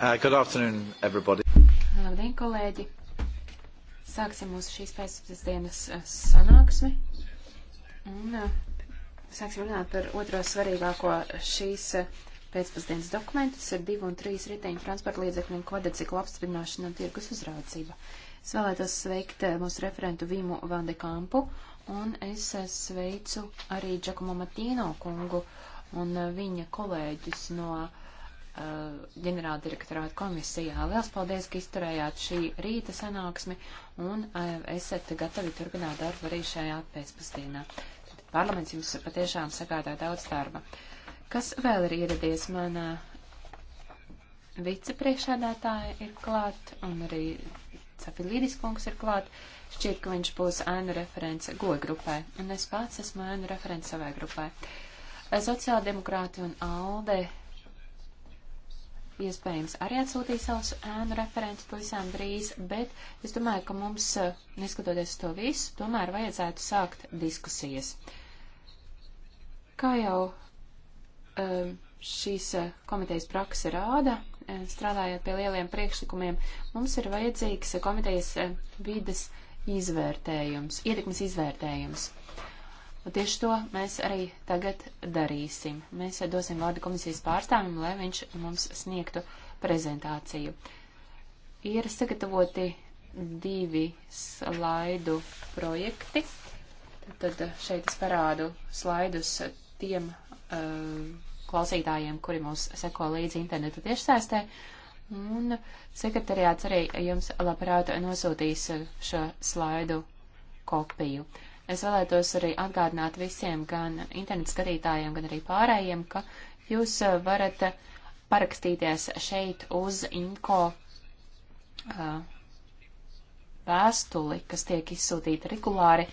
Uh, good afternoon, everybody. Labdien, kolēģi! Sāksim mūsu šīs pēcpusdienas uh, sanāksmi. Un uh, sāksim runāt par otro svarīgāko šīs uh, pēcpusdienas dokumentu. Tas ir divu un trīs riteņu transporta līdzekļu un kvadriciklu apstiprināšana un tirgus uzraudzība. Es vēlētos sveikt uh, mūsu referentu Vimu Vandekampu un es sveicu arī Džakumu Matīno kungu un viņa kolēģus no uh, Uh, ģenerāldirektorāta komisijā. Liels paldies, ka izturējāt šī rīta sanāksmi un uh, esat gatavi turpināt darbu arī šajā pēcpusdienā. Parlaments jums patiešām sagādā daudz darba. Kas vēl ir ieradies manā vicepriekšādātāja ir klāt un arī Cafilīdis kungs ir klāt. Šķiet, ka viņš būs ēnu referents goja grupai un es pats esmu ēnu referents savai grupai. Sociāldemokrāti un ALDE iespējams arī atsūtīs savus ēnu referentus pavisam drīz, bet es domāju, ka mums, eh, neskatoties uz to visu, tomēr vajadzētu sākt diskusijas. Kā jau eh, šīs eh, komitejas praksa rāda, strādājot pie lieliem priekšlikumiem, mums ir vajadzīgs komitejas vides izvērtējums, ietekmes izvērtējums. Un tieši to mēs arī tagad darīsim. Mēs dosim vārdu komisijas pārstāvim, lai viņš mums sniegtu prezentāciju. Ir sagatavoti divi slaidu projekti. Tad šeit es parādu slaidus tiem uh, klausītājiem, kuri mūs seko līdzi interneta tiešsaistē. Un sekretariāts arī jums labprāt nosūtīs šo slaidu kopiju. Uh, Es vēlētos arī atgādināt visiem, gan internetu skatītājiem, gan arī pārējiem, ka jūs uh, varat uh, parakstīties šeit uz INCO uh, vēstuli, kas tiek izsūtīta regulāri,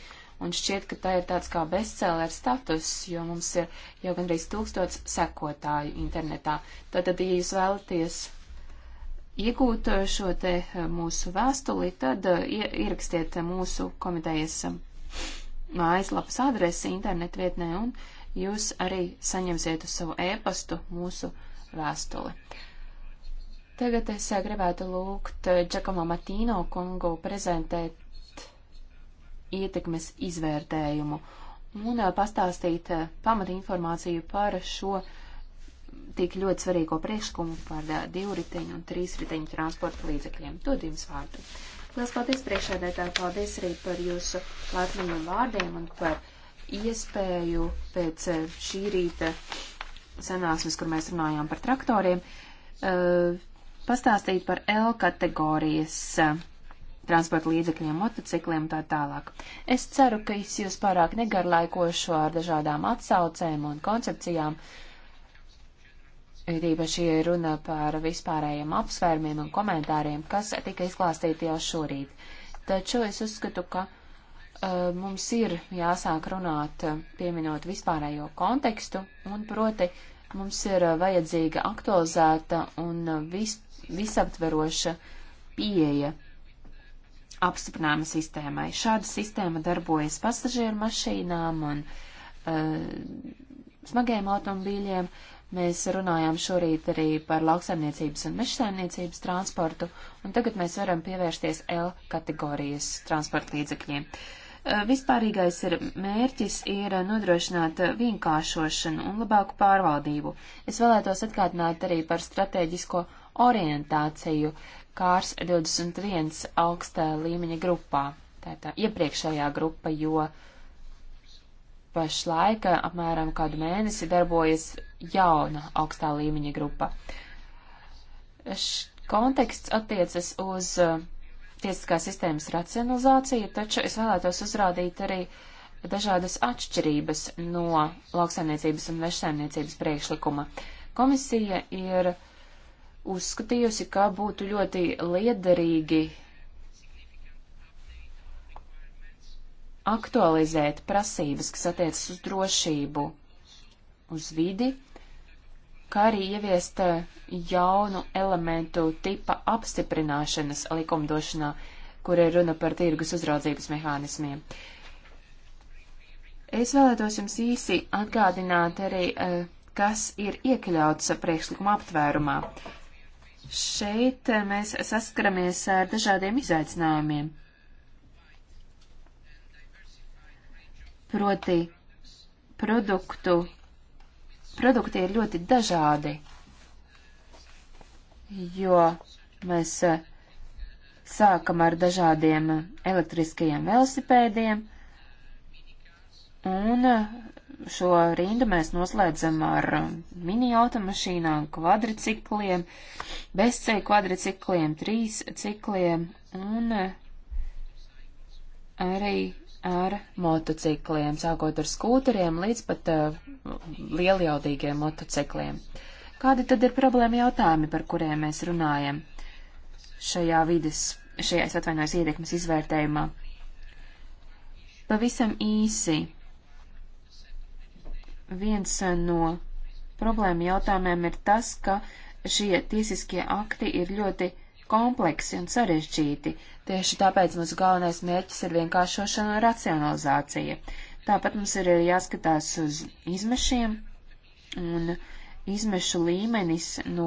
un šķiet, ka tā ir tāds kā bestseller status, jo mums ir jau gandrīz tūkstots sekotāju internetā. Tātad, ja jūs vēlaties iegūt šo te mūsu vēstuli, tad ierakstiet mūsu komitejas um, mājaslapas adresi internetvietnē un jūs arī saņemsiet uz savu ēpastu mūsu vēstuli. Tagad es eh, gribētu lūgt Džakomo eh, Matīno kungu prezentēt ietekmes izvērtējumu un eh, pastāstīt pamat informāciju par šo tik ļoti svarīgo priekšlikumu par divriteņu un trīsriteņu transporta līdzekļiem. Dod jums vārdu. Uh, Lielas paldies priekšādētāji, paldies arī par jūsu laipniem vārdiem un par iespēju pēc eh, šī rīta sanāksmes, kur mēs runājām par traktoriem, eh, pastāstīt par L kategorijas eh, transporta līdzekļiem, motocikliem un tā tālāk. Es ceru, ka es jūs pārāk negarlaikošu ar dažādām atsaucēm un koncepcijām, uh, it īpaši runa par vispārējiem apsvērumiem un komentāriem, kas tika izklāstīti jau šorīt. Taču es uzskatu, ka uh, mums ir jāsāk runāt, eh, pieminot vispārējo kontekstu, un proti mums ir eh, vajadzīga aktualizēta un vis, visaptveroša pieeja apstiprinājuma sistēmai. Šāda sistēma darbojas pasažieru mašīnām un uh, smagiem automobīļiem, Mēs runājām šorīt arī par lauksaimniecības un mežsaimniecības transportu, un tagad mēs varam pievērsties L kategorijas transporta līdzekļiem. Eh, vispārīgais ir mērķis ir nodrošināt vienkāršošanu un labāku pārvaldību. Es vēlētos atgādināt arī par strateģisko orientāciju Kārs 21 augstā līmeņa grupā, tātā iepriekšējā grupa, jo uh, pašlaik apmēram kādu mēnesi darbojas jauna augstā līmeņa grupa. Š konteksts attiecas uz uh, tiesiskās sistēmas racionalizāciju, taču es vēlētos uzrādīt arī dažādas atšķirības no lauksaimniecības un vešsaimniecības priekšlikuma. Komisija ir uzskatījusi, ka būtu ļoti liederīgi aktualizēt prasības, kas attiecas uz drošību, uz vidi, kā arī ieviest eh, jaunu elementu tipa apstiprināšanas likumdošanā, kur ir runa par tirgus uzraudzības mehānismiem. Es vēlētos jums īsi atgādināt arī, eh, kas ir iekļauts priekšlikuma aptvērumā. Šeit eh, mēs saskaramies ar dažādiem izaicinājumiem. Proti produktu, produkti ir ļoti dažādi, jo mēs eh, sākam ar dažādiem elektriskajiem velosipēdiem, un eh, šo rindu mēs noslēdzam ar eh, mini automašīnām, kvadricikliem, bezceļu kvadricikliem, trīs cikliem un arī ar motocikliem, sākot ar skūteriem līdz pat uh, lieljaudīgiem motocikliem. Kādi tad ir problēma jautājumi, par kuriem mēs runājam šajā vides, šajā es atvainojos ietekmes izvērtējumā? Pavisam īsi. Viens no problēma jautājumiem ir tas, ka šie tiesiskie akti ir ļoti kompleksi un sarežģīti. Tieši tāpēc mūsu galvenais mērķis ir vienkāršošana un racionalizācija. Tāpat mums ir jāskatās uz izmešiem, un izmešu līmenis no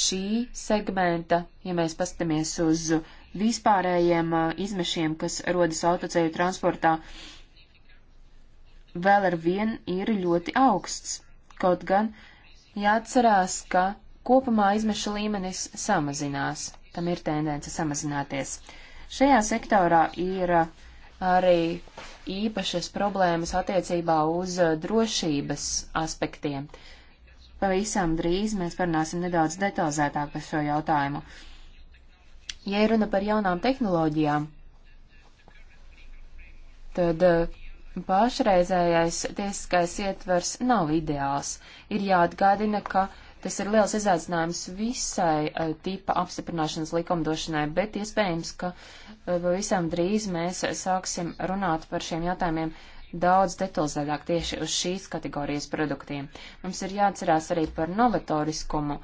šī segmenta, ja mēs pastamies uz vispārējiem uh, izmešiem, kas rodas autoceļu transportā, vēl ar vien ir ļoti augsts. Kaut gan jāatcerās, ka kopumā izmeša līmenis samazinās. Tam ir tendence samazināties. Šajā sektorā ir uh, arī īpašas problēmas attiecībā uz uh, drošības aspektiem. Pavisam drīz mēs parunāsim nedaudz detalizētāk par šo jautājumu. Ja ir runa par jaunām tehnoloģijām, tad uh, pašreizējais tiesiskais ietvers nav ideāls. Ir jāatgādina, ka uh, Tas ir liels izaicinājums visai uh, tipa apstiprināšanas likumdošanai, bet iespējams, ka e, pavisam uh, drīz mēs sāksim runāt par šiem jautājumiem daudz detalizētāk tieši uz šīs kategorijas produktiem. Mums ir jāatcerās arī par novatoriskumu.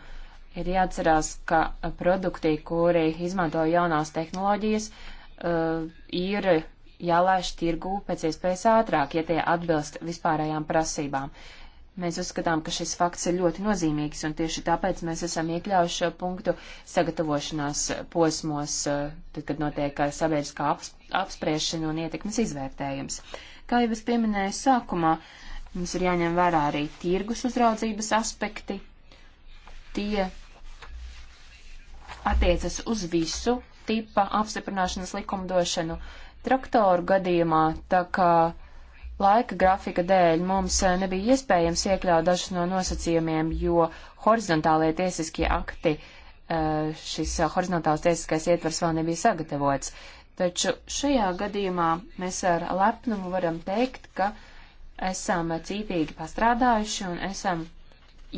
Ir jāatcerās, ka e, produkti, kuri izmanto jaunās tehnoloģijas, uh, ir jālaiž tirgū pēc iespējas ātrāk, ja tie atbilst vispārējām prasībām. Mēs uzskatām, ka šis fakts ir ļoti nozīmīgs, un tieši tāpēc mēs esam iekļāvuši šo punktu sagatavošanās posmos, eh, tad, kad notiek eh, sabiedriskā apspriešana un ietekmes izvērtējums. Kā jau es pieminēju sākumā, mums ir jāņem vērā arī tirgus uzraudzības aspekti. Tie attiecas uz visu tipa apstiprināšanas likumdošanu. Traktoru gadījumā, tā kā Laika grafika dēļ mums eh, nebija iespējams iekļaut dažus no nosacījumiem, jo horizontālie tiesiskie akti, eh, šis eh, horizontāls tiesiskais ietvers vēl nebija sagatavots. Taču šajā gadījumā mēs ar lepnumu varam teikt, ka esam cītīgi pastrādājuši un esam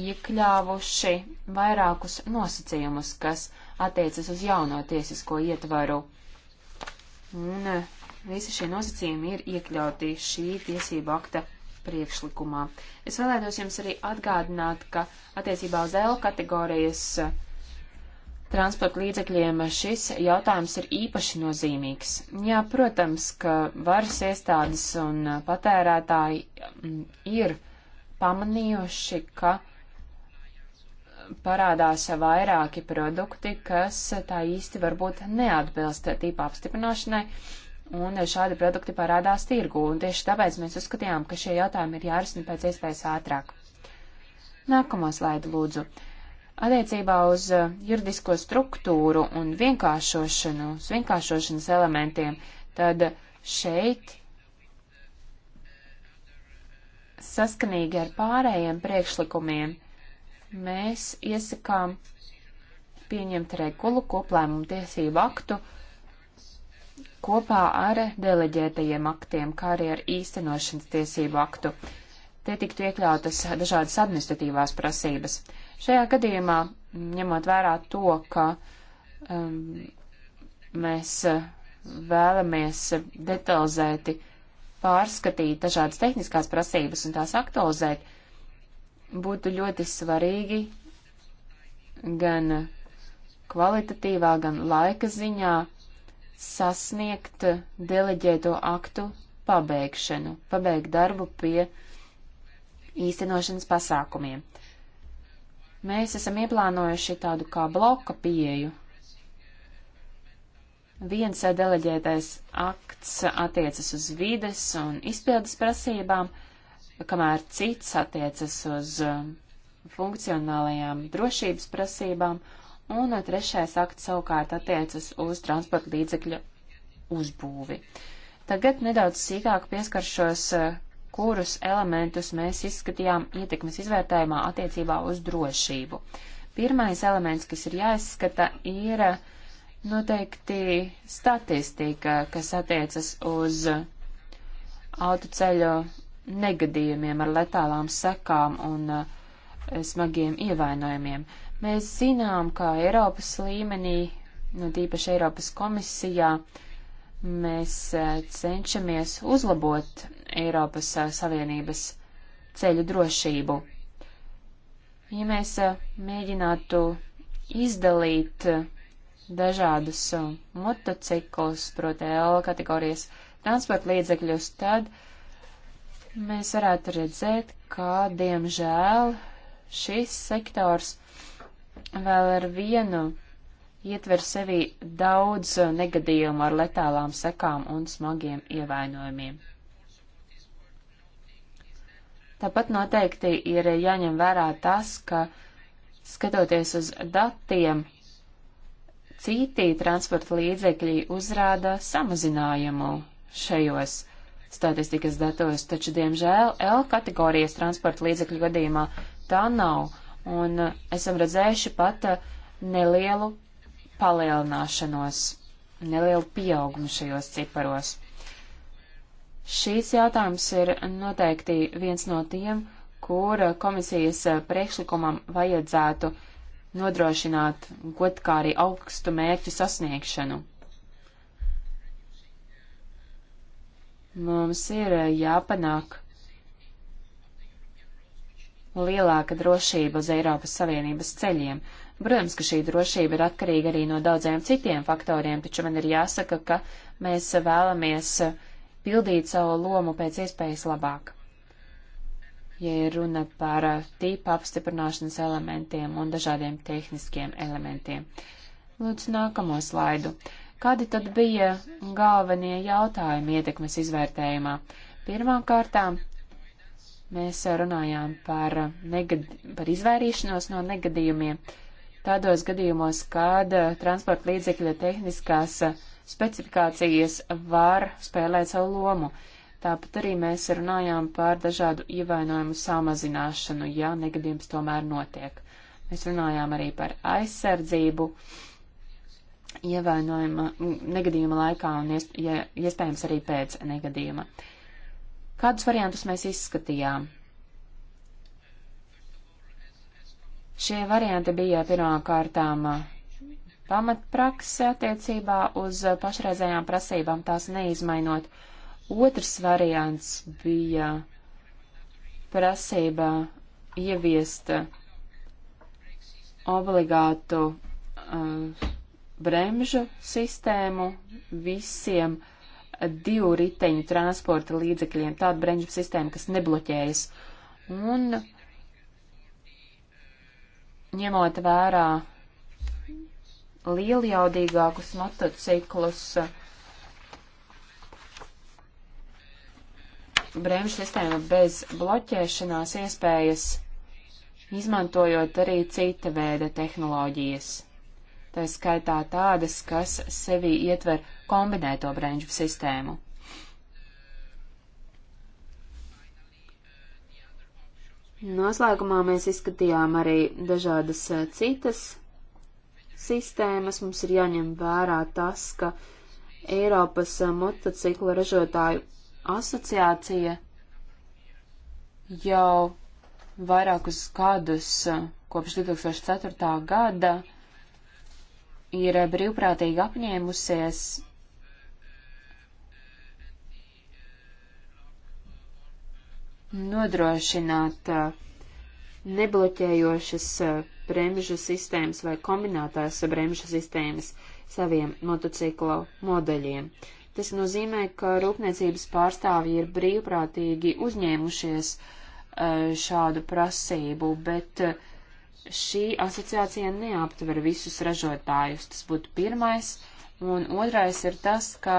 iekļāvuši vairākus nosacījumus, kas attiecas uz jauno tiesisko ietvaru. Un Visi šie nosacījumi ir iekļauti šī tiesība akta priekšlikumā. Es vēlētos jums arī atgādināt, ka attiecībā uz L kategorijas eh, transporta līdzekļiem eh, šis jautājums ir īpaši nozīmīgs. Jā, protams, ka varas iestādes un eh, patērētāji mm, ir pamanījuši, ka parādās vairāki produkti, kas tā īsti varbūt neatbilst tīpa apstiprināšanai, un šādi produkti parādās tirgu, un tieši tāpēc mēs uzskatījām, ka šie jautājumi ir jārisina pēc iespējas ātrāk. Nākamo slaidu lūdzu. Attiecībā uz uh, juridisko struktūru un vienkāršošanu, uz vienkāršošanas elementiem, tad šeit saskanīgi ar pārējiem priekšlikumiem mēs iesakām pieņemt regulu koplēmumu tiesību aktu, uh, kopā ar deleģētajiem aktiem, kā arī ar īstenošanas tiesību aktu. Te tiktu iekļautas dažādas administratīvās prasības. Šajā gadījumā, ņemot vērā to, ka um, mēs vēlamies detalizēti pārskatīt dažādas tehniskās prasības un tās aktualizēt, būtu ļoti svarīgi gan kvalitatīvā, gan laika ziņā sasniegt deleģēto aktu pabeigšanu, pabeigt darbu pie īstenošanas pasākumiem. Mēs esam ieplānojuši tādu kā bloka pieeju. Viens deleģētais akts attiecas uz vides un izpildes prasībām, kamēr cits attiecas uz um, funkcionālajām drošības prasībām Un trešais akts savukārt attiecas uz transporta līdzekļu uzbūvi. Tagad nedaudz sīkāk pieskaršos, kurus elementus mēs izskatījām ietekmes izvērtējumā attiecībā uz drošību. Pirmais elements, kas ir jāizskata, ir noteikti statistika, kas attiecas uz autoceļu negadījumiem ar letālām sekām un eh, smagiem ievainojumiem. Uh, Mēs zinām, ka Eiropas līmenī, nu tīpaši Eiropas komisijā, mēs e, cenšamies uzlabot Eiropas e, Savienības ceļu drošību. Ja mēs e, mēģinātu izdalīt dažādus motociklus, proti L kategorijas transporta līdzekļus, tad mēs varētu redzēt, ka, diemžēl, šis sektors vēl ar vienu ietver sevi daudz negadījumu ar letālām sekām un smagiem ievainojumiem. Tāpat noteikti ir jāņem vērā tas, ka skatoties uz datiem, citi transporta līdzekļi uzrāda samazinājumu šajos statistikas datos, taču, diemžēl, L kategorijas transporta līdzekļu gadījumā tā nav un uh, esam redzējuši pat uh, nelielu palielināšanos, nelielu pieaugumu šajos ciparos. Šīs jautājums ir noteikti viens no tiem, kur uh, komisijas priekšlikumam vajadzētu nodrošināt godkāri augstu mērķu sasniegšanu. Mums ir jāpanāk lielāka drošība uz Eiropas Savienības ceļiem. Protams, ka šī drošība ir atkarīga arī no daudziem citiem faktoriem, taču man ir jāsaka, ka mēs vēlamies pildīt savu lomu pēc iespējas labāk. Ja ir runa par tīpa apstiprināšanas elementiem un dažādiem tehniskiem elementiem. Lūdzu, nākamo slaidu. Kādi tad bija galvenie jautājumi ietekmes izvērtējumā? Pirmām kārtām Mēs eh, runājām par, negad... par izvairīšanos no negadījumiem tādos gadījumos, kad eh, transporta līdzekļa tehniskās eh, specifikācijas var spēlēt savu lomu. Tāpat arī mēs runājām par dažādu ievainojumu samazināšanu, ja negadījums tomēr notiek. Mēs runājām arī par aizsardzību ievainojuma mm, negadījuma laikā un iespējams arī pēc negadījuma. Uh, Kādus variantus mēs izskatījām? Šie varianti bija pirmām kārtām uh, pamatprakse attiecībā uz uh, pašreizējām prasībām, tās neizmainot. Otrs variants bija prasība ieviest uh, obligātu uh, bremžu sistēmu visiem uh, divu riteņu transporta līdzekļiem, tādu bremžu sistēmu, kas nebloķējas. Un ņemot vērā lieljaudīgākus motociklus, bremžu sistēma bez bloķēšanās iespējas, izmantojot arī cita veida tehnoloģijas tā skaitā tādas, kas sevī ietver kombinēto brendžu sistēmu. Noslēgumā mēs izskatījām arī dažādas eh, citas sistēmas. Mums ir jāņem vērā tas, ka Eiropas eh, motociklu ražotāju asociācija jau vairākus gadus eh, kopš 2004. gada ir brīvprātīgi apņēmusies nodrošināt uh, nebloķējošas uh, bremžu sistēmas vai kombinētās bremžu sistēmas saviem motociklo modeļiem. Tas nozīmē, ka rūpniecības pārstāvji ir brīvprātīgi uzņēmušies uh, šādu prasību, bet uh, šī asociācija neaptver visus ražotājus. Tas būtu pirmais. Un otrais ir tas, ka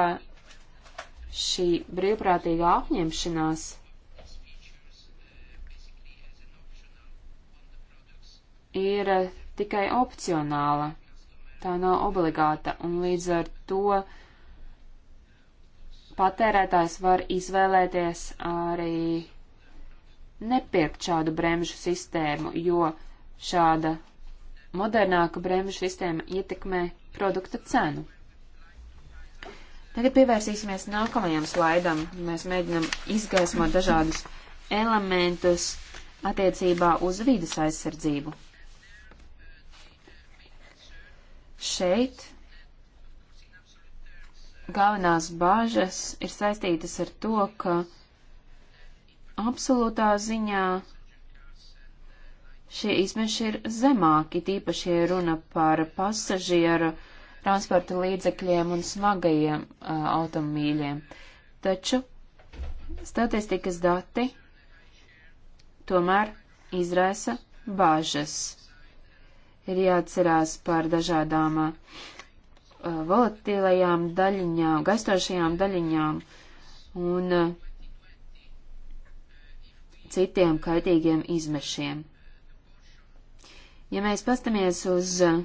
šī brīvprātīgā apņemšanās ir tikai opcionāla. Tā nav obligāta, un līdz ar to patērētājs var izvēlēties arī nepirkt šādu bremžu sistēmu, jo Šāda modernāka bremžu sistēma ietekmē produkta cenu. Tagad pievērsīsimies nākamajam slaidam. Mēs mēģinam izgaismot dažādus elementus attiecībā uz vīdes aizsardzību. Šeit galvenās bāžas ir saistītas ar to, ka absolūtā ziņā šie izmeši ir zemāki, tīpaši, ja runa par pasažieru transporta līdzekļiem un smagajiem uh, automobīļiem. Taču statistikas dati tomēr izraisa bāžas. Ir jāatcerās par dažādām uh, volatīlajām daļiņām, gaistošajām daļiņām un uh, citiem kaitīgiem izmešiem. Ja mēs pastamies uz uh,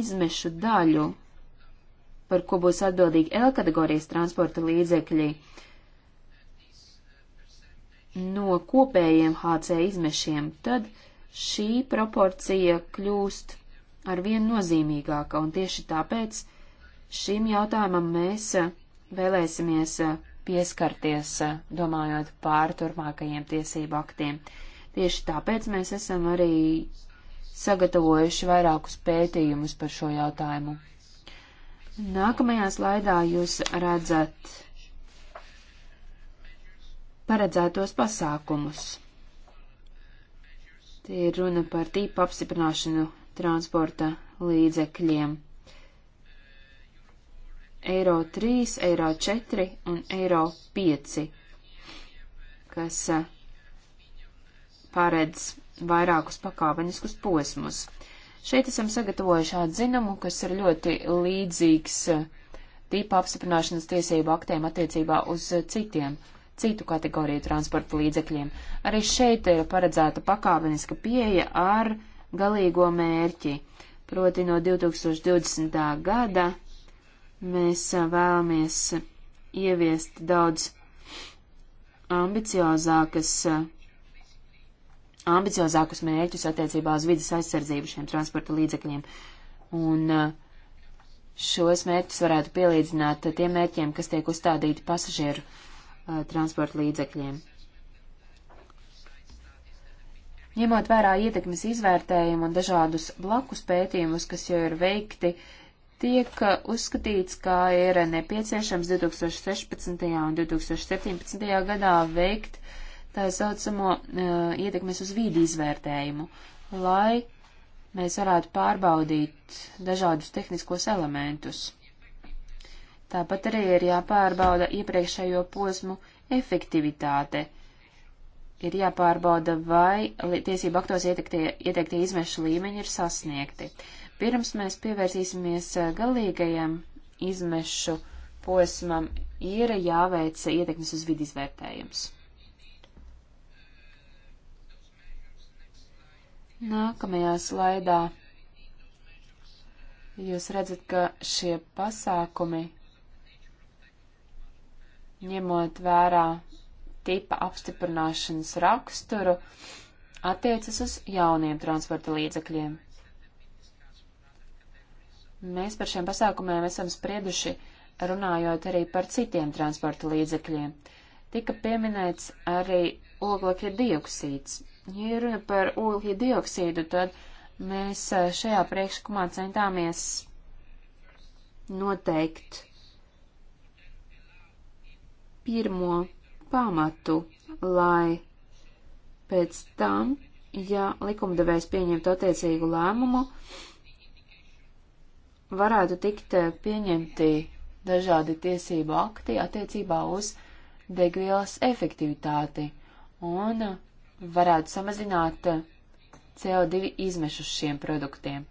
izmešu daļu, par ko būs atbildīgi L kategorijas transporta līdzekļi, no kopējiem HC izmešiem, tad šī proporcija kļūst ar vien nozīmīgāka, un tieši tāpēc šim jautājumam mēs uh, vēlēsimies uh, pieskarties, eh, domājot pār turpmākajiem tiesību aktiem. Tieši tāpēc mēs esam arī sagatavojuši vairākus pētījumus par šo jautājumu. Nākamajā slaidā jūs redzat paredzētos pasākumus. Tie ir runa par tīpa apstiprināšanu transporta līdzekļiem eiro 3, eiro 4 un eiro 5, kas eh, paredz vairākus pakāpeniskus posmus. Šeit esam sagatavojuši atzinumu, kas ir ļoti līdzīgs eh, tīpa apstiprināšanas tiesību aktiem attiecībā uz eh, citiem, citu kategoriju transporta līdzekļiem. Arī šeit ir paredzēta pakāpeniska pieeja ar galīgo mērķi, proti no 2020. gada Mēs vēlamies ieviest daudz ambiciozākas, ambiciozākus mērķus attiecībā uz vidas aizsardzību šiem transporta līdzekļiem. Un šos mērķus varētu pielīdzināt tiem mērķiem, kas tiek uzstādīti pasažieru uh, transporta līdzekļiem. Ņemot vērā ietekmes izvērtējumu un dažādus blakus pētījumus, kas jau ir veikti, uh, tiek uzskatīts, ka ir nepieciešams 2016. un 2017. gadā veikt tā saucamo uh, ietekmes uz vīdi izvērtējumu, lai mēs varētu pārbaudīt dažādus tehniskos elementus. Tāpat arī ir jāpārbauda iepriekšējo posmu efektivitāte. Ir jāpārbauda, vai tiesību aktos ieteiktie, ieteiktie izmešu līmeņi ir sasniegti. Uh, Pirms mēs pievērsīsimies eh, galīgajam izmešu posmam, ir jāveic ietekmes uz vidi izvērtējums. Nākamajā slaidā jūs redzat, ka šie pasākumi, ņemot vērā tipa apstiprināšanas raksturu, attiecas uz jauniem transporta līdzekļiem. Mēs par šiem pasākumiem esam sprieduši, runājot arī par citiem transporta līdzekļiem. Tika pieminēts arī oglekļa dioksīds. Ja runa par oglekļa dioksīdu, tad mēs eh, šajā priekšlikumā centāmies noteikt pirmo pamatu, lai pēc tam, ja likumdevējs pieņemtu attiecīgu lēmumu, uh, varētu tikt eh, pieņemti dažādi tiesību akti attiecībā uz degvielas efektivitāti un eh, varētu samazināt eh, CO2 izmešus šiem produktiem.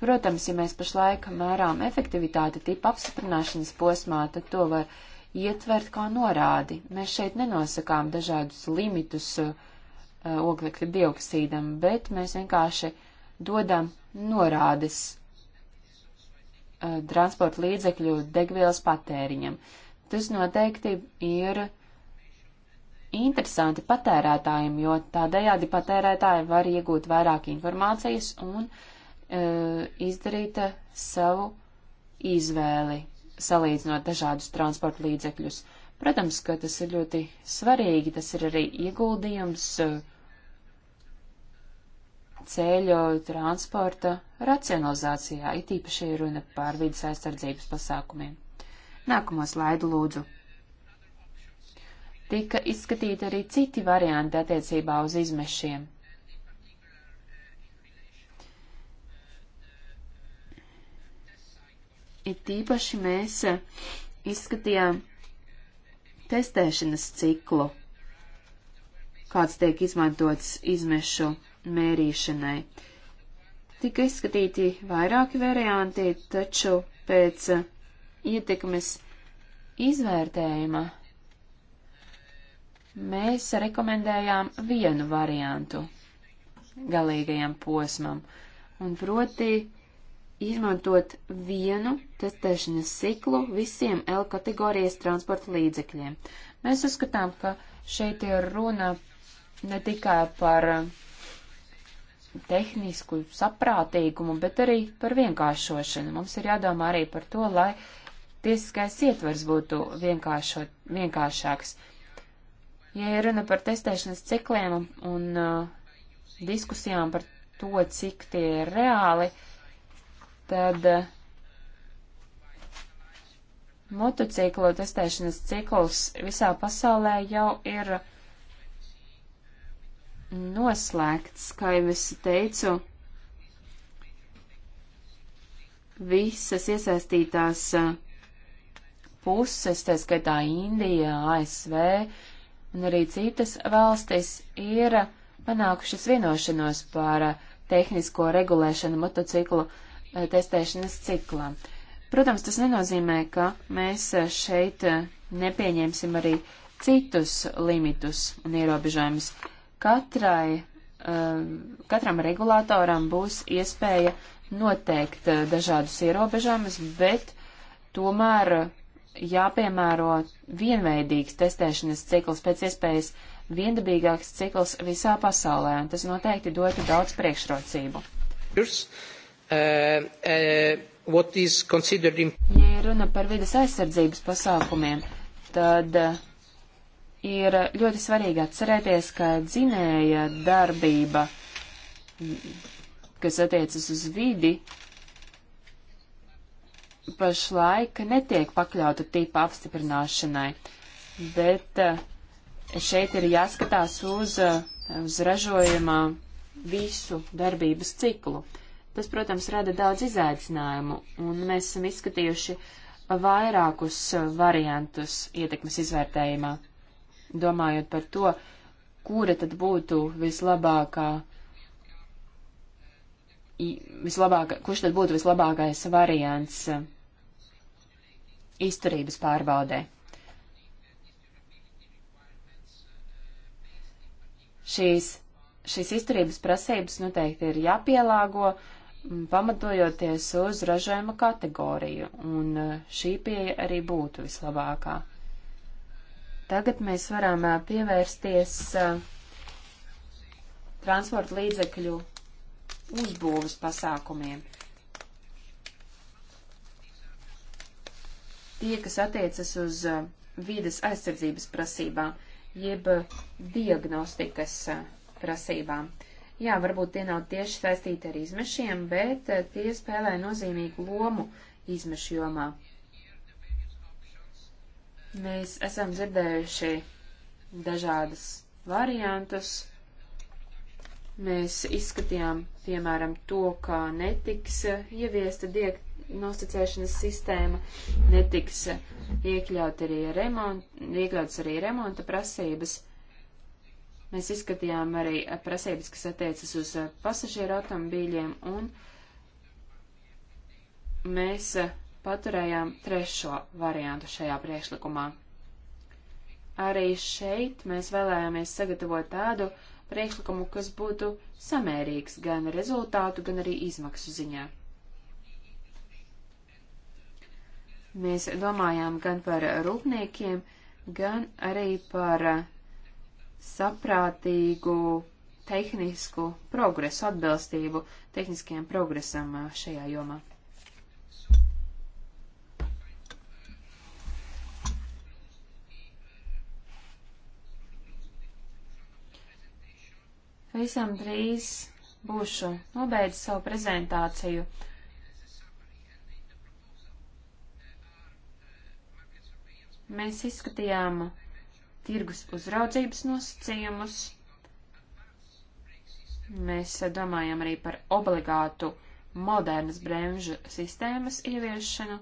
Protams, ja mēs pašlaik mērām efektivitāti tipa apstiprināšanas posmā, tad to var ietvert kā norādi. Mēs šeit nenosakām dažādus limitus uh, oglekļa dioksīdam, bet mēs vienkārši dodam norādes uh, transporta līdzekļu degvielas patēriņam. Tas noteikti ir interesanti patērētājiem, jo tādējādi patērētāji var iegūt vairāk informācijas un uh, izdarīt uh, savu izvēli, salīdzinot dažādus transporta līdzekļus. Protams, ka tas ir ļoti svarīgi, tas ir arī ieguldījums uh, ceļu transporta racionalizācijā, it īpaši ir runa par vidas aizsardzības pasākumiem. Nākamo slaidu lūdzu. Tika izskatīti arī citi varianti attiecībā uz izmešiem. It īpaši mēs eh, izskatījām testēšanas ciklu, kāds tiek izmantots izmešu mērīšanai. Tika izskatīti vairāki varianti, taču pēc ietekmes izvērtējuma mēs rekomendējām vienu variantu galīgajam posmam, un proti izmantot vienu testēšanas ciklu visiem L kategorijas transporta līdzekļiem. Mēs uzskatām, ka šeit ir runa ne tikai par tehnisku saprātīgumu, bet arī par vienkāršošanu. Mums ir jādomā arī par to, lai tiesiskais ietvers būtu vienkāršāks. Ja ir runa par testēšanas cikliem un, un uh, diskusijām par to, cik tie ir reāli, tad uh, motociklu testēšanas cikls visā pasaulē jau ir uh, noslēgts, kā jau es teicu. Visas iesaistītās uh, puses, tā skaitā Indija, ASV un arī citas valstis, ir panākušas vienošanos par uh, tehnisko regulēšanu motociklu uh, testēšanas ciklam. Protams, tas nenozīmē, ka mēs šeit nepieņemsim arī citus limitus un ierobežojumus. Katrai, um, katram regulātoram būs iespēja noteikt uh, dažādus ierobežojumus, bet tomēr jāpiemēro vienveidīgs testēšanas cikls, pēc iespējas viendabīgāks cikls visā pasaulē, un tas noteikti dotu daudz priekšrocību. Uh, uh, in... Ja runa par vidas aizsardzības pasākumiem, tad uh, ir ļoti svarīgi atcerēties, ka dzinēja darbība, kas attiecas uz vidi, pašlaik netiek pakļauta tipa apstiprināšanai, bet eh, šeit ir jāskatās uz, eh, uz ražojumā visu darbības ciklu. Tas, protams, rada daudz izaicinājumu, un mēs esam izskatījuši vairākus variantus ietekmes izvērtējumā domājot par to, kura tad būtu vislabākā, vislabākā kurš tad būtu vislabākais variants izturības pārbaudē. Šīs, šīs izturības prasības noteikti ir jāpielāgo, pamatojoties uz ražojuma kategoriju, un e, šī pieeja arī būtu vislabākā. Tagad mēs varam pievērsties transporta līdzekļu uzbūves pasākumiem. Tie, kas attiecas uz vides aizsardzības prasībām, jeb diagnostikas prasībām. Jā, varbūt tie nav tieši saistīti ar izmešiem, bet tie spēlē nozīmīgu lomu izmešu jomā. Mēs esam dzirdējuši dažādas variantus. Mēs izskatījām, piemēram, to, kā netiks ieviesta diagnosticēšanas sistēma, netiks iekļaut arī remont, iekļauts arī remonta prasības. Mēs izskatījām arī prasības, kas attiecas uz pasažieru automobīļiem, un mēs paturējām trešo variantu šajā priekšlikumā. Arī šeit mēs vēlējāmies sagatavot tādu priekšlikumu, kas būtu samērīgs gan rezultātu, gan arī izmaksu ziņā. Mēs domājām gan par rūpniekiem, gan arī par saprātīgu tehnisku progresu, atbilstību tehniskajam progresam šajā jomā. Pavisam drīz būšu nobeidzis savu prezentāciju. Mēs izskatījām tirgus uzraudzības nosacījumus. Mēs domājam arī par obligātu modernas bremžu sistēmas ieviešanu.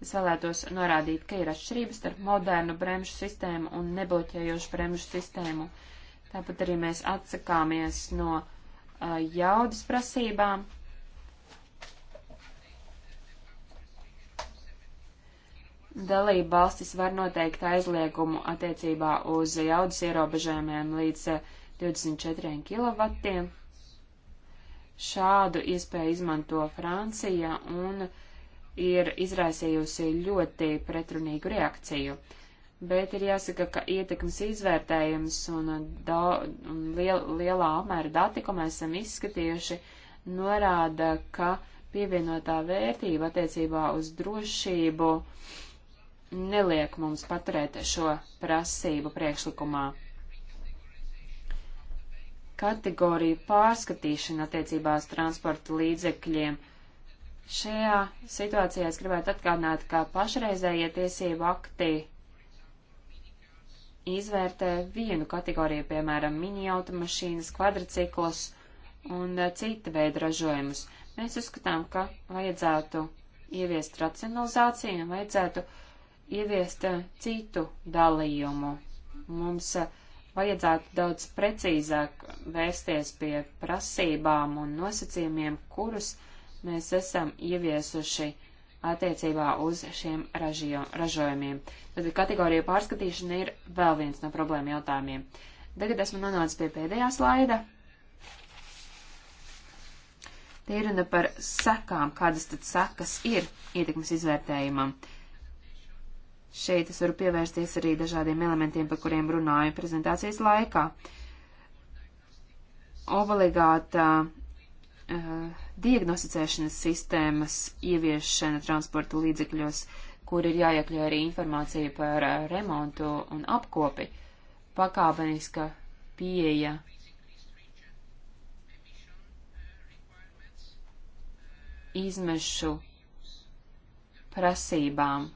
Es vēlētos norādīt, ka ir atšķirības starp modernu bremžu sistēmu un nebloķējošu bremžu sistēmu. Uh, Tāpat arī mēs atsakāmies no uh, jaudas prasībām. Dalība valstis var noteikt aizliegumu attiecībā uz jaudas ierobežojumiem līdz 24 kW. Šādu iespēju izmanto Francija un ir izraisījusi ļoti pretrunīgu reakciju. Uh, bet ir jāsaka, ka ietekmes izvērtējums un, uh, da, un liel, lielā apmēra dati, ko mēs esam izskatījuši, norāda, ka pievienotā vērtība attiecībā uz drošību neliek mums paturēt šo prasību priekšlikumā. Kategorija pārskatīšana attiecībās transporta līdzekļiem. Šajā situācijā es gribētu atgādināt, ka pašreizējie tiesību akti izvērtē vienu kategoriju, piemēram, mini automašīnas, kvadriciklus un eh, cita veida ražojumus. Mēs uzskatām, ka vajadzētu ieviest racionalizāciju un vajadzētu ieviest eh, citu dalījumu. Mums eh, vajadzētu daudz precīzāk vērsties pie prasībām un nosacījumiem, kurus mēs esam ieviesuši attiecībā uz šiem ražio, ražojumiem. Tad kategoriju pārskatīšana ir vēl viens no problēma jautājumiem. Tagad esmu nonācis pie pēdējā slaida. Tie ir runa par sekām, kādas tad sekas ir ietekmes izvērtējumam. Šeit es varu pievērsties arī dažādiem elementiem, par kuriem runāju prezentācijas laikā. Obligāta uh, uh, diagnosticēšanas sistēmas ieviešana transporta līdzekļos, kur ir jāiekļauj arī informācija par uh, remontu un apkopi, pakāpeniska pieeja. Izmešu prasībām,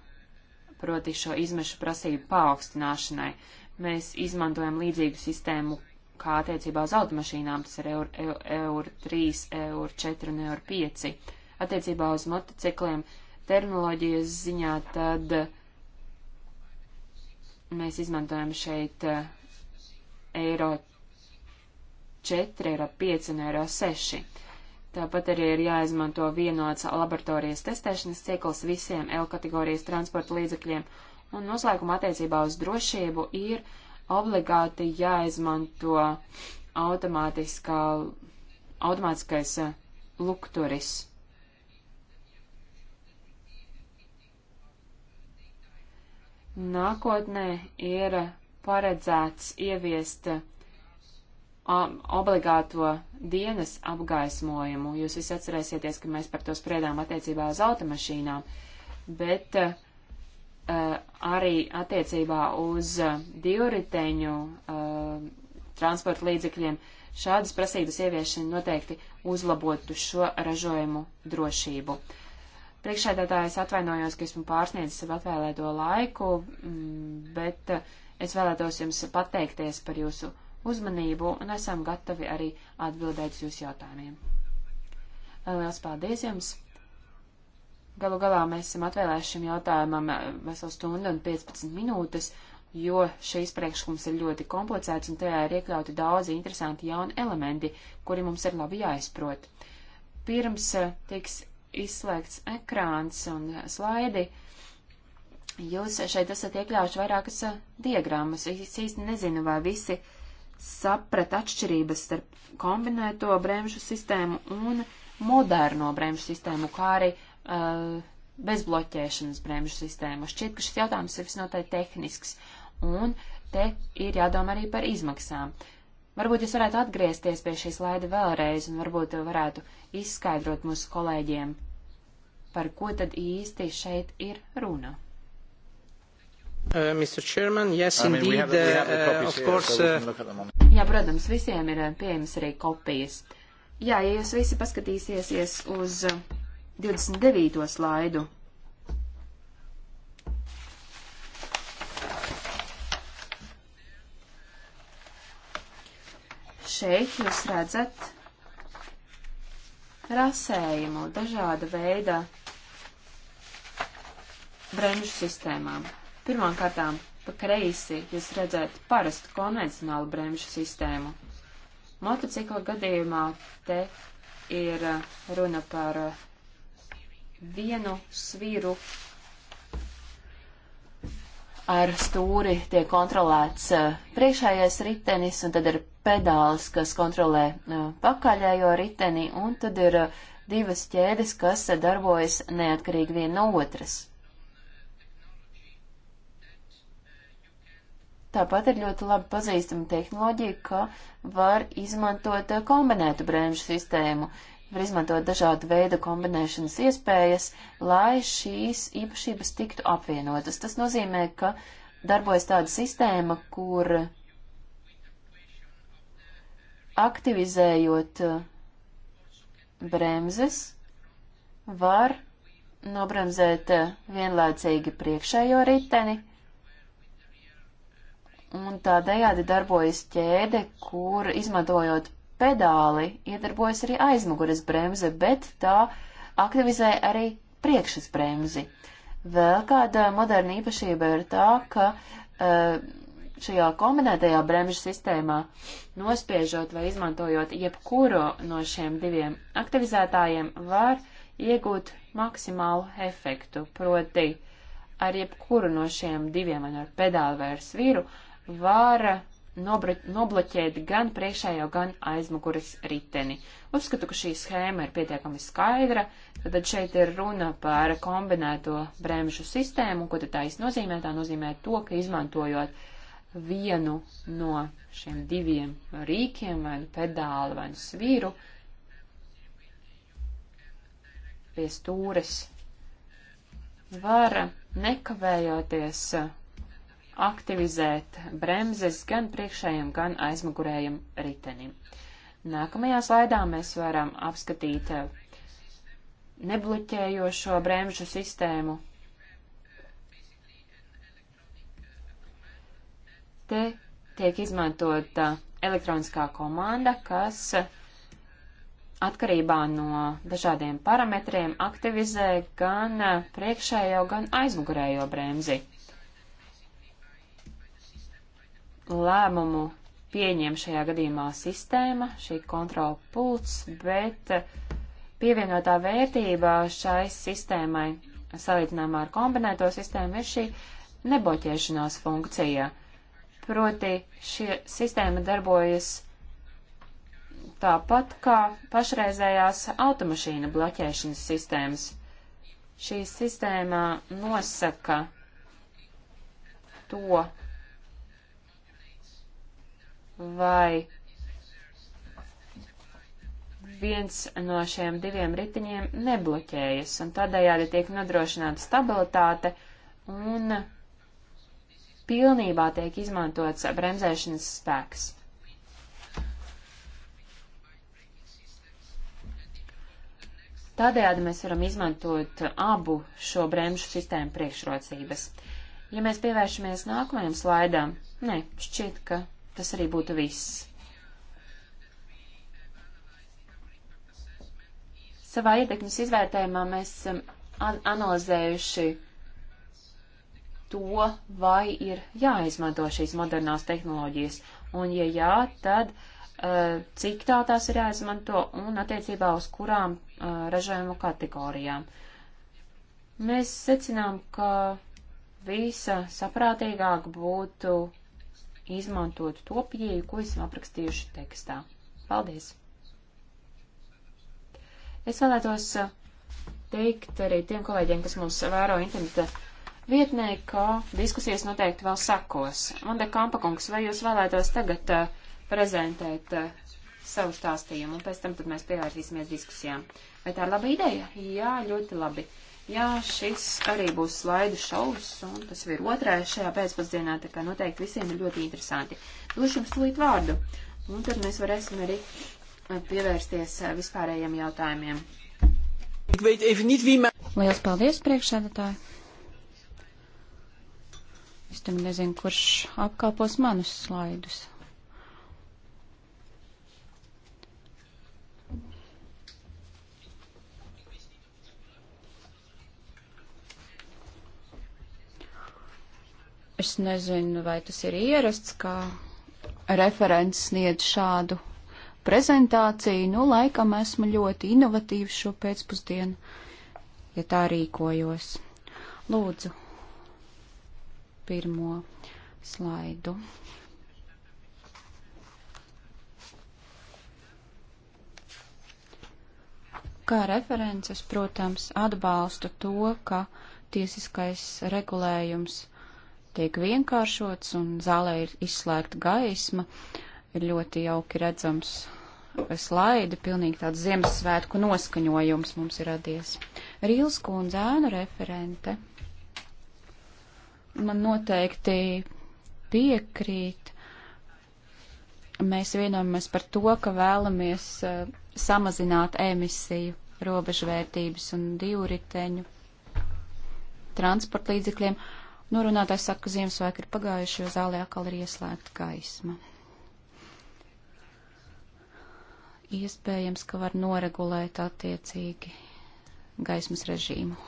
proti šo izmešu prasību paaugstināšanai. Mēs izmantojam līdzīgu sistēmu kā attiecībā uz automašīnām, tas ir eur, eur, eur 3, eur 4 un eur 5. Attiecībā uz motocikliem terminoloģijas ziņā tad mēs izmantojam šeit eh, eiro 4, eiro 5 un eiro 6. Tāpat arī ir jāizmanto vienots laboratorijas testēšanas cikls visiem L kategorijas transporta līdzekļiem, un noslēguma attiecībā uz drošību ir uh, obligāti jāizmanto automātiskā, automātiskais eh, lukturis. Nākotnē ir paredzēts ieviest eh, obligāto dienas apgaismojumu. Jūs visi atcerēsieties, ka mēs par to spriedām attiecībā uz automašīnām, bet uh, Eh, arī attiecībā uz eh, divriteņu eh, transporta līdzekļiem šādas prasības ieviešana noteikti uzlabotu šo ražojumu drošību. Priekšēdētājs atvainojos, ka esmu pārsniedzis sev atvēlēto laiku, mm, bet es vēlētos jums pateikties par jūsu uzmanību un esam gatavi arī atbildēt uz jūsu jautājumiem. Lielas paldies jums! Galu galā mēs esam atvēlējuši šim jautājumam eh, veselu stundu un 15 minūtes, jo šīs priekšlikums ir ļoti komplicēts un tajā ir iekļauti daudzi interesanti jauni elementi, kuri mums ir labi jāizprot. Pirms eh, tiks izslēgts ekrāns un eh, slaidi, jūs šeit esat iekļaujuši vairākas diagrammas. Es īsti nezinu, vai visi saprata atšķirības starp kombinēto bremžu sistēmu un moderno bremžu sistēmu, kā arī uh, bez bloķēšanas bremžu sistēmu. Šķiet, ka šis jautājums ir visnotaļ tehnisks, un te ir jādomā arī par izmaksām. Varbūt jūs varētu atgriezties pie šīs laida vēlreiz, un varbūt varētu izskaidrot mūsu kolēģiem, par ko tad īsti šeit ir runa. Uh, Mr. Chairman, yes, I mean, indeed, have, uh, uh, of course. Uh, jā, protams, visiem ir uh, pieejamas arī kopijas. Jā, ja jūs visi paskatīsieties uz. Uh, 29. slaidu. Šeit jūs redzat rasējumu dažāda veida bremžu sistēmām. Pirmām kārtām pa kreisi jūs redzat parastu konvencionālu bremžu sistēmu. Motocikla gadījumā te ir runa par vienu svīru ar stūri tiek kontrolēts eh, priekšējais ritenis, un tad ir pedālis, kas kontrolē eh, pakaļējo riteni, un tad ir eh, divas ķēdes, kas darbojas neatkarīgi viena no otras. Tāpat ir ļoti labi pazīstama tehnoloģija, ka var izmantot kombinētu bremžu sistēmu var izmantot dažādu veidu kombinēšanas iespējas, lai šīs īpašības tiktu apvienotas. Tas nozīmē, ka darbojas tāda sistēma, kur aktivizējot uh, bremzes, var nobremzēt uh, vienlaicīgi priekšējo riteni, un tādējādi darbojas ķēde, kur izmantojot pedāli iedarbojas arī aizmugures bremze, bet tā aktivizē arī priekšas bremzi. Vēl kāda moderna īpašība ir tā, ka uh, šajā kombinētajā bremžu sistēmā, nospiežot vai izmantojot jebkuru no šiem diviem aktivizētājiem, var iegūt maksimālu efektu. Proti, ar jebkuru no šiem diviem, ar pedāli vai ar svīru, var nobloķēt gan priekšējo, gan aizmuguras riteni. Uzskatu, ka šī schēma ir pietiekami skaidra, tad šeit ir runa par kombinēto bremžu sistēmu, ko tad tā iznozīmē. Tā nozīmē to, ka izmantojot vienu no šiem diviem rīkiem, vai nu pedāli, vai nu svīru, pie stūres var nekavējoties aktivizēt bremzes gan priekšējiem, gan aizmugurējiem ritenim. Nākamajā slaidā mēs varam apskatīt eh, nebluķējošo bremžu sistēmu. Te tiek izmantota elektroniskā komanda, kas atkarībā no dažādiem parametriem aktivizē gan eh, priekšējo, gan aizmugurējo bremzi. lēmumu pieņem šajā gadījumā sistēma, šī kontrola pults, bet pievienotā vērtība šai sistēmai salīdzinājumā ar kombinēto sistēmu ir šī neboķēšanās funkcija. Proti šī sistēma darbojas tāpat kā pašreizējās automašīna bloķēšanas sistēmas. Šī sistēma nosaka to, vai viens no šiem diviem ritiņiem nebloķējas, un tādējādi tiek nodrošināta stabilitāte un pilnībā tiek izmantots bremzēšanas spēks. Tādējādi mēs varam izmantot abu šo bremžu sistēmu priekšrocības. Ja mēs pievēršamies nākamajam slaidām, nē, šķiet, ka Tas arī būtu viss. Savā ietekmes izvērtējumā mēs esam um, analizējuši to, vai ir jāizmanto šīs modernās tehnoloģijas, un ja jā, tad uh, cik tā tās ir jāizmanto un attiecībā uz kurām uh, ražojumu kategorijām. Mēs secinām, ka visa saprātīgāk būtu izmantot to pieeju, ko esam aprakstījuši tekstā. Paldies! Es vēlētos uh, teikt arī tiem kolēģiem, kas mūs vēro interneta vietnē, ka diskusijas noteikti vēl sakos. Manda Kampakungs, vai jūs vēlētos tagad uh, prezentēt uh, savu stāstījumu, un pēc tam tad mēs pievērsīsimies diskusijām. Vai tā ir laba ideja? Jā, ļoti labi. Uh, Jā, šis arī būs slaidu šovs, un tas ir otrais šajā pēcpusdienā, tā kā noteikti visiem ir ļoti interesanti. Došu jums tūlīt vārdu, un tad mēs varēsim arī eh, pievērsties eh, vispārējiem jautājumiem. Lielas paldies, priekšsēdētāji! Es tam nezinu, kurš apkalpos manus slaidus. Es nezinu, vai tas ir ierasts, ka referents sniedz šādu prezentāciju. Nu, laikam esmu ļoti inovatīvs šo pēcpusdienu, ja tā rīkojos. Lūdzu, pirmo slaidu. Kā references, protams, atbalstu to, ka tiesiskais regulējums tiek vienkāršots un zālē ir izslēgta gaisma, ir ļoti jauki redzams slaidi, pilnīgi tāds Ziemassvētku noskaņojums mums ir radies. Rīls kundze ēnu referente. Man noteikti piekrīt. Mēs vienojamies par to, ka vēlamies uh, samazināt emisiju robežvērtības un divriteņu transporta līdzekļiem. Uh, Norunātājs saka, ka Ziemassvētki ir pagājuši, jo zālē atkal ir ieslēgta gaisma. Iespējams, ka var noregulēt attiecīgi gaismas režīmu.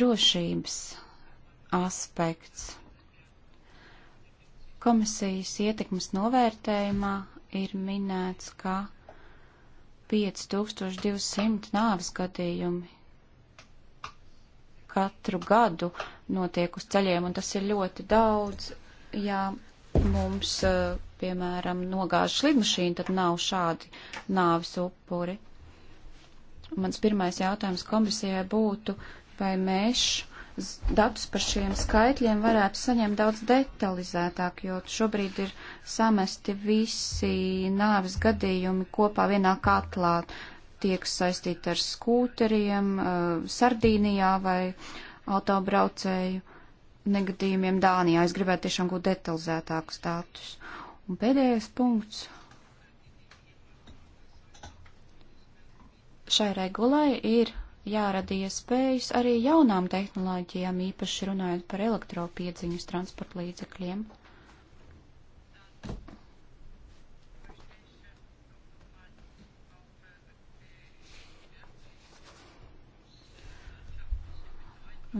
Drošības aspekts Komisijas ietekmes novērtējumā ir minēts, ka 5200 nāves gadījumi katru gadu notiek uz ceļiem, un tas ir ļoti daudz. Ja mums, eh, piemēram, nogāž lidmašīna, tad nav šādi nāves upuri. Mans pirmais jautājums komisijai būtu, vai mēs datus par šiem skaitļiem varētu saņemt daudz detalizētāk, jo šobrīd ir samesti visi nāvis gadījumi kopā vienā katlā. Tiek saistīti ar skūteriem, eh, Sardīnijā vai autobraucēju negadījumiem Dānijā. Es gribētu tiešām gūt detalizētākus datus. Un pēdējais punkts. Šai regulai ir jārada iespējas arī jaunām tehnoloģijām, īpaši runājot par elektropiedziņas transporta līdzekļiem.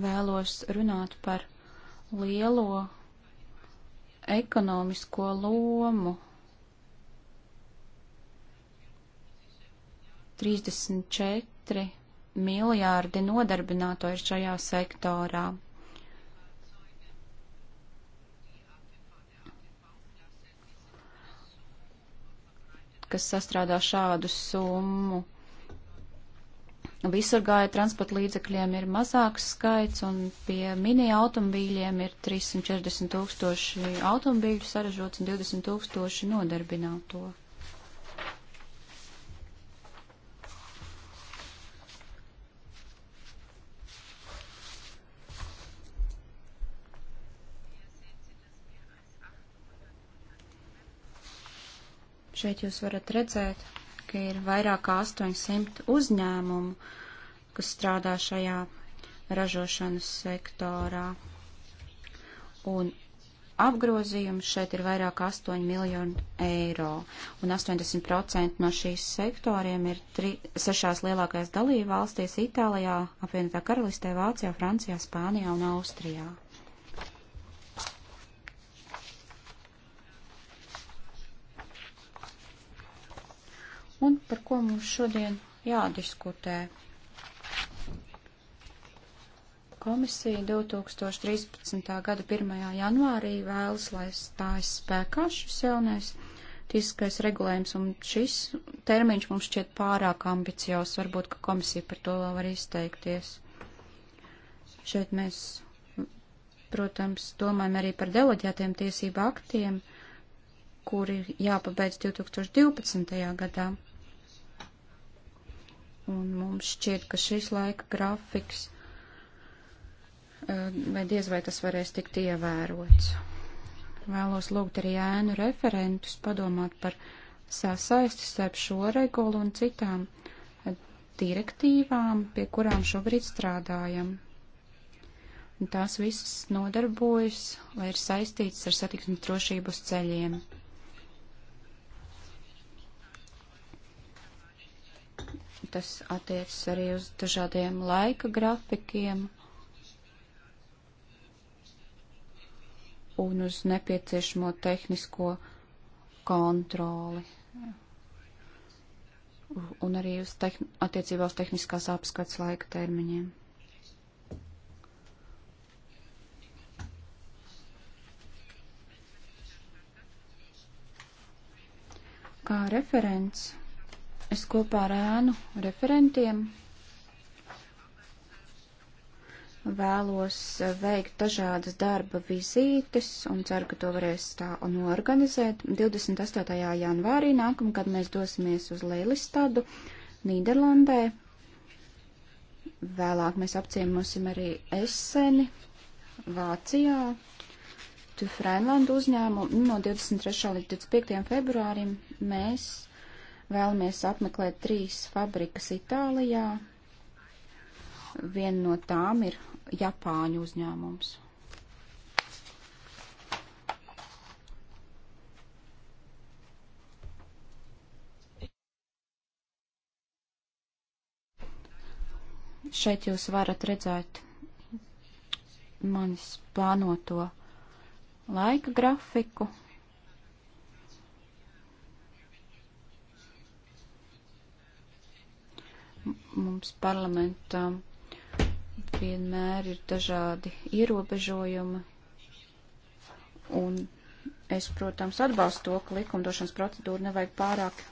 Vēlos runāt par lielo ekonomisko lomu 34 miljārdi nodarbināto ir šajā sektorā. kas sastrādā šādu summu. Visurgāja transporta līdzekļiem ir mazāks skaits, un pie mini automobīļiem ir 340 tūkstoši automobīļu saražots un 20 tūkstoši nodarbināto. Šeit jūs varat redzēt, ka ir vairāk kā 800 uzņēmumu, kas strādā šajā ražošanas sektorā. Un apgrozījums šeit ir vairāk kā 8 miljonu eiro, un 80% no šīs sektoriem ir tri, sešās lielākajās dalībvalstīs - Itālijā, apvienotā karalistē, Vācijā, Francijā, Spānijā un Austrijā. un par ko mums šodien jādiskutē. Komisija 2013. gada 1. janvārī vēlas, lai stājas spēkā šis jaunais tiesiskais regulējums, un šis termiņš mums šķiet pārāk ambiciozs. Varbūt, ka komisija par to vēl var izteikties. Šeit mēs, protams, domājam arī par deleģētiem tiesību aktiem, kuri jāpabeidz 2012. gadā un mums šķiet, ka šis laika grafiks eh, vai diez vai tas varēs tikt ievērots. Vēlos lūgt arī ēnu referentus padomāt par sasaisti starp šo regulu un citām eh, direktīvām, pie kurām šobrīd strādājam. Un tās visas nodarbojas, lai ir saistītas ar satiksmes drošības ceļiem. Tas attiecas arī uz dažādiem laika grafikiem un uz nepieciešamo tehnisko kontroli. Un arī uz tehn attiecībā uz tehniskās apskats laika termiņiem. Kā referents Es kopā ar ēnu referentiem vēlos veikt dažādas darba vizītes un ceru, ka to varēs tā norganizēt. 28. janvārī nākamgad mēs dosimies uz Lēlistadu, Nīderlandē. Vēlāk mēs apciemosim arī Eseni, Vācijā, Tufrēnlandu uzņēmumu. No 23. līdz 25. februārim mēs Vēlamies apmeklēt trīs fabrikas Itālijā. Viena no tām ir Japāņu uzņēmums. šeit jūs varat redzēt manis plānoto laika grafiku. mums parlamentam vienmēr ir dažādi ierobežojumi, un es, protams, atbalstu to, ka likumdošanas procedūru nevajag pārāk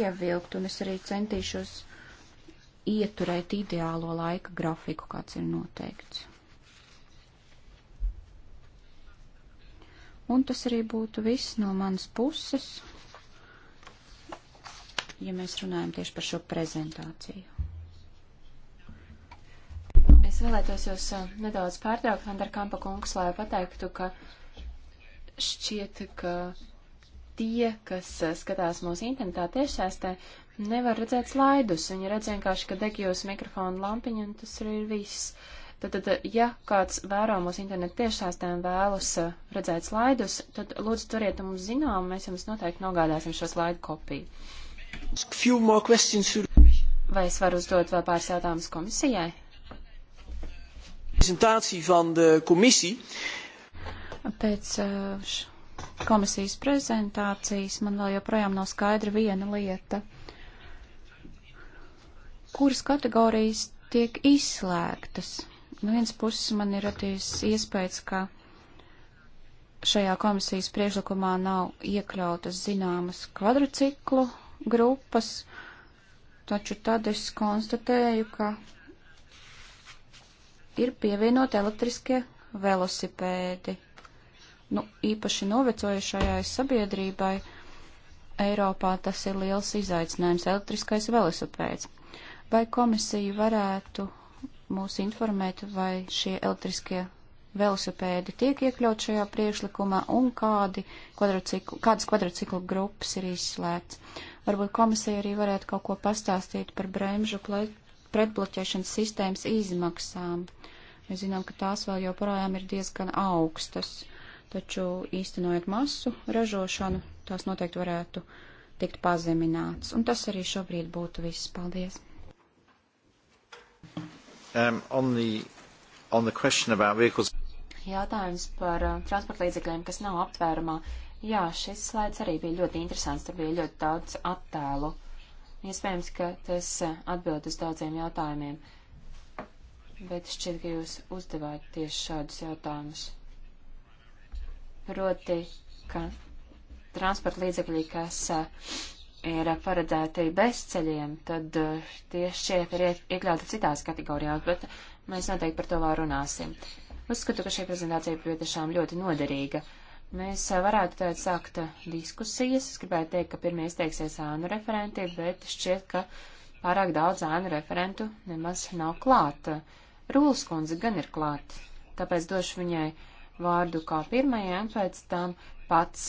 ievilkt, un es arī centīšos ieturēt ideālo laika grafiku, kāds ir noteikts. Un tas arī būtu viss no manas puses ja mēs runājam tieši par šo prezentāciju. Es vēlētos jūs uh, nedaudz pārtraukt, Vandarkampa kungs, lai pateiktu, ka šķiet, ka tie, kas uh, skatās mūsu internetā tiešsaistē, nevar redzēt slaidus. Viņi redz vienkārši, ka deg jūsu mikrofona lampiņa, un tas arī ir viss. Tad, tad, uh, ja kāds vēro mūsu internetu tiešsaistē un vēlas redzēt slaidus, tad lūdzu turiet mums zinām, mēs jums noteikti nogādāsim šo slaidu kopiju. Vai es varu uzdot vēl pāris jautājumus komisijai? Pēc uh, komisijas prezentācijas man vēl joprojām nav skaidra viena lieta. Kuras kategorijas tiek izslēgtas? No nu, vienas puses man ir radījis iespējas, ka šajā komisijas priešlikumā nav iekļautas zināmas kvadraciklu grupas, taču tad es konstatēju, ka ir pievienot elektriskie velosipēdi. Nu, īpaši novecojušajai sabiedrībai Eiropā tas ir liels izaicinājums - elektriskais velosipēds. Vai komisija varētu mūs informēt, vai šie elektriskie velosipēdi tiek iekļaut šajā priekšlikumā un kādi kvadrociklu, kādas kvadrociklu grupas ir izslēgts? Varbūt komisija arī varētu kaut ko pastāstīt par bremžu pretbloķēšanas sistēmas izmaksām. Mēs zinām, ka tās vēl joprojām ir diezgan augstas, taču īstenojot masu ražošanu, tās noteikti varētu tikt pazemināts. Un tas arī šobrīd būtu viss. Paldies. Um, on the, on the Jautājums par uh, transportlīdzekļiem, kas nav aptvērumā. Uh, Jā, šis slaids arī bija ļoti interesants, tur bija ļoti daudz attēlu. Iespējams, ka tas eh, atbild uz daudziem jautājumiem, bet šķiet, ka jūs uzdevāt tieši šādus jautājumus. Proti, ka transporta līdzekļi, kas eh, ir paredzēti bezceļiem, tad eh, tie šķiet ir iekļauti citās kategorijās, bet mēs noteikti par to vēl runāsim. Uzskatu, ka šī prezentācija bija tiešām ļoti noderīga. Mēs varētu tagad sākt diskusijas. Es gribēju teikt, ka pirmie izteiksies ēnu referenti, bet šķiet, ka pārāk daudz ēnu referentu nemaz nav klāt. Rūlas kundze gan ir klāt, tāpēc došu viņai vārdu kā pirmajai, un pēc tam pats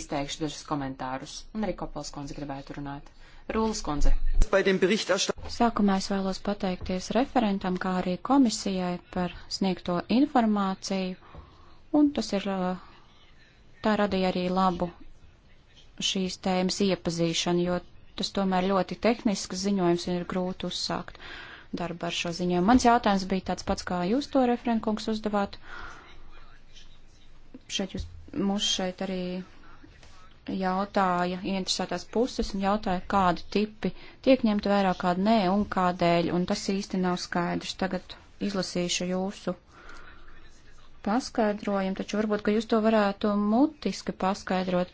izteikšu dažus komentārus. Un arī Kopals kundze gribētu runāt. Rūlas kundze. Sākumā es vēlos pateikties referentam, kā arī komisijai par sniegto informāciju, un tas ir uh, tā radīja arī labu šīs tēmas iepazīšanu, jo tas tomēr ļoti tehnisks ziņojums un ir grūti uzsākt darbu ar šo ziņojumu. Mans jautājums bija tāds pats, kā jūs to referenkungs uzdevāt. Šeit jūs mūs šeit arī jautāja interesētās puses un jautāja, kādi tipi tiek ņemti vērā, kādi nē un kādēļ, un tas īsti nav skaidrs. Tagad izlasīšu jūsu paskaidrojumu, taču varbūt, ka jūs to varētu mutiski paskaidrot,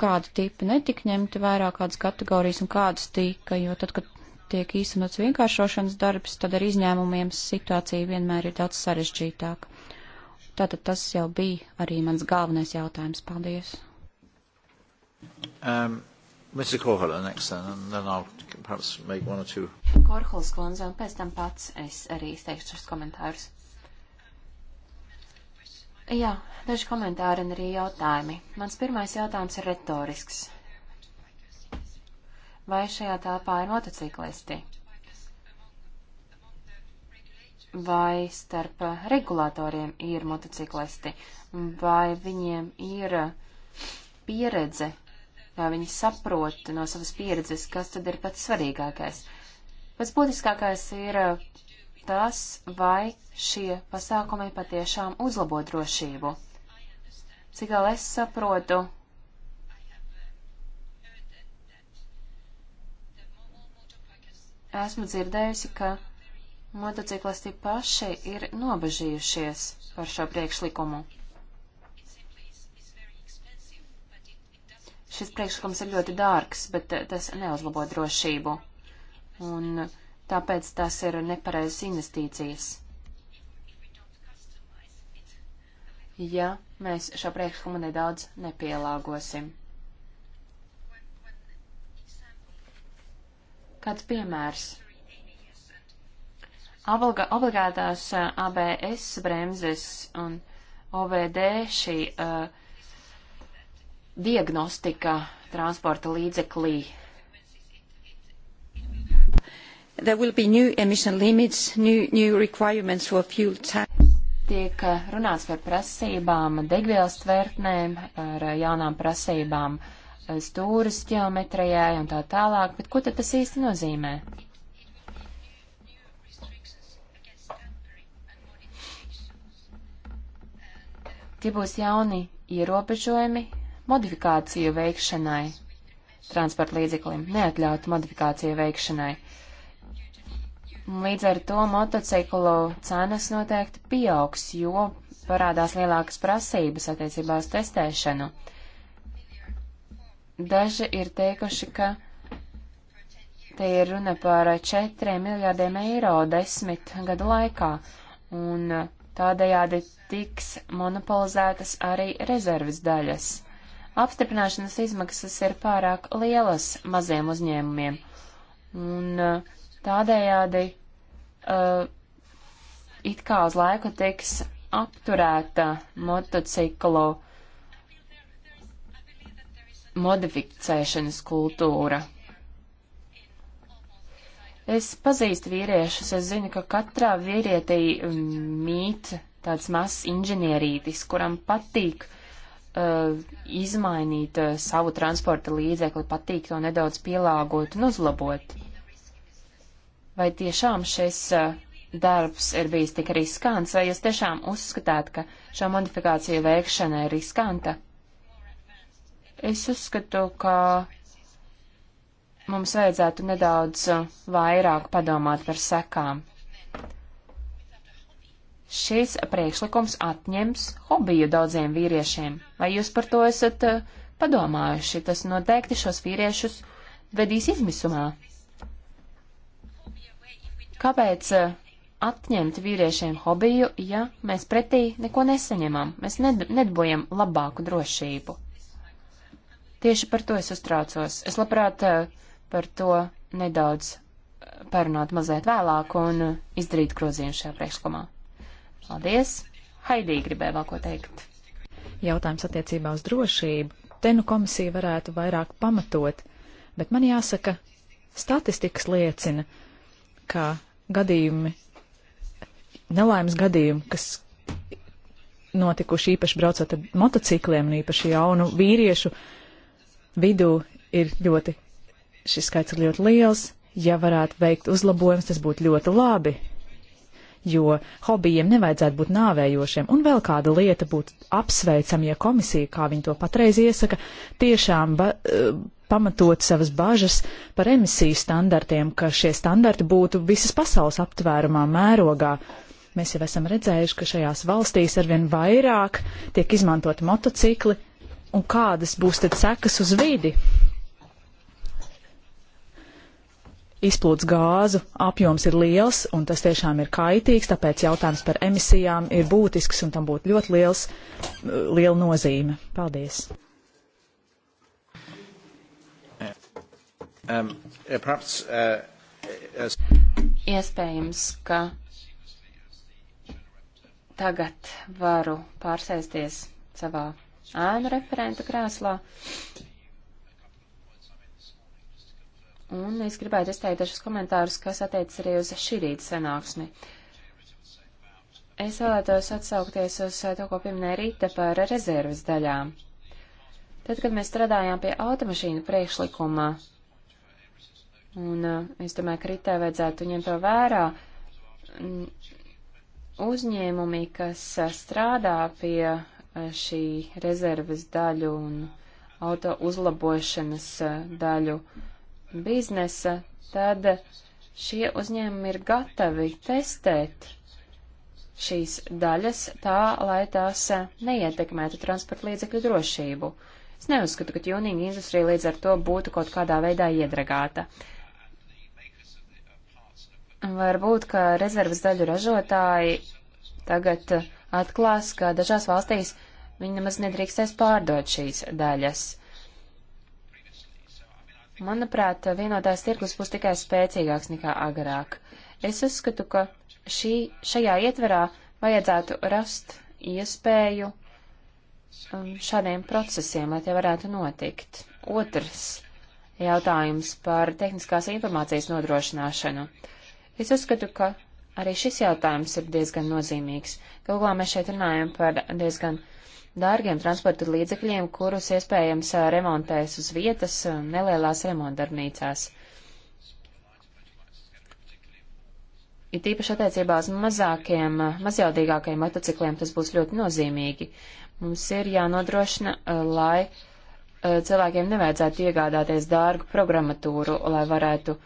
kāda tipa netika ņemta vērā, kādas kategorijas un kādas tika, jo tad, kad tiek īstenots vienkāršošanas darbs, tad ar izņēmumiem situācija vienmēr ir daudz sarežģītāka. Tātad tas jau bija arī mans galvenais jautājums. Paldies! Um. Mr. Korhola next then, and then I'll perhaps make one or two. Korhols kundze, un pēc tam pats es arī izteikšu šos komentārus. Jā, daži komentāri un arī jautājumi. Mans pirmais jautājums ir retorisks. Vai šajā telpā ir motociklisti? Vai starp regulātoriem ir motociklisti? Vai viņiem ir pieredze? Vai viņi saprot no savas pieredzes, kas tad ir pats svarīgākais? Pats būtiskākais ir tas, vai šie pasākumi patiešām uzlabo drošību. Cik gal es saprotu, esmu dzirdējusi, ka motociklisti paši ir nobežījušies par šo priekšlikumu. Šis priekšlikums ir ļoti dārgs, bet tas neuzlabo drošību. Un tāpēc tas ir nepareizas investīcijas. Ja mēs šo priekšlikumu nedaudz nepielāgosim. Kāds piemērs? Obligā, obligātās uh, ABS bremzes un OVD šī uh, diagnostika transporta līdzeklī there will be new emission limits, new, new requirements for fuel tanks. Tiek eh, runāts par prasībām degvielas tvertnēm, ar eh, jaunām prasībām eh, stūras ķeometrijai un tā tālāk, bet ko tad tas īsti nozīmē? Tie būs jauni ierobežojumi modifikāciju veikšanai transporta līdzeklim, neatļautu modifikāciju veikšanai. Līdz ar to motociklu cenas noteikti pieaugs, jo parādās lielākas prasības attiecībā uz testēšanu. Daži ir teikuši, ka te ir runa par 4 miljārdiem eiro desmit gadu laikā, un tādējādi tiks monopolizētas arī rezerves daļas. Apstiprināšanas izmaksas ir pārāk lielas maziem uzņēmumiem, un uh, tādējādi uh, it kā uz laiku tiks apturēta motociklu modificēšanas kultūra. Es pazīstu vīriešus, es zinu, ka katrā vīrietī mīt tāds mazs inženierītis, kuram patīk uh, izmainīt uh, savu transporta līdzekli, patīk to nedaudz pielāgot un uzlabot vai tiešām šis eh, darbs ir bijis tik riskants, vai jūs tiešām uzskatāt, ka šo modifikāciju veikšana ir riskanta? Es uzskatu, ka mums vajadzētu nedaudz eh, vairāk padomāt par sekām. Šis priekšlikums atņems hobiju daudziem vīriešiem. Vai jūs par to esat eh, padomājuši? Tas noteikti šos vīriešus vedīs izmisumā. Kāpēc eh, atņemt vīriešiem hobiju, ja mēs pretī neko nesaņemam? Mēs nedabojam labāku drošību. Tieši par to es uztraucos. Es labprāt eh, par to nedaudz eh, parunāt mazliet vēlāk un izdarīt grozījumu šajā priekšlikumā. Paldies! Haidī gribēja vēl ko teikt. Jautājums attiecībā uz drošību. Te nu komisija varētu vairāk pamatot, bet man jāsaka, statistikas liecina, ka gadījumi, nelaimes gadījumi, kas notikuši īpaši braucot ar motocikliem un īpaši jaunu vīriešu vidū, ir ļoti, šis skaits ir ļoti liels. Ja varētu veikt uzlabojumus, tas būtu ļoti labi jo hobijiem nevajadzētu būt nāvējošiem. Un vēl kāda lieta būtu apsveicama, ja komisija, kā viņi to patreiz iesaka, tiešām ba, e, pamatot savas bažas par emisiju standartiem, ka šie standarti būtu visas pasaules aptvērumā mērogā. Mēs jau esam redzējuši, ka šajās valstīs arvien vairāk tiek izmantoti motocikli, un kādas būs tad sekas uz vidi? izplūdes gāzu apjoms ir liels un tas tiešām ir kaitīgs, tāpēc jautājums par emisijām ir būtisks un tam būtu ļoti liels, eh, liela nozīme. Paldies! Eh, um, eh, perhaps, uh, as... Iespējams, ka tagad varu pārsēsties savā ēnu referenta krēslā Un es gribētu izteikt dažus komentārus, kas attiecas arī uz šī rīta sanāksmi. Es vēlētos atsaukties uz to, ko pieminēja Rīta par rezerves daļām. Tad, kad mēs strādājām pie automašīnu priekšlikuma, un uh, es domāju, ka Rītai vajadzētu ņemt to vērā, uzņēmumi, kas uh, strādā pie uh, šī rezerves daļu un auto uzlabošanas daļu, uh, biznesa, tad šie uzņēmumi ir gatavi testēt šīs daļas tā, lai tās neietekmētu transporta līdzekļu drošību. Es neuzskatu, ka tuninga industrija līdz ar to būtu kaut kādā veidā iedragāta. Varbūt, ka rezerves daļu ražotāji tagad atklās, ka dažās valstīs viņi nemaz nedrīkstēs pārdot šīs daļas. Manuprāt, vienotās tirgus būs tikai spēcīgāks nekā agrāk. Es uzskatu, ka šī, šajā ietverā vajadzētu rast iespēju um, šādiem procesiem, lai tie varētu notikt. Otrs jautājums par tehniskās informācijas nodrošināšanu. Es uzskatu, ka arī šis jautājums ir diezgan nozīmīgs. Galvā mēs šeit runājam par diezgan dārgiem transporta līdzekļiem, kurus iespējams remontēs uz vietas nelielās remontdarbnīcās. It īpaši attiecībā uz mazākiem, mazjaudīgākajiem motocikliem tas būs ļoti nozīmīgi. Mums ir jānodrošina, lai cilvēkiem nevajadzētu iegādāties dārgu programmatūru, lai varētu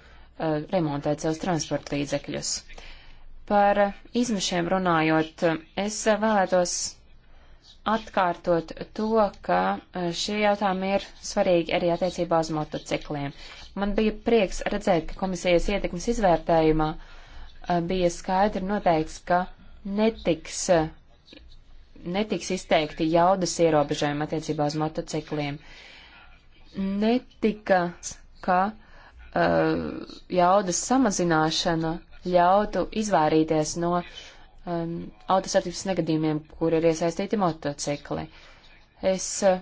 remontēt savus transporta līdzekļus. Par izmešiem runājot, es vēlētos atkārtot to, ka e, šie jautājumi ir svarīgi arī attiecībā uz motocikliem. Man bija prieks redzēt, ka komisijas ietekmes izvērtējumā e, bija skaidri noteikts, ka netiks, e, netiks izteikti jaudas ierobežojumi attiecībā uz motocikliem. Netika, ka uh, jaudas samazināšana ļautu izvairīties no uh, um, autosartības negadījumiem, kur ir iesaistīti motocikli. Es uh,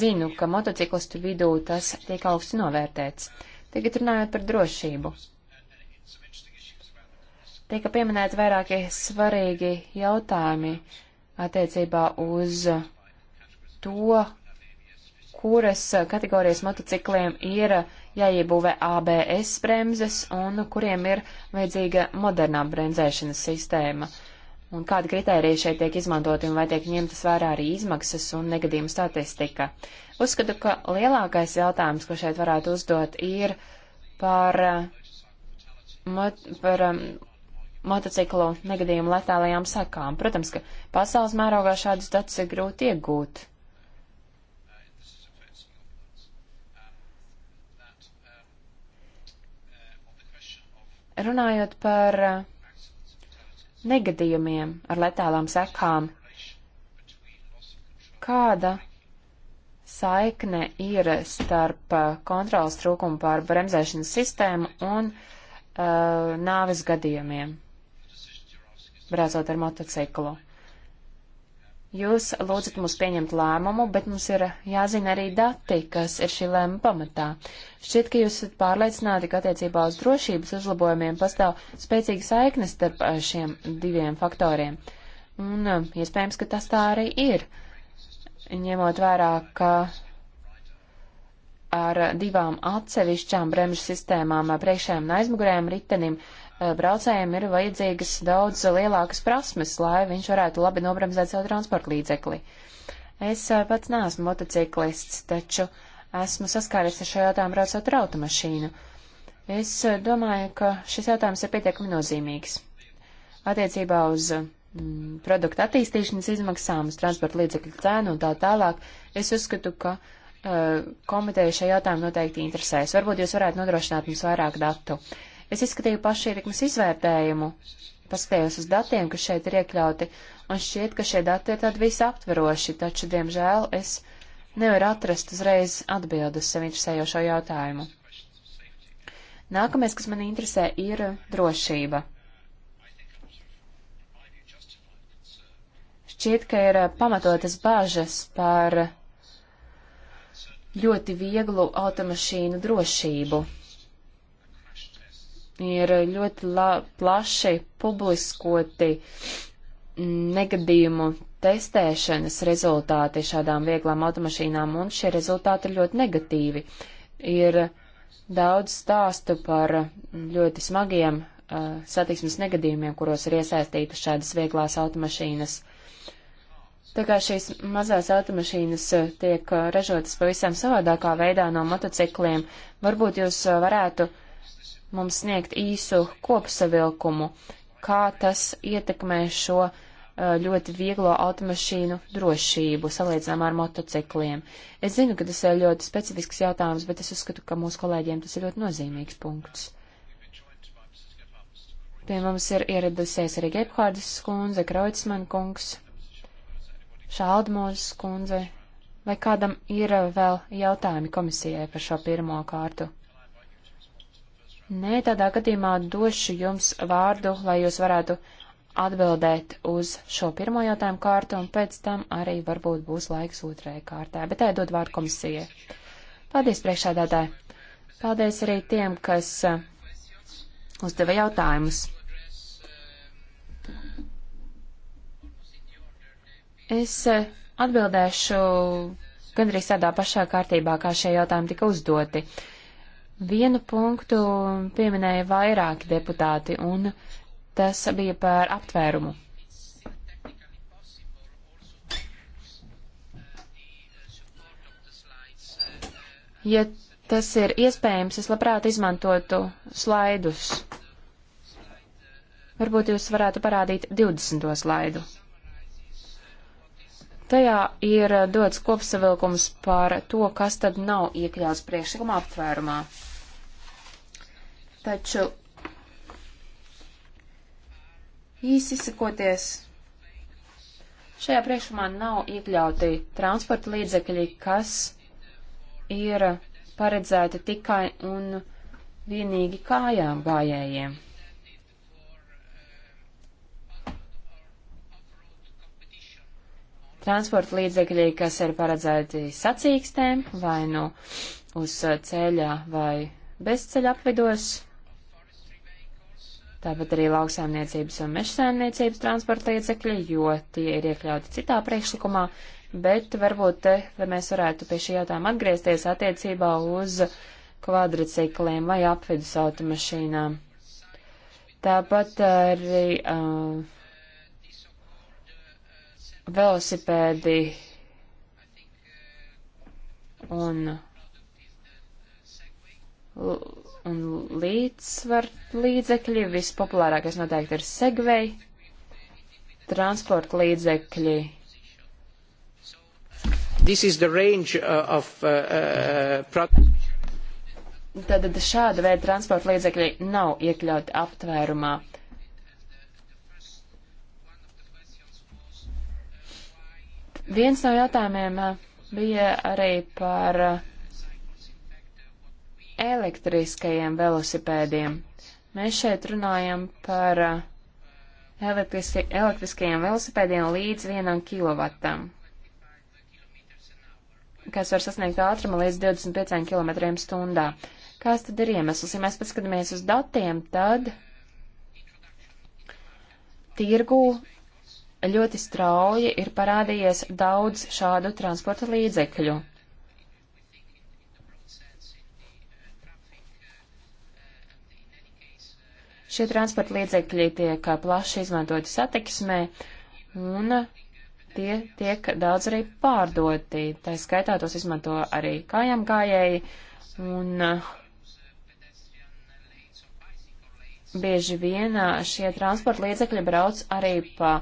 zinu, ka motociklistu vidū tas tiek augstu novērtēts. Tagad runājot par drošību. Tika pieminēti vairākie svarīgi jautājumi attiecībā uz to, kuras kategorijas motocikliem ir uh, jāiebūvē ABS bremzes un kuriem ir vajadzīga modernā bremzēšanas sistēma. Un kādi kriteriji šeit tiek izmantoti un vai tiek ņemtas vērā arī izmaksas un negadījuma statistika. Uzskatu, ka lielākais jautājums, ko šeit varētu uzdot, ir par, eh, mot, par um, motociklu negadījumu letālajām sakām. Protams, ka pasaules mērogā šādus datus ir grūti iegūt. Runājot par uh, negadījumiem ar letālām sekām, kāda saikne ir starp uh, kontrolas trūkumu pār bremzēšanas sistēmu un uh, nāves gadījumiem, brāzot ar motociklu? Jūs lūdzat mums pieņemt lēmumu, bet mums ir jāzina arī dati, kas ir šī lēma pamatā. Šķiet, ka jūs esat pārliecināti, ka attiecībā uz drošības uzlabojumiem pastāv spēcīga saikne starp eh, šiem diviem faktoriem. Un eh, iespējams, ka tas tā arī ir, ņemot vērā, ka ar divām atsevišķām bremžu sistēmām priekšējām un aizmugurējām ritenim uh, Eh, braucējiem ir vajadzīgas daudz lielākas prasmes, lai viņš varētu labi nobremzēt savu transporta līdzekli. Es eh, pats neesmu motociklists, taču esmu saskāries ar šo jautājumu braucot ar automašīnu. Es eh, domāju, ka šis jautājums ir pietiekami nozīmīgs. Attiecībā uz mm, produktu attīstīšanas izmaksām, uz transporta līdzekļu cēnu un tā tālāk, es uzskatu, ka uh, komiteja šajā jautājumā noteikti interesēs. Varbūt jūs varētu nodrošināt mums vairāk datu. Uh, Es izskatīju pašīrikmes izvērtējumu, paskatījos uz datiem, kas šeit ir iekļauti, un šķiet, ka šie dati ir tādi visaptveroši, taču, diemžēl, es nevaru atrast uzreiz atbildes sev interesējošo jautājumu. Nākamais, kas man interesē, ir drošība. Šķiet, ka ir pamatotas bāžas par ļoti vieglu automašīnu drošību ir ļoti la, plaši publiskoti negadījumu testēšanas rezultāti šādām vieglām automašīnām, un šie rezultāti ir ļoti negatīvi. Ir daudz stāstu par ļoti smagiem uh, satiksmes negadījumiem, kuros ir iesaistītas šādas vieglās automašīnas. Tā kā šīs mazās automašīnas uh, tiek uh, ražotas pavisam savādākā veidā no motocikliem, varbūt jūs uh, varētu uh, mums sniegt īsu kopsavilkumu, kā tas ietekmē šo uh, ļoti vieglo automašīnu drošību salīdzinām ar motocikliem. Es zinu, ka tas ir ļoti specifisks jautājums, bet es uzskatu, ka mūsu kolēģiem tas ir ļoti nozīmīgs punkts. Pie mums ir ieradusies arī Gebhārdas skundze, Kreutzmann kungs, Šaldmozes skundze. Vai kādam ir uh, vēl jautājumi komisijai par šo pirmo kārtu? Nē, tādā gadījumā došu jums vārdu, lai jūs varētu atbildēt uz šo pirmo jautājumu kārtu, un pēc tam arī varbūt būs laiks otrajai kārtā. Bet tā ir dod vārdu komisijai. Paldies priekšādātāji. Paldies arī tiem, kas uzdeva jautājumus. Es atbildēšu gandrīz tādā pašā kārtībā, kā šie jautājumi tika uzdoti. Uh, Vienu punktu pieminēja vairāki deputāti, un tas bija par aptvērumu. Ja tas ir iespējams, es labprāt izmantotu slaidus. Varbūt jūs varētu parādīt 20. slaidu. Tajā ir dots kopsavilkums par to, kas tad nav iekļauts priekšlikuma aptvērumā. Taču īsi sakoties, šajā priekšumā nav iekļauti transporta līdzekļi, kas ir paredzēti tikai un vienīgi kājām gājējiem. Transporta līdzekļi, kas ir paredzēti sacīkstēm vai nu uz ceļa vai bezceļa apvidos, tāpat arī lauksaimniecības un mežsaimniecības transporta iecekļi, jo tie ir iekļauti citā priekšlikumā, bet varbūt te, vai mēs varētu pie šī jautājuma atgriezties attiecībā uz kvadricikliem vai apvidus automašīnām. Tāpat arī uh, velosipēdi un un līdzsvar līdzekļi. Vispopulārākais noteikti ir segvei, transporta līdzekļi. Range, uh, of, uh, uh, Tad šāda veida transporta līdzekļi nav iekļauti aptvērumā. Viens no jautājumiem uh, bija arī par uh, elektriskajiem velosipēdiem. Mēs šeit runājam par eh, elektriski, elektriskajiem velosipēdiem līdz vienam kilovatam, kas var sasniegt ātrumu līdz 25 km stundā. Kāds tad ir iemesls? Ja mēs paskatāmies uz datiem, tad tirgū ļoti strauji ir parādījies daudz šādu transporta līdzekļu. Šie transporta līdzekļi tiek plaši izmantoti satiksmē un tie tiek daudz arī pārdoti. Tā skaitā tos izmanto arī kājām kājēji un bieži vien šie transporta līdzekļi brauc arī pa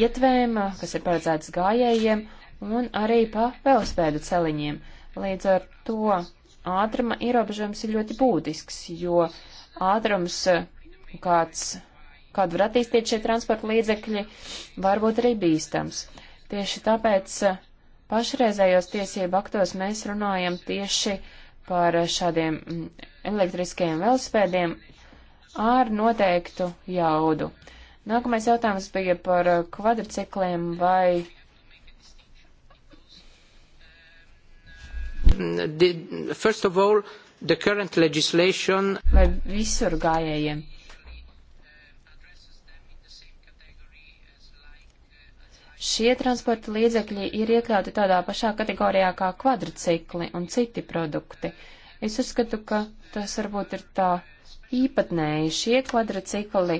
ietvēm, kas ir paredzētas gājējiem, un arī pa velospēdu celiņiem. Līdz ar to ātruma ierobežojums ir ļoti būtisks, jo ātrums kāds, kādu var attīstīt šie transporta līdzekļi, var būt arī bīstams. Tieši tāpēc eh, pašreizējos tiesību aktos mēs runājam tieši par šādiem mm, elektriskajiem velospēdiem ar noteiktu jaudu. Nākamais jautājums bija par eh, kvadricikliem vai. The, first of all, the current legislation. Vai visur gājējiem. Šie transporta līdzekļi ir iekļauti tādā pašā kategorijā kā kvadrcikli un citi produkti. Es uzskatu, ka tas varbūt ir tā īpatnēji. Šie kvadrcikli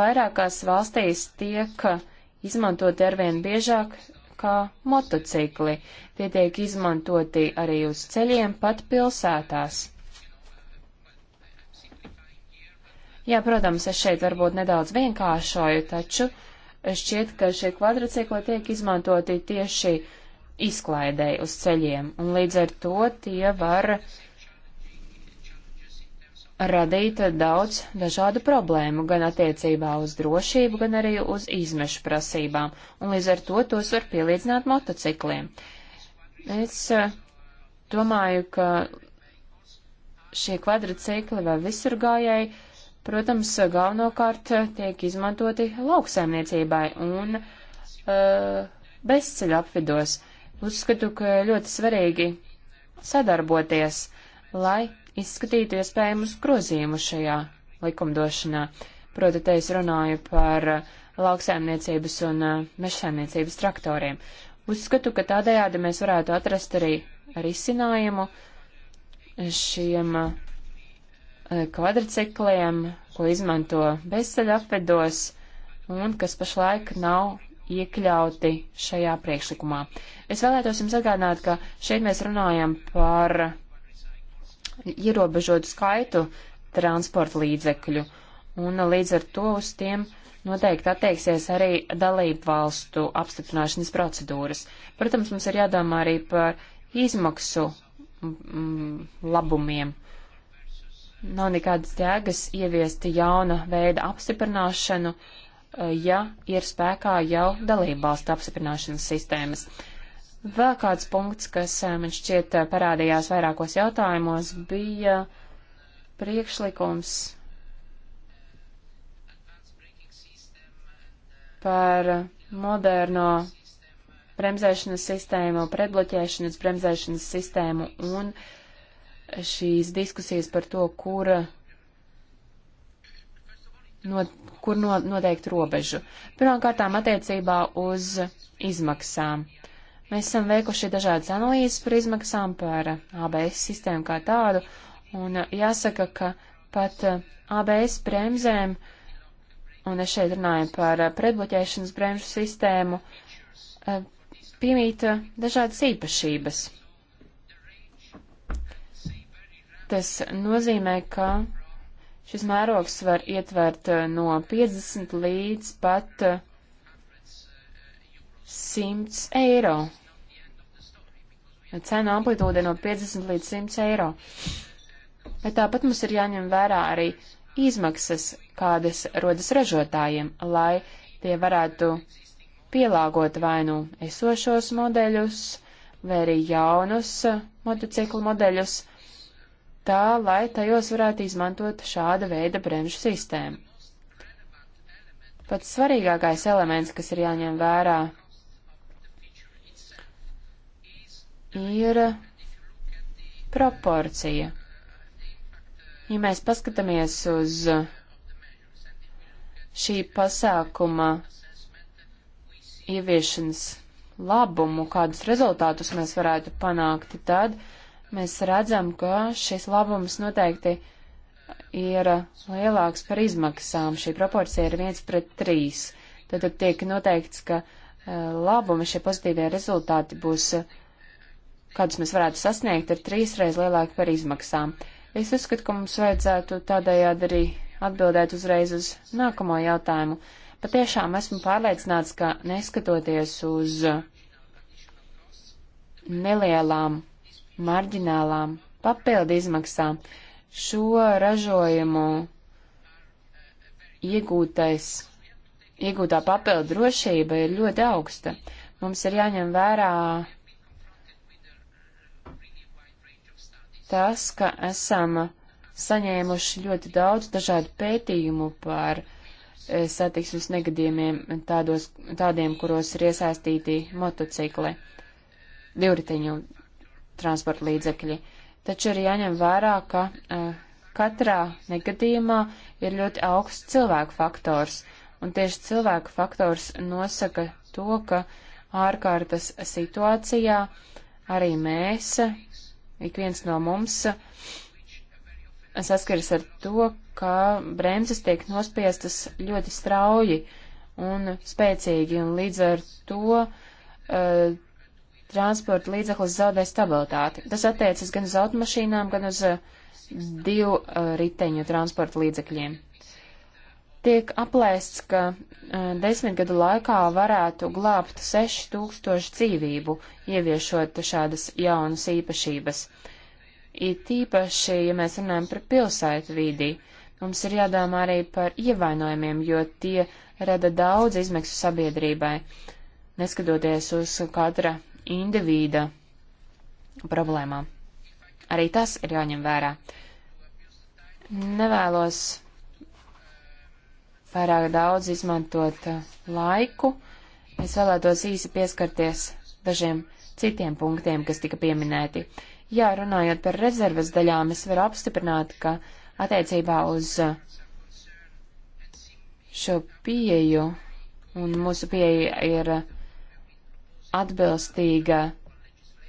vairākās valstīs tiek izmantoti arvien biežāk kā motocikli. Tie tiek izmantoti arī uz ceļiem pat pilsētās. Jā, protams, es šeit varbūt nedaudz vienkāršoju, taču šķiet, ka šie kvadracikli tiek izmantoti tieši izklaidēji uz ceļiem, un līdz ar to tie var radīt daudz dažādu problēmu, gan attiecībā uz drošību, gan arī uz izmešu prasībām, un līdz ar to tos var pielīdzināt motocikliem. Es eh, domāju, ka šie kvadracikli vai visurgājēji protams, galvenokārt eh, tiek izmantoti lauksaimniecībai un uh, eh, bezceļa apvidos. Uzskatu, ka ļoti svarīgi sadarboties, lai izskatītu iespējamus grozījumus šajā likumdošanā. Proti, te es runāju par eh, lauksaimniecības un mežsaimniecības traktoriem. Uzskatu, ka tādējādi mēs varētu atrast arī risinājumu šiem uh, Eh, kvadricikliem, ko izmanto bezceļa apvedos un kas pašlaik nav iekļauti šajā priekšlikumā. Es vēlētos jums atgādināt, ka šeit mēs runājam par ierobežotu skaitu transporta līdzekļu, un līdz ar to uz tiem noteikti attieksies arī dalību valstu apstiprināšanas procedūras. Protams, mums ir jādomā arī par izmaksu mm, labumiem. Nav nekādas jēgas ieviest jauna veida apstiprināšanu, eh, ja ir spēkā jau dalībvalstu apstiprināšanas sistēmas. Vēl kāds punkts, kas eh, man šķiet eh, parādījās vairākos jautājumos, bija priekšlikums par moderno bremzēšanas sistēmu, pretbloķēšanas bremzēšanas sistēmu un uh, šīs diskusijas par to, kur, no, kur no, noteikt robežu. Pirmkārtām attiecībā uz izmaksām. Mēs esam veikuši dažādas analīzes par izmaksām, par ABS sistēmu kā tādu, un jāsaka, ka pat ABS bremzēm, un es šeit runāju par pretbloķēšanas bremžu sistēmu, eh, piemīta dažādas īpašības. Tas nozīmē, ka šis mērogs var ietvert eh, no 50 līdz pat 100 eh, eiro. Cena amplitūde no 50 līdz 100 eiro. Bet tāpat mums ir jāņem vērā arī izmaksas, kādas rodas ražotājiem, lai tie varētu pielāgot vai nu esošos modeļus, vai arī jaunus eh, motociklu modeļus tā, lai tajos varētu izmantot šāda veida bremžu sistēmu. Pats svarīgākais elements, kas ir jāņem vērā, ir proporcija. Ja mēs paskatāmies uz šī pasākuma ieviešanas labumu, kādus rezultātus mēs varētu panākt, tad uh, mēs redzam, ka šis labums noteikti ir lielāks par izmaksām. Šī proporcija ir 1 pret 3. Tad, tad tiek noteikts, ka e, labumi, šie pozitīvie rezultāti būs, e, kādus mēs varētu sasniegt, ir trīsreiz lielāki par izmaksām. Es uzskatu, ka mums vajadzētu tādējādi arī atbildēt uzreiz uz nākamo jautājumu. Patiešām esmu pārliecināts, ka neskatoties uz nelielām marģinālām papildu izmaksām. Šo ražojumu iegūtais, iegūtā papildu drošība ir ļoti augsta. Mums ir jāņem vērā tas, ka esam saņēmuši ļoti daudz dažādu pētījumu par eh, satiksmes negadījumiem, tādos, tādiem, kuros ir iesaistīti motocikli, divriteņu transporta līdzekļi. Taču ir jāņem vērā, ka uh, katrā negadījumā ir ļoti augsts cilvēku faktors, un tieši cilvēku faktors nosaka to, ka ārkārtas situācijā arī mēs, ik viens no mums, saskaras ar to, ka bremzes tiek nospiestas ļoti strauji un spēcīgi, un līdz ar to uh, transporta līdzeklis zaudē stabilitāti. Tas attiecas gan uz automašīnām, gan uz eh, divu eh, riteņu transporta līdzekļiem. Tiek aplēsts, ka eh, desmit gadu laikā varētu glābt 6000 dzīvību, ieviešot šādas jaunas īpašības. It īpaši, ja mēs runājam par pilsētu vīdī, mums ir jādomā arī par ievainojumiem, jo tie rada daudz izmaksu sabiedrībai, neskatoties uz katra indivīda problēmām. Arī tas ir jāņem vērā. Nevēlos pārāk daudz izmantot uh, laiku. Es vēlētos īsi pieskarties dažiem citiem punktiem, kas tika pieminēti. Jā, runājot par rezerves daļām, es varu apstiprināt, ka attiecībā uz uh, šo pieju, un mūsu pieeja ir uh, atbilstīga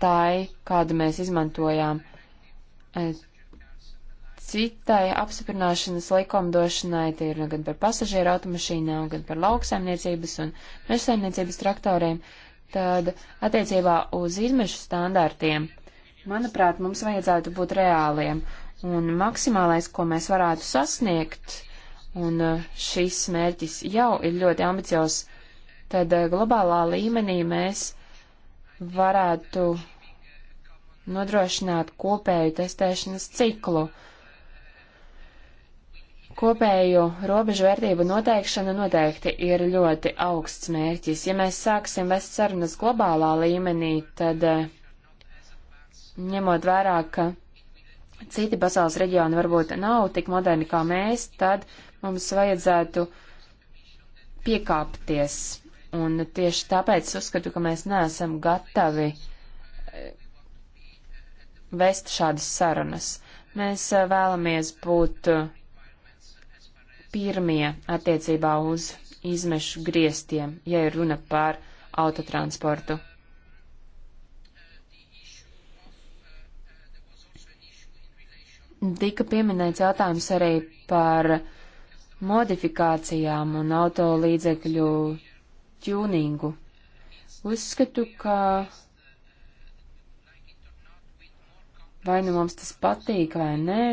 tai, kādu mēs izmantojām e, citai apsiprināšanas likumdošanai, tie ir gan par pasažieru automašīnām, gan par lauksaimniecības un mežsaimniecības traktoriem, tad attiecībā uz izmešu standārtiem, manuprāt, mums vajadzētu būt reāliem, un maksimālais, ko mēs varētu sasniegt, un e, šis mērķis jau ir ļoti ambiciozs, tad eh, globālā līmenī mēs varētu nodrošināt kopēju testēšanas ciklu. Kopēju robežu vērtību noteikšana noteikti ir ļoti augsts mērķis. Ja mēs sāksim vest sarunas globālā līmenī, tad eh, ņemot vērā, ka citi pasaules reģioni varbūt nav tik moderni kā mēs, tad mums vajadzētu piekāpties Un tieši tāpēc uzskatu, ka mēs neesam gatavi eh, vest šādas sarunas. Mēs eh, vēlamies būt eh, pirmie attiecībā uz izmešu griestiem, ja ir runa par autotransportu. Tika pieminēts jautājums arī par modifikācijām un auto līdzekļu ķūningu. Uzskatu, ka vai nu mums tas patīk vai nē,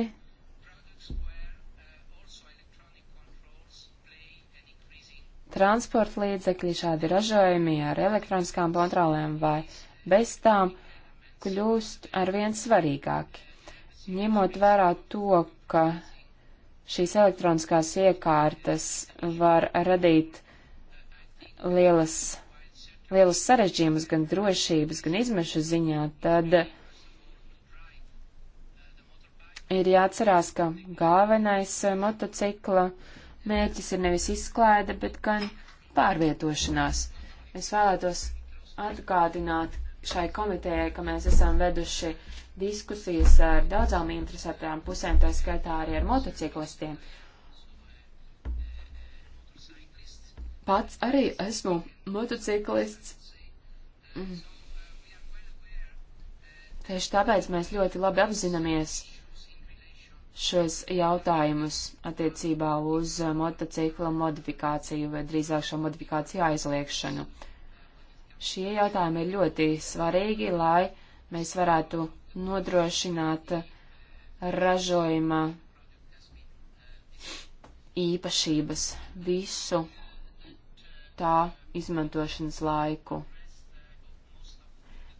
transporta līdzekļi, šādi ražojumi ar elektroniskām kontrolēm vai bez tām kļūst ar vien svarīgāki. Ņemot vērā to, ka šīs elektroniskās iekārtas var radīt lielas, lielus sarežģījumus gan drošības, gan izmešu ziņā, tad ir jāatcerās, ka galvenais eh, motocikla mērķis ir nevis izklaide, bet gan pārvietošanās. Es vēlētos atgādināt šai komitejai, ka mēs esam veduši diskusijas ar daudzām interesētām pusēm, tā skaitā arī ar motociklistiem. Pats arī esmu motociklists. Mm. Tieši tāpēc mēs ļoti labi apzināmies šos jautājumus attiecībā uz motocikla modifikāciju vai drīzāk šo modifikāciju aizliekšanu. Šie jautājumi ir ļoti svarīgi, lai mēs varētu nodrošināt ražojuma īpašības visu tā izmantošanas laiku.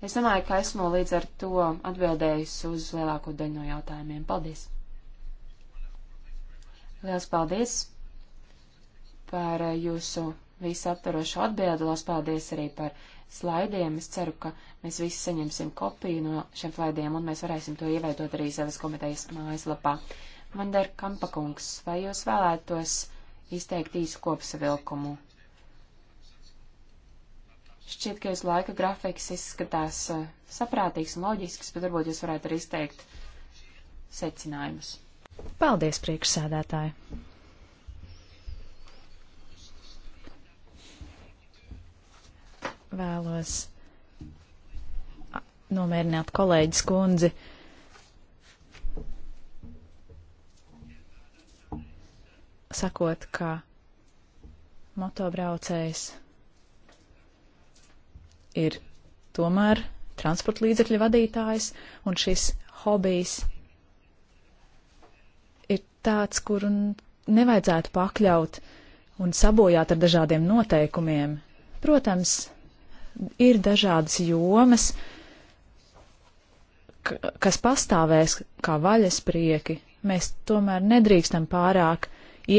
Es domāju, ka esmu līdz ar to atbildējis uz lielāko daļu no jautājumiem. Paldies! Liels paldies par jūsu visaptvarošu atbildi, liels paldies arī par slaidiem. Es ceru, ka mēs visi saņemsim kopiju no šiem slaidiem un mēs varēsim to ievietot arī Zeves komitejas mājaslapā. Mandar Kampakungs, vai jūs vēlētos izteikt īsu kopsavilkumu? Šķiet, ka jūsu laika grafiks izskatās eh, saprātīgs un loģisks, bet varbūt jūs varētu arī izteikt secinājumus. Paldies, priekšsēdētāji! Vēlos nomierināt kolēģis kundzi. Sakot, ka motobraucējs ir tomēr transporta līdzekļu vadītājs, un šis hobijs ir tāds, kuru nevajadzētu pakļaut un sabojāt ar dažādiem noteikumiem. Protams, ir dažādas jomas, kas pastāvēs kā vaļas prieki. Mēs tomēr nedrīkstam pārāk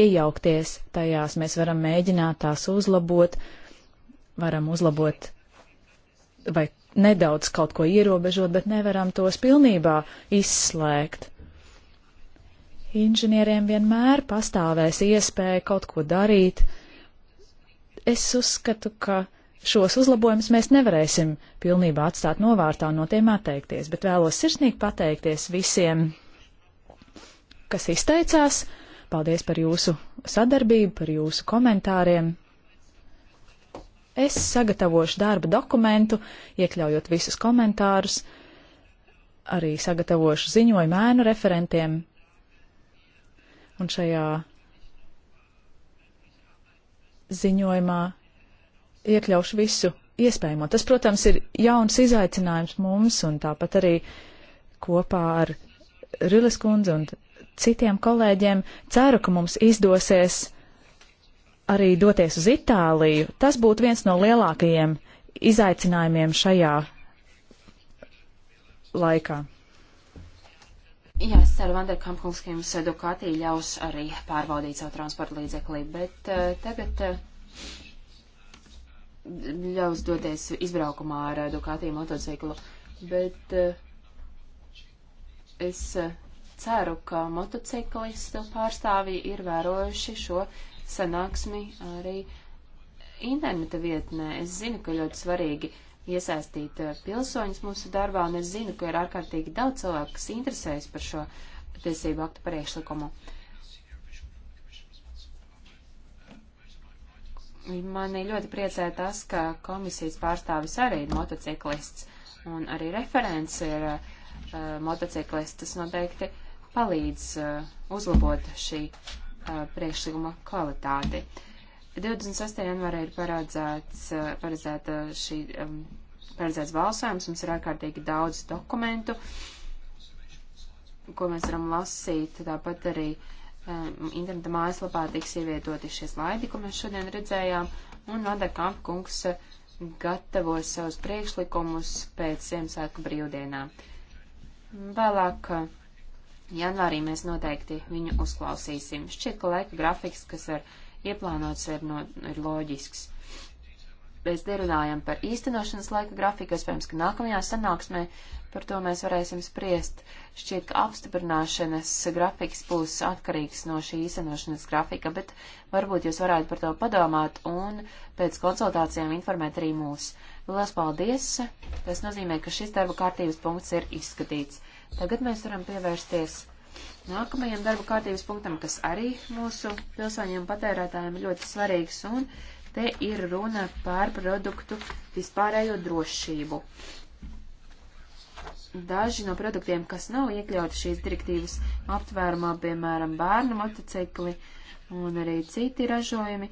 iejaukties tajās, mēs varam mēģināt tās uzlabot, varam uzlabot vai nedaudz kaut ko ierobežot, bet nevaram tos pilnībā izslēgt. Inženieriem vienmēr pastāvēs iespēja kaut ko darīt. Es uzskatu, ka šos uzlabojumus mēs nevarēsim pilnībā atstāt novārtā un no tiem atteikties, bet vēlos sirsnīgi pateikties visiem, kas izteicās. Paldies par jūsu sadarbību, par jūsu komentāriem. Es sagatavošu darba dokumentu, iekļaujot visus komentārus, arī sagatavošu ziņojumu ēnu referentiem. Un šajā ziņojumā iekļaušu visu iespējamo. Tas, protams, ir jauns izaicinājums mums un tāpat arī kopā ar Rilis kundzi un citiem kolēģiem. Ceru, ka mums izdosies arī doties uz Itāliju, tas būtu viens no lielākajiem izaicinājumiem šajā laikā. Jā, es ceru, Vanderkampkungs, ka jums edukātī eh, ļaus arī pārbaudīt savu transporta līdzeklī, bet uh, tagad uh, ļaus doties izbraukumā ar uh, Dukātī motociklu, bet uh, es uh, ceru, ka motociklistu pārstāvji ir vērojuši šo sanāksmi arī interneta vietnē. Es zinu, ka ļoti svarīgi iesaistīt uh, pilsoņus mūsu darbā, un es zinu, ka ir ārkārtīgi daudz cilvēku, kas interesējas par šo tiesību aktu priekšlikumu. Mani ļoti priecē tas, ka komisijas pārstāvis arī ir motociklists, un arī referents ir uh, uh motociklists. Tas noteikti palīdz uh, uzlabot šī priekšlikuma kvalitāti. 28. janvārā ir paredzēts, paredzēta šī, paredzēts balsojums, mums ir ārkārtīgi daudz dokumentu, ko mēs varam lasīt, tāpat arī um, interneta mājaslapā tiks ievietoti šie slaidi, ko mēs šodien redzējām, un Vanda Kampkungs gatavos savus priekšlikumus pēc Ziemassvētku brīvdienām. Vēlāk Janvārī mēs noteikti viņu uzklausīsim. Šķiet, ka laika grafiks, kas var ieplānots, ir, no, ir loģisks. Mēs nerunājam par īstenošanas laika grafiku, iespējams, ka nākamajā sanāksmē par to mēs varēsim spriest. Šķiet, ka apstiprināšanas grafiks būs atkarīgs no šī īstenošanas grafika, bet varbūt jūs varētu par to padomāt un pēc konsultācijām informēt arī mūs. Lielas paldies! Tas nozīmē, ka šis darba kārtības punkts ir izskatīts. Tagad mēs varam pievērsties nākamajam darba kārtības punktam, kas arī mūsu pilsoņiem un patērētājiem ir ļoti svarīgs, un te ir runa par produktu vispārējo drošību. Daži no produktiem, kas nav iekļauti šīs direktīvas aptvērumā, piemēram, bērnu motocikli un arī citi ražojumi,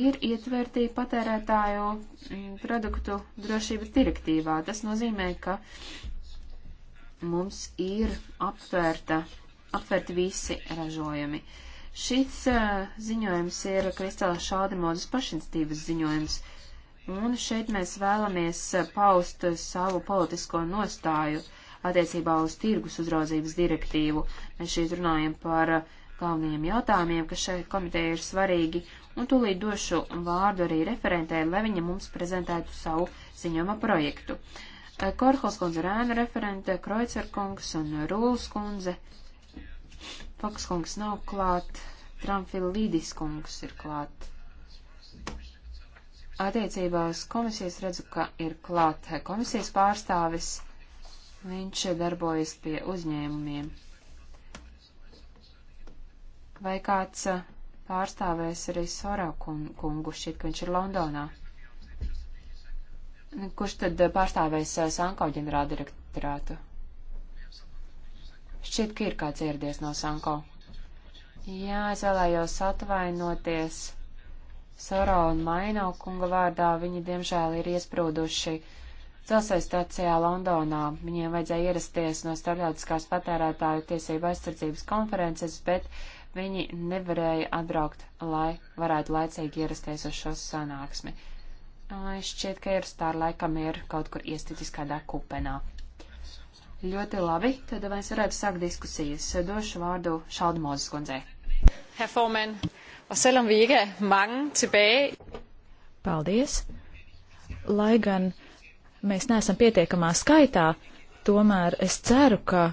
ir ietverti patērētāju mm, produktu drošības direktīvā. Tas nozīmē, ka mums ir aptvērta, aptvērti visi ražojumi. Šis uh, ziņojums ir Kristāla Šādemodas pašinstīvas ziņojums, un šeit mēs vēlamies paust savu politisko nostāju attiecībā uz tirgus uzraudzības direktīvu. Mēs šeit runājam par galvenajiem jautājumiem, kas šai komitejai ir svarīgi, un tūlīt došu vārdu arī referentē, lai viņa mums prezentētu savu ziņojuma projektu. Uh, Eh, Korhols kundze ir ēna referente, Kreucer kungs un Rūls kundze. Foks kungs nav klāt, Tramfilīdis kungs ir klāt. Attiecībā uz komisijas redzu, ka ir klāt eh, komisijas pārstāvis. Viņš darbojas pie uzņēmumiem. Vai kāds eh, pārstāvēs arī Sorā kungu, šķiet, ka viņš ir Londonā? Kurš tad pārstāvēs eh, Sanko ģenerāldirektorātu? Šķiet, ka ir kāds ieradies no Sanko. Jā, es vēlējos atvainoties Soro un Maino kunga vārdā. Viņi, diemžēl, ir iesprūduši celsēs stācijā Londonā. Viņiem vajadzēja ierasties no starptautiskās patērētāju tiesība aizsardzības konferences, bet viņi nevarēja atbraukt, lai varētu laicīgi ierasties uz šo sanāksmi. Šķiet, ka ir stāra laikam ir kaut kur iesticis kādā kupenā. Ļoti labi, tad mēs varētu sākt diskusijas. Došu vārdu Šalda Mozes kundzei. Herr Forman, og selvom vi ikke er mange tilbage... Paldies. Lai gan mēs neesam pietiekamā skaitā, tomēr es ceru, ka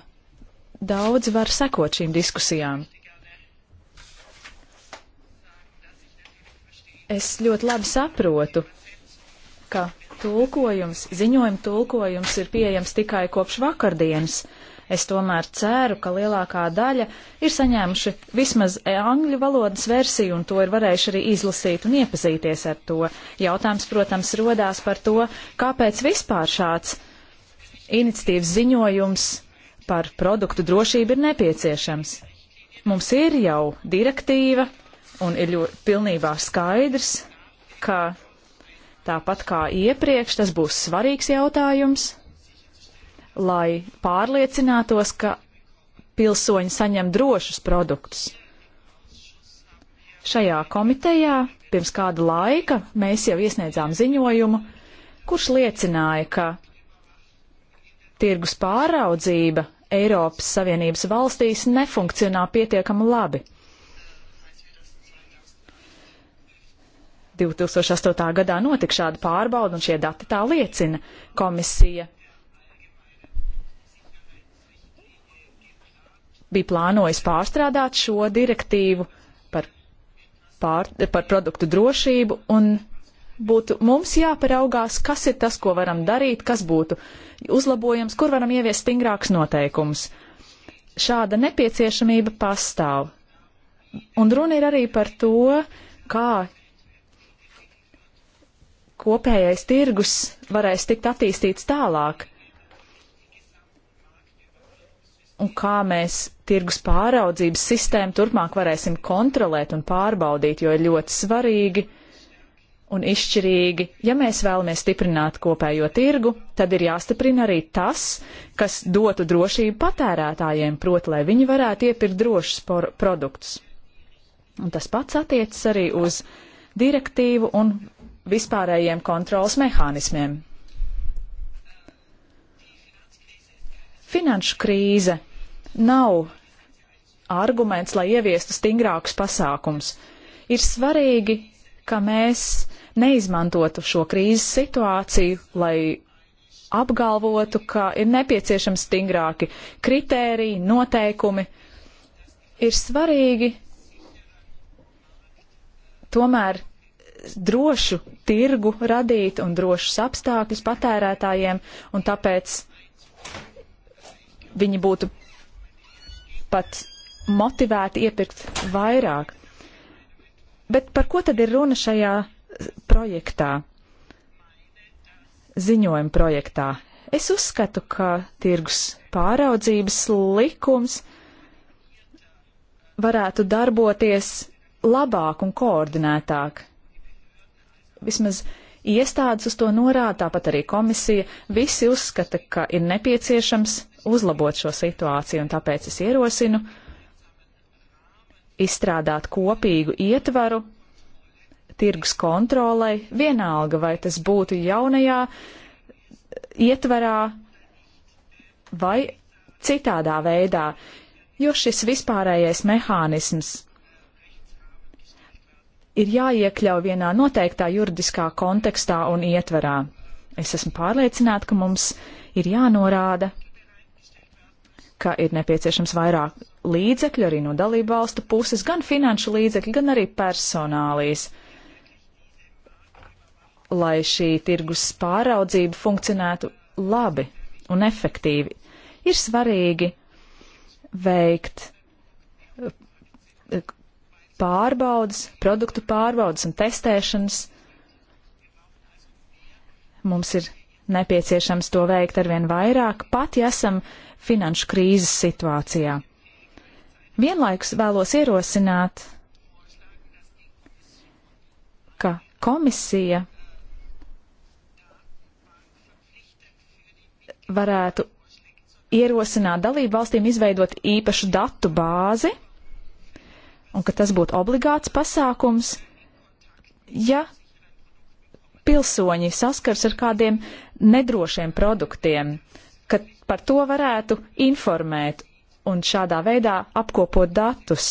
daudz var sekot šīm diskusijām. Es ļoti labi saprotu, ka tulkojums, ziņojuma tulkojums ir pieejams tikai kopš vakardienas. Es tomēr ceru, ka lielākā daļa ir saņēmuši vismaz angļu valodas versiju un to ir varējuši arī izlasīt un iepazīties ar to. Jautājums, protams, rodās par to, kāpēc vispār šāds iniciatīvas ziņojums par produktu drošību ir nepieciešams. Mums ir jau direktīva un ir ļoti pilnībā skaidrs, ka Tāpat kā iepriekš, tas būs svarīgs jautājums, lai pārliecinātos, ka pilsoņi saņem drošus produktus. Šajā komitejā pirms kāda laika mēs jau iesniedzām ziņojumu, kurš liecināja, ka tirgus pāraudzība Eiropas Savienības valstīs nefunkcionā pietiekami labi. 2008. gadā notika šāda pārbauda, un šie dati tā liecina. Komisija bija plānojis pārstrādāt šo direktīvu par, pār, par produktu drošību, un būtu mums jāparaugās, kas ir tas, ko varam darīt, kas būtu uzlabojams, kur varam ieviest stingrākus noteikumus. Šāda nepieciešamība pastāv. Un runa ir arī par to, kā kopējais tirgus varēs tikt attīstīts tālāk. Un kā mēs tirgus pāraudzības sistēmu turpmāk varēsim kontrolēt un pārbaudīt, jo ir ļoti svarīgi un izšķirīgi, ja mēs vēlamies stiprināt kopējo tirgu, tad ir jāstiprina arī tas, kas dotu drošību patērētājiem, proti, lai viņi varētu iepirkt drošus produktus. Un tas pats attiecas arī uz direktīvu un vispārējiem kontrolas mehānismiem. Finanšu krīze nav arguments, lai ieviestu stingrākus pasākums. Ir svarīgi, ka mēs neizmantotu šo krīzes situāciju, lai apgalvotu, ka ir nepieciešami stingrāki kritēriji, noteikumi. Ir svarīgi tomēr drošu tirgu radīt un drošus apstākļus patērētājiem, un tāpēc viņi būtu pat motivēti iepirkt vairāk. Bet par ko tad ir runa šajā projektā, ziņojuma projektā? Es uzskatu, ka tirgus pāraudzības likums varētu darboties labāk un koordinētāk vismaz iestādes uz to norāda, tāpat arī komisija, visi uzskata, ka ir nepieciešams uzlabot šo situāciju, un tāpēc es ierosinu izstrādāt kopīgu ietvaru tirgus kontrolai, vienalga vai tas būtu jaunajā ietvarā vai citādā veidā, jo šis vispārējais mehānisms ir jāiekļauj vienā noteiktā juridiskā kontekstā un ietverā. Es esmu pārliecināta, ka mums ir jānorāda, ka ir nepieciešams vairāk līdzekļu arī no dalību valstu puses, gan finanšu līdzekļu, gan arī personālīs, lai šī tirgus pāraudzība funkcionētu labi un efektīvi. Ir svarīgi veikt pārbaudas, produktu pārbaudas un testēšanas. Mums ir nepieciešams to veikt arvien vairāk, pat ja esam finanšu krīzes situācijā. Vienlaikus vēlos ierosināt, ka komisija varētu ierosināt dalību valstīm izveidot īpašu datu bāzi, un ka tas būtu obligāts pasākums, ja pilsoņi saskars ar kādiem nedrošiem produktiem, ka par to varētu informēt un šādā veidā apkopot datus.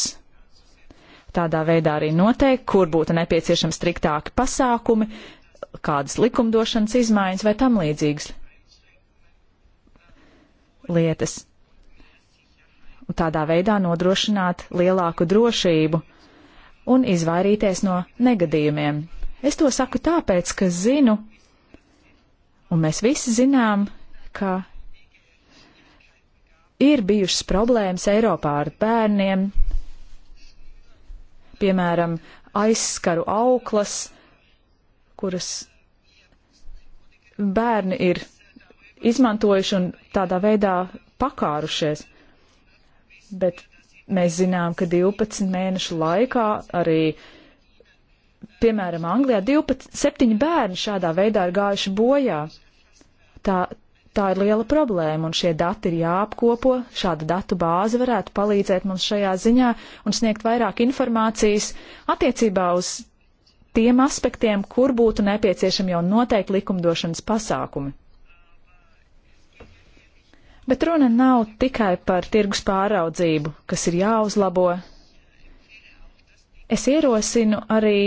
Tādā veidā arī noteikt, kur būtu nepieciešami striktāki pasākumi, kādas likumdošanas izmaiņas vai tam līdzīgas lietas un tādā veidā nodrošināt lielāku drošību un izvairīties no negadījumiem. Es to saku tāpēc, ka zinu, un mēs visi zinām, ka ir bijušas problēmas Eiropā ar bērniem, piemēram, aizskaru auklas, kuras bērni ir izmantojuši un tādā veidā pakārušies bet mēs zinām, ka 12 mēnešu laikā arī, piemēram, Anglijā 12, 7 bērni šādā veidā ir gājuši bojā. Tā, tā ir liela problēma, un šie dati ir jāapkopo. Šāda datu bāze varētu palīdzēt mums šajā ziņā un sniegt vairāk informācijas attiecībā uz tiem aspektiem, kur būtu nepieciešami jau noteikti likumdošanas pasākumi. Bet runa nav tikai par tirgus pāraudzību, kas ir jāuzlabo. Es ierosinu arī,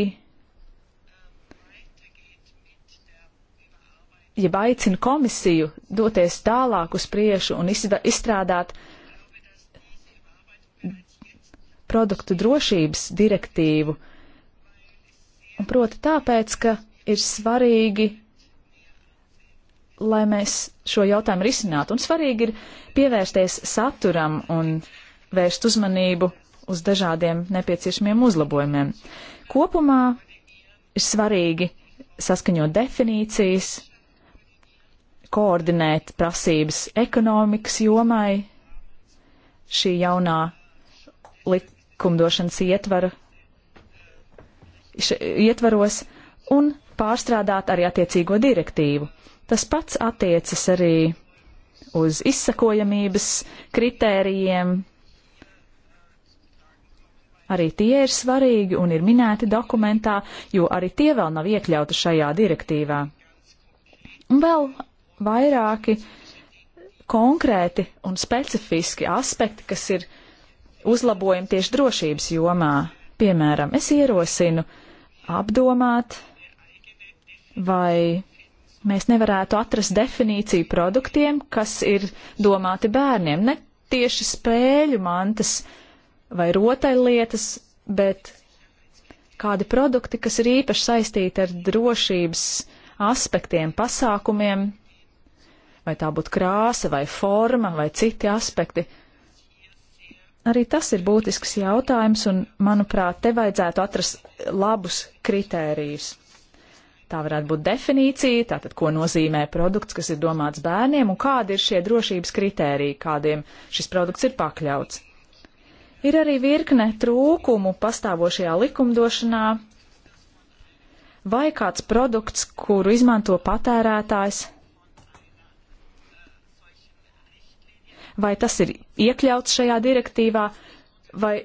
jeb aicinu komisiju doties tālāk uz priešu un izstrādāt produktu drošības direktīvu. Un proti tāpēc, ka ir svarīgi lai mēs šo jautājumu risinātu. Un svarīgi ir pievērsties saturam un vērst uzmanību uz dažādiem nepieciešamiem uzlabojumiem. Kopumā ir svarīgi saskaņot definīcijas, koordinēt prasības ekonomikas jomai šī jaunā likumdošanas ietvara, š, ietvaros un pārstrādāt arī attiecīgo direktīvu. Tas pats attiecas arī uz izsakojamības kritērijiem. Arī tie ir svarīgi un ir minēti dokumentā, jo arī tie vēl nav iekļauti šajā direktīvā. Un vēl vairāki konkrēti un specifiski aspekti, kas ir uzlabojumi tieši drošības jomā. Piemēram, es ierosinu apdomāt, vai mēs nevarētu atrast definīciju produktiem, kas ir domāti bērniem. Ne tieši spēļu mantas vai rotaļlietas, bet kādi produkti, kas ir īpaši saistīti ar drošības aspektiem, pasākumiem, vai tā būtu krāsa, vai forma, vai citi aspekti. Arī tas ir būtisks jautājums, un, manuprāt, te vajadzētu atrast labus kritērijus. Tā varētu būt definīcija, tātad, ko nozīmē produkts, kas ir domāts bērniem, un kādi ir šie drošības kritēriji, kādiem šis produkts ir pakļauts. Ir arī virkne trūkumu pastāvošajā likumdošanā, vai kāds produkts, kuru izmanto patērētājs, vai tas ir iekļauts šajā direktīvā, vai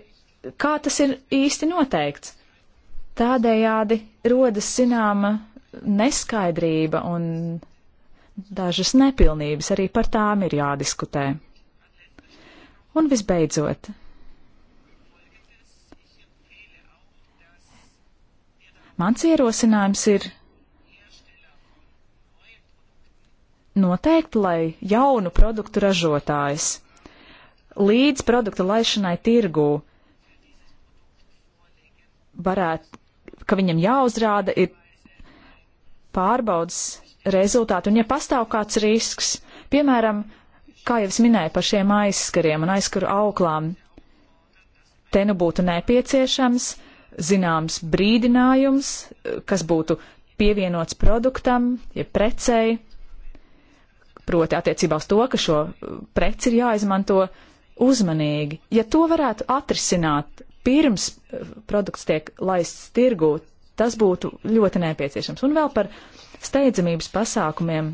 kā tas ir īsti noteikts. Tādējādi rodas zināma neskaidrība un dažas nepilnības arī par tām ir jādiskutē. Un visbeidzot, mans ierosinājums ir noteikt, lai jaunu produktu ražotājs līdz produkta laišanai tirgū varētu, ka viņam jāuzrāda ir pārbaudas rezultāti. Un ja pastāv kāds risks, piemēram, kā jau es minēju par šiem aizskariem un aizskaru auklām, te nu būtu nepieciešams zināms brīdinājums, kas būtu pievienots produktam, ja precei, proti attiecībā uz to, ka šo preci ir jāizmanto uzmanīgi. Ja to varētu atrisināt pirms produkts tiek laists tirgūt, Tas būtu ļoti nepieciešams. Un vēl par steidzamības pasākumiem.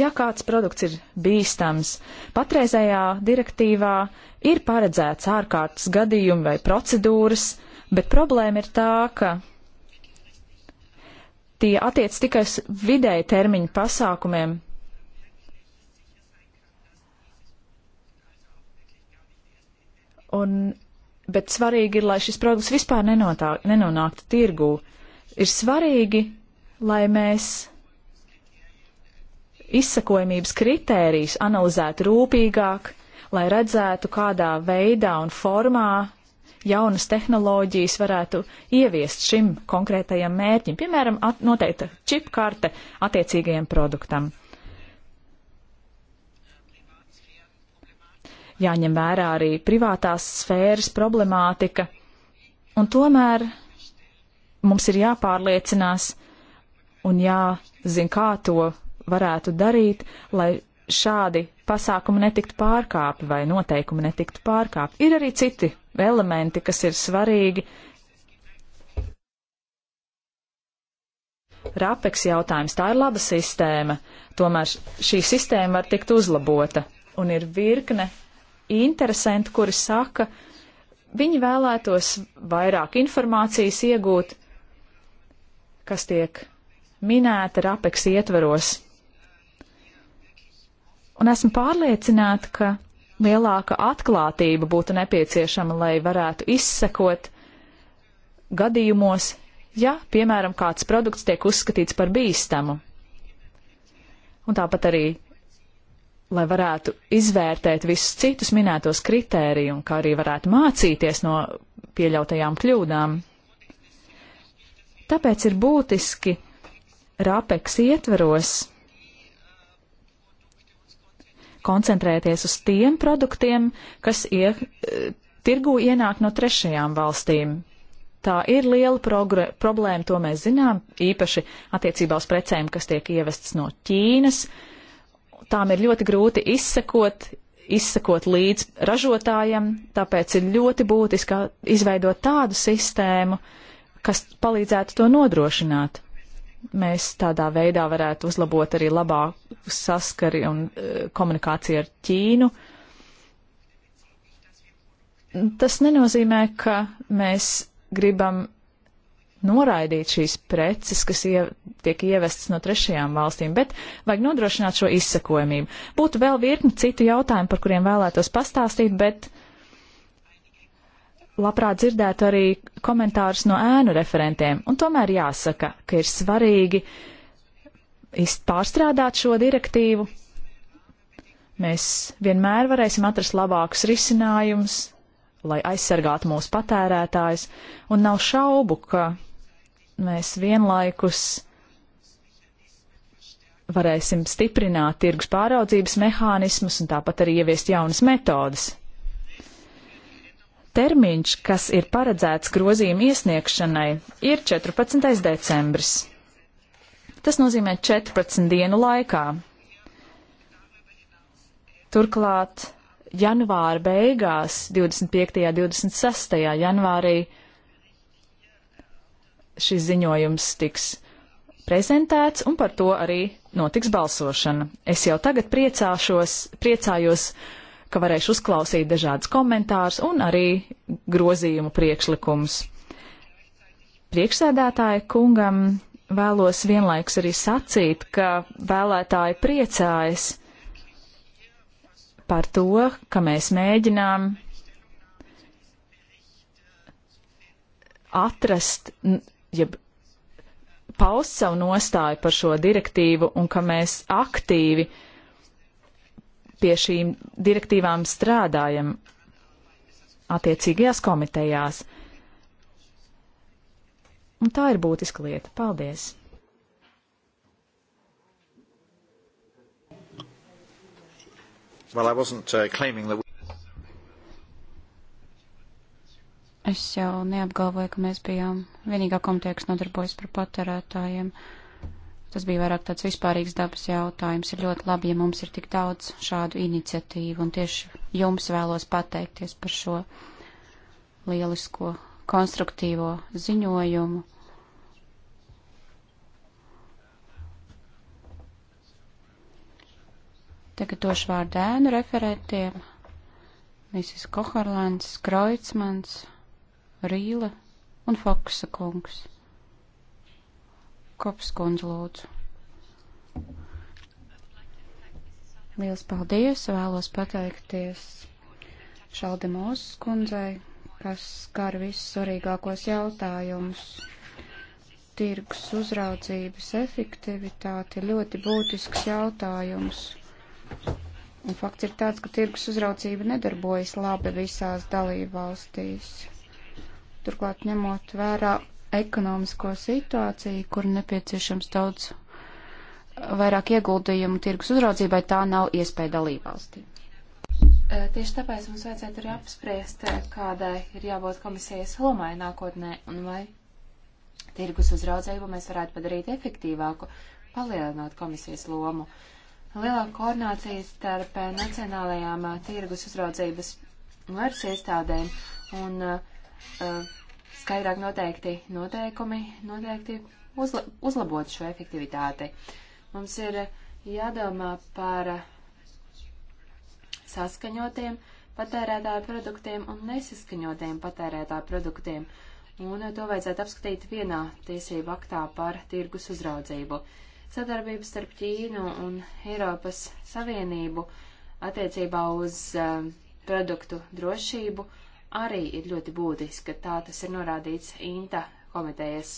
Ja kāds produkts ir bīstams, patreizējā direktīvā ir paredzēts ārkārtas gadījumi vai procedūras, bet problēma ir tā, ka tie attiec tikai uz vidēja termiņa pasākumiem. Un bet svarīgi ir, lai šis produkts vispār nenotā, nenonāktu tirgū. Ir svarīgi, lai mēs izsakojamības kritērijus analizētu rūpīgāk, lai redzētu, kādā veidā un formā jaunas tehnoloģijas varētu ieviest šim konkrētajam mērķim, piemēram, noteikta čipkarte attiecīgajam produktam. jāņem vērā arī privātās sfēras problemātika, un tomēr mums ir jāpārliecinās un jāzina, kā to varētu darīt, lai šādi pasākumi netiktu pārkāpi vai noteikumi netiktu pārkāpi. Ir arī citi elementi, kas ir svarīgi. Rapeks jautājums, tā ir laba sistēma, tomēr šī sistēma var tikt uzlabota un ir virkne interesenti, kuri saka, viņi vēlētos vairāk informācijas iegūt, kas tiek minēta rapeks ietveros. Un esmu pārliecināta, ka lielāka atklātība būtu nepieciešama, lai varētu izsekot gadījumos, ja, piemēram, kāds produkts tiek uzskatīts par bīstamu. Un tāpat arī lai varētu izvērtēt visus citus minētos kritēriju un kā arī varētu mācīties no pieļautajām kļūdām. Tāpēc ir būtiski rāpeks ietveros koncentrēties uz tiem produktiem, kas ie, e, tirgu ienāk no trešajām valstīm. Tā ir liela problēma, to mēs zinām, īpaši attiecībā uz precēm, kas tiek ievestas no Ķīnas, uh, tām ir ļoti grūti izsekot, izsekot līdz ražotājiem, tāpēc ir ļoti būtiski izveidot tādu sistēmu, kas palīdzētu to nodrošināt. Mēs tādā veidā varētu uzlabot arī labāku saskari un e, komunikāciju ar Ķīnu. Tas nenozīmē, ka mēs gribam noraidīt šīs preces, kas ie, tiek ievestas no trešajām valstīm, bet vajag nodrošināt šo izsakojamību. Būtu vēl virkni citu jautājumu, par kuriem vēlētos pastāstīt, bet labprāt dzirdētu arī komentārus no ēnu referentiem. Un tomēr jāsaka, ka ir svarīgi pārstrādāt šo direktīvu. Mēs vienmēr varēsim atrast labākus risinājumus, lai aizsargātu mūsu patērētājs, un nav šaubu, ka mēs vienlaikus varēsim stiprināt tirgus pāraudzības mehānismus un tāpat arī ieviest jaunas metodas. Termiņš, kas ir paredzēts grozījuma iesniegšanai, ir 14. decembris. Tas nozīmē 14 dienu laikā. Turklāt janvāra beigās, 25. un 26. janvārī, šis ziņojums tiks prezentēts un par to arī notiks balsošana. Es jau tagad priecājos, ka varēšu uzklausīt dažādas komentārus un arī grozījumu priekšlikumus. Priekšsēdētāja kungam vēlos vienlaiks arī sacīt, ka vēlētāji priecājas par to, ka mēs mēģinām atrast jeb paust savu nostāju par šo direktīvu un ka mēs aktīvi pie šīm direktīvām strādājam attiecīgajās komitejās. Un tā ir būtiska lieta. Paldies! Well, I wasn't uh, claiming that. Es jau neapgalvoju, ka mēs bijām vienīgā komiteja, kas nodarbojas par patērētājiem. Tas bija vairāk tāds vispārīgs dabas jautājums. Ir ļoti labi, ja mums ir tik daudz šādu iniciatīvu, un tieši jums vēlos pateikties par šo lielisko konstruktīvo ziņojumu. Tagad došu vārdu ēnu referētiem. Mrs. Koharlands, Kreutzmans, Rīla un Foksa kungs. Kops kundze lūdzu. Liels paldies! Vēlos pateikties Šaldemos kundzei, kas skar vissvarīgākos jautājumus. Tirgus uzraudzības efektivitāte ir ļoti būtisks jautājums. Un fakts ir tāds, ka tirgus uzraudzība nedarbojas labi visās dalībvalstīs. valstīs Turklāt ņemot vērā ekonomisko situāciju, kur nepieciešams daudz vairāk ieguldījumu tirgus uzraudzībai, tā nav iespēja dalībvalstī. Tieši tāpēc mums vajadzētu arī apspriest, kādai ir jābūt komisijas lomai nākotnē un vai tirgus uzraudzību mēs varētu padarīt efektīvāku, palielinot komisijas lomu. Lielāka koordinācija starp nacionālajām tirgus uzraudzības varas iestādēm un uh, Eh, skaidrāk noteikti noteikumi, noteikti uzla uzlabot šo efektivitāti. Mums ir jādomā par saskaņotiem patērētāju produktiem un nesaskaņotiem patērētāju produktiem, un to vajadzētu apskatīt vienā tiesību aktā par tirgus uzraudzību. Sadarbības starp Ķīnu un Eiropas Savienību attiecībā uz uh, produktu drošību arī ir ļoti būtiska. Tā tas ir norādīts INTA komitejas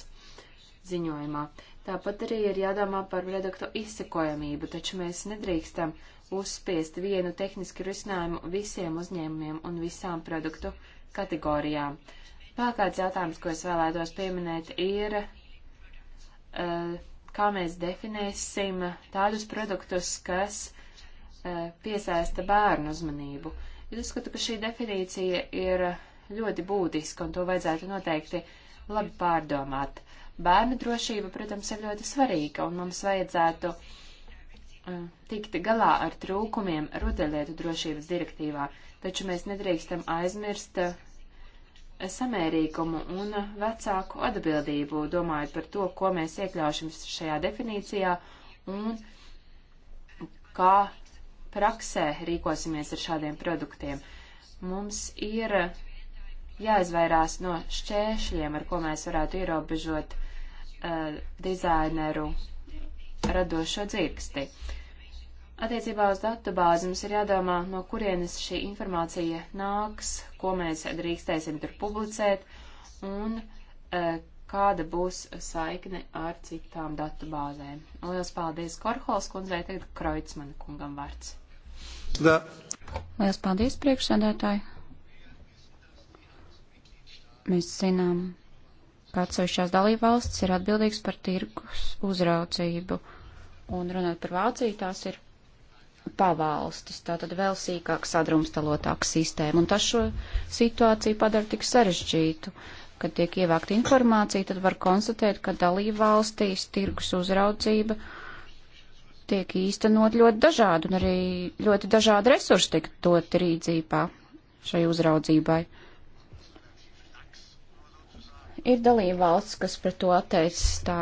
ziņojumā. Tāpat arī ir jādomā par redaktu izsekojamību, taču mēs nedrīkstam uzspiest vienu tehnisku risinājumu visiem uzņēmumiem un visām produktu kategorijām. Vēl kāds jautājums, ko es vēlētos pieminēt, ir, eh, kā mēs definēsim tādus produktus, kas eh, piesaista bērnu uzmanību. Es uzskatu, ka šī definīcija ir ļoti būtiska un to vajadzētu noteikti labi pārdomāt. Bērnu drošība, protams, ir ļoti svarīga un mums vajadzētu uh, tikt galā ar trūkumiem rotaļlietu drošības direktīvā, taču mēs nedrīkstam aizmirst uh, samērīgumu un vecāku atbildību, domājot par to, ko mēs iekļaušam šajā definīcijā un kā praksē rīkosimies ar šādiem produktiem. Mums ir jāizvairās no šķēršļiem, ar ko mēs varētu ierobežot uh, dizaineru radošo dzirksti. Attiecībā uz datubāzi mums ir jādomā, no kurienes šī informācija nāks, ko mēs drīkstēsim tur publicēt un uh, kāda būs saikne ar citām datubāzēm. Lielas paldies Korholas kundzei, tagad Kreutzmana kungam vārds. Da. Lielas paldies, priekšsēdētāji. Mēs zinām, ka atsevišķās dalībvalstis ir atbildīgs par tirgus uzraucību. Un runāt par Vāciju, tās ir pavalstis, tātad vēl sīkāk sadrumstalotāka sistēma. Un tas šo situāciju padara tik sarežģītu. Kad tiek ievākta informācija, tad var konstatēt, ka dalībvalstīs tirgus uzraudzība tiek īstenot ļoti dažādi un arī ļoti dažādi resursi tiek dot rīdzībā šai uzraudzībai. Ir dalība valsts, kas pret to atteicas tā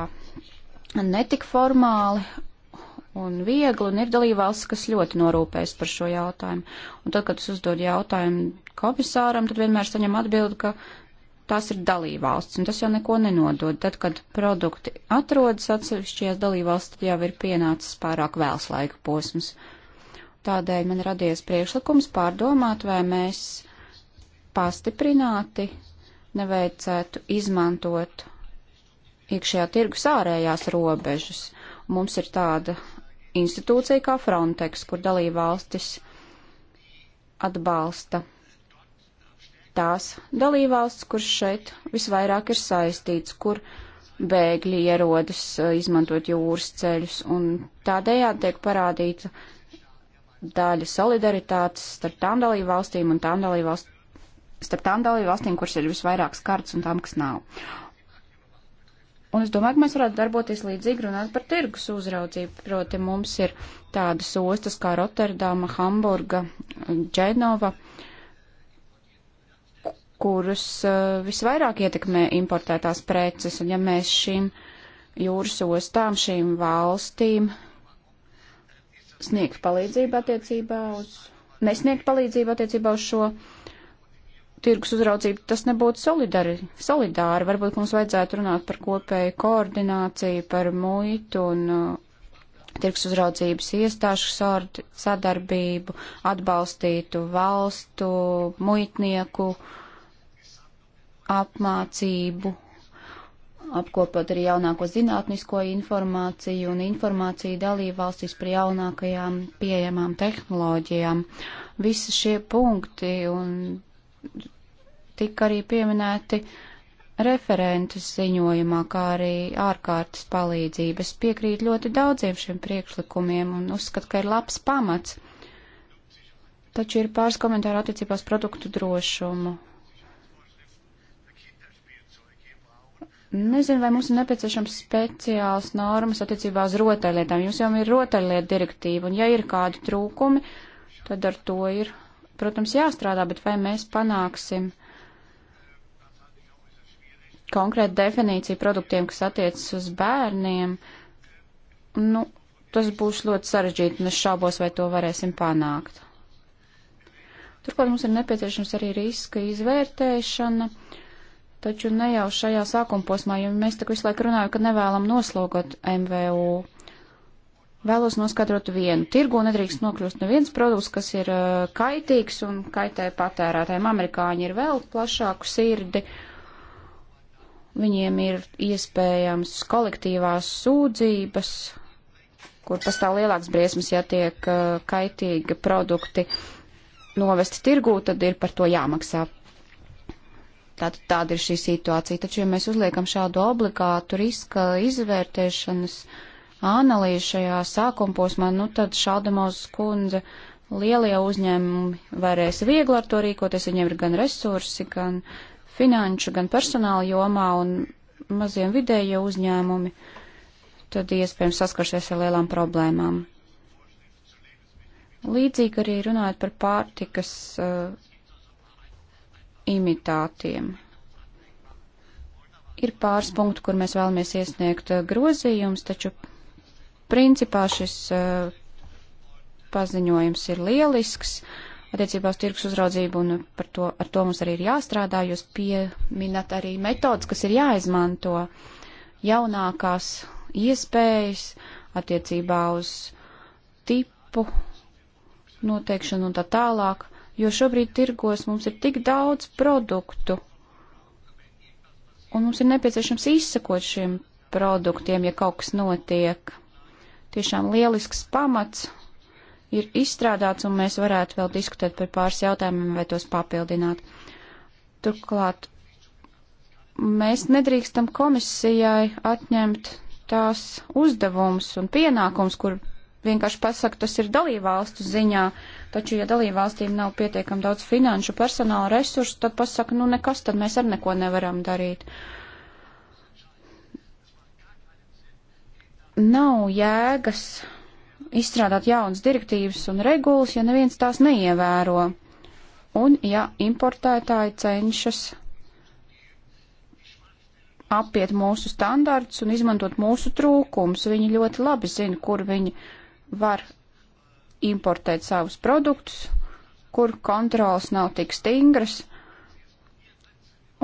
netik formāli un viegli, un ir dalībvalsts, kas ļoti norūpēs par šo jautājumu. Un tad, kad es uzdodu jautājumu komisāram, tad vienmēr saņem atbildi, ka tās ir dalībvalsts, un tas jau neko nenodod. Tad, kad produkti atrodas atsevišķajās dalībvalsts, tad jau ir pienācis pārāk vēls laika posms. Tādēļ man radies priekšlikums pārdomāt, vai mēs pastiprināti neveicētu izmantot iekšējā tirgus ārējās robežas. Mums ir tāda institūcija kā Frontex, kur dalībvalstis atbalsta tās dalībvalsts, kur šeit visvairāk ir saistīts, kur bēgļi ierodas, izmantot jūras ceļus, un tādējādi tiek parādīta daļa solidaritātes starp tām dalībvalstīm un tām dalībvalstīm, starp tām dalībvalstīm, kuras ir visvairāk skarts un tām, kas nav. Un es domāju, ka mēs varētu darboties līdzīgi runāt par tirgus uzraudzību. Proti mums ir tādas ostas kā Rotterdama, Hamburga, Dženova. Uh, kurus eh, visvairāk ietekmē importētās preces, un ja mēs šīm jūras ostām, šīm valstīm sniegt palīdzību attiecībā uz, nesniegt palīdzību attiecībā uz šo tirgus uzraudzību, tas nebūtu solidari, solidāri. Varbūt mums vajadzētu runāt par kopēju koordināciju, par muitu un uh, tirgus uzraudzības iestāšu sadarbību, atbalstītu valstu, muitnieku uh, apmācību, apkopot arī jaunāko zinātnisko informāciju un informāciju dalību valstīs par jaunākajām pieejamām tehnoloģijām. Visi šie punkti un tika arī pieminēti referentes ziņojumā, kā arī ārkārtas palīdzības. Piekrīt ļoti daudziem šiem priekšlikumiem un uzskat, ka ir labs pamats. Taču ir pāris komentāru attiecībās produktu drošumu Nezinu, vai mums ir nepieciešams speciāls normas attiecībā uz rotaļlietām. Jums jau ir rotaļlietu direktīva, un ja ir kādi trūkumi, tad ar to ir, protams, jāstrādā, bet vai mēs panāksim konkrētu definīciju produktiem, kas attiecas uz bērniem, nu, tas būs ļoti sarežģīti, un es šaubos, vai to varēsim panākt. Turklāt mums ir nepieciešams arī riska izvērtēšana. Uh, Taču ne jau šajā sākuma posmā, jo mēs tik visu laiku runājam, ka nevēlam noslogot MVU. Vēlos noskaidrot vienu. Tirgu nedrīkst nokļūst neviens produkts, kas ir uh, kaitīgs un kaitē patērētājiem. Amerikāņi ir vēl plašāku sirdi. Viņiem ir iespējams kolektīvās sūdzības, kur pastāv lielāks briesmas, ja tiek uh, kaitīgi produkti novesti tirgū, tad ir par to jāmaksā Tātad tāda ir šī situācija. Taču, ja mēs uzliekam šādu obligātu riska izvērtēšanas analīzi šajā sākuma posmā, nu tad šādamos kundze lielie uzņēmumi varēs viegli ar to rīkoties, viņiem ir gan resursi, gan finanšu, gan personāla jomā un maziem vidējo uzņēmumi, tad iespējams saskarsies ar lielām problēmām. Līdzīgi arī runājot par pārtikas uh, imitātiem. Ir pāris punkti, kur mēs vēlamies iesniegt eh, grozījums, taču principā šis eh, paziņojums ir lielisks attiecībā uz tirgus uzraudzību, un par to, ar to mums arī ir jāstrādā. Jūs pieminat arī metodas, kas ir jāizmanto jaunākās iespējas attiecībā uz tipu noteikšanu un tā tālāk. Uh, jo šobrīd tirgos mums ir tik daudz produktu, un mums ir nepieciešams izsakot šiem produktiem, ja kaut kas notiek. Tiešām lielisks pamats ir izstrādāts, un mēs varētu vēl diskutēt par pāris jautājumiem, vai tos papildināt. Turklāt mēs nedrīkstam komisijai atņemt tās uzdevums un pienākums, kur vienkārši pasaka, tas ir dalībvalstu ziņā, uh, Taču, ja dalībvalstīm nav pietiekam daudz finanšu personāla resursu, tad pasaka, nu nekas, tad mēs ar neko nevaram darīt. Nav jēgas izstrādāt jaunas direktīvas un regulas, ja neviens tās neievēro. Un ja importētāji cenšas apiet mūsu standarts un izmantot mūsu trūkums, viņi ļoti labi zina, kur viņi var importēt savus produktus, kur kontrols nav tik stingras,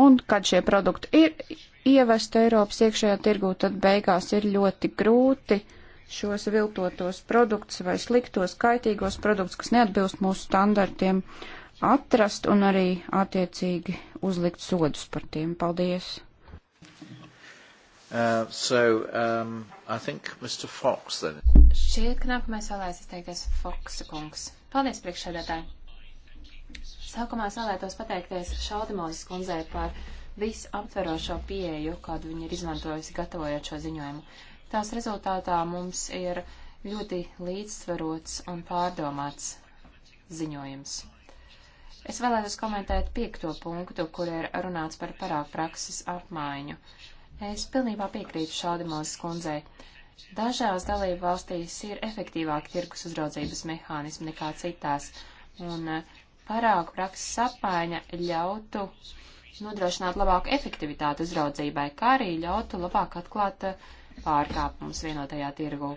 un kad šie produkti ir ievest Eiropas iekšējā tirgū, tad beigās ir ļoti grūti šos viltotos produktus vai sliktos, kaitīgos produktus, kas neatbilst mūsu standartiem, atrast un arī attiecīgi uzlikt sodus par tiem. Paldies! Uh, so, um, I think Mr. Fox then. Šķiet, ka nākamais vēlēs izteikties Foksa kungs. Paldies, priekšsēdētāji. Sākumā es vēlētos pateikties Šaldemozes kundzei par visu aptverošo pieeju, kādu viņa ir izmantojusi gatavojot šo ziņojumu. Tās rezultātā mums ir ļoti līdzsvarots un pārdomāts ziņojums. Es vēlētos komentēt piekto punktu, kur ir runāts par parāk prakses apmaiņu. Uh, Es pilnībā piekrītu Šaldemozes kundzei. Dažās dalību valstīs ir efektīvāk tirkus uzraudzības mehānismi nekā citās, un eh, parāku prakses apmaiņa ļautu nodrošināt labāku efektivitāti uzraudzībai, kā arī ļautu labāk atklāt eh, pārkāpumus vienotajā tirgū.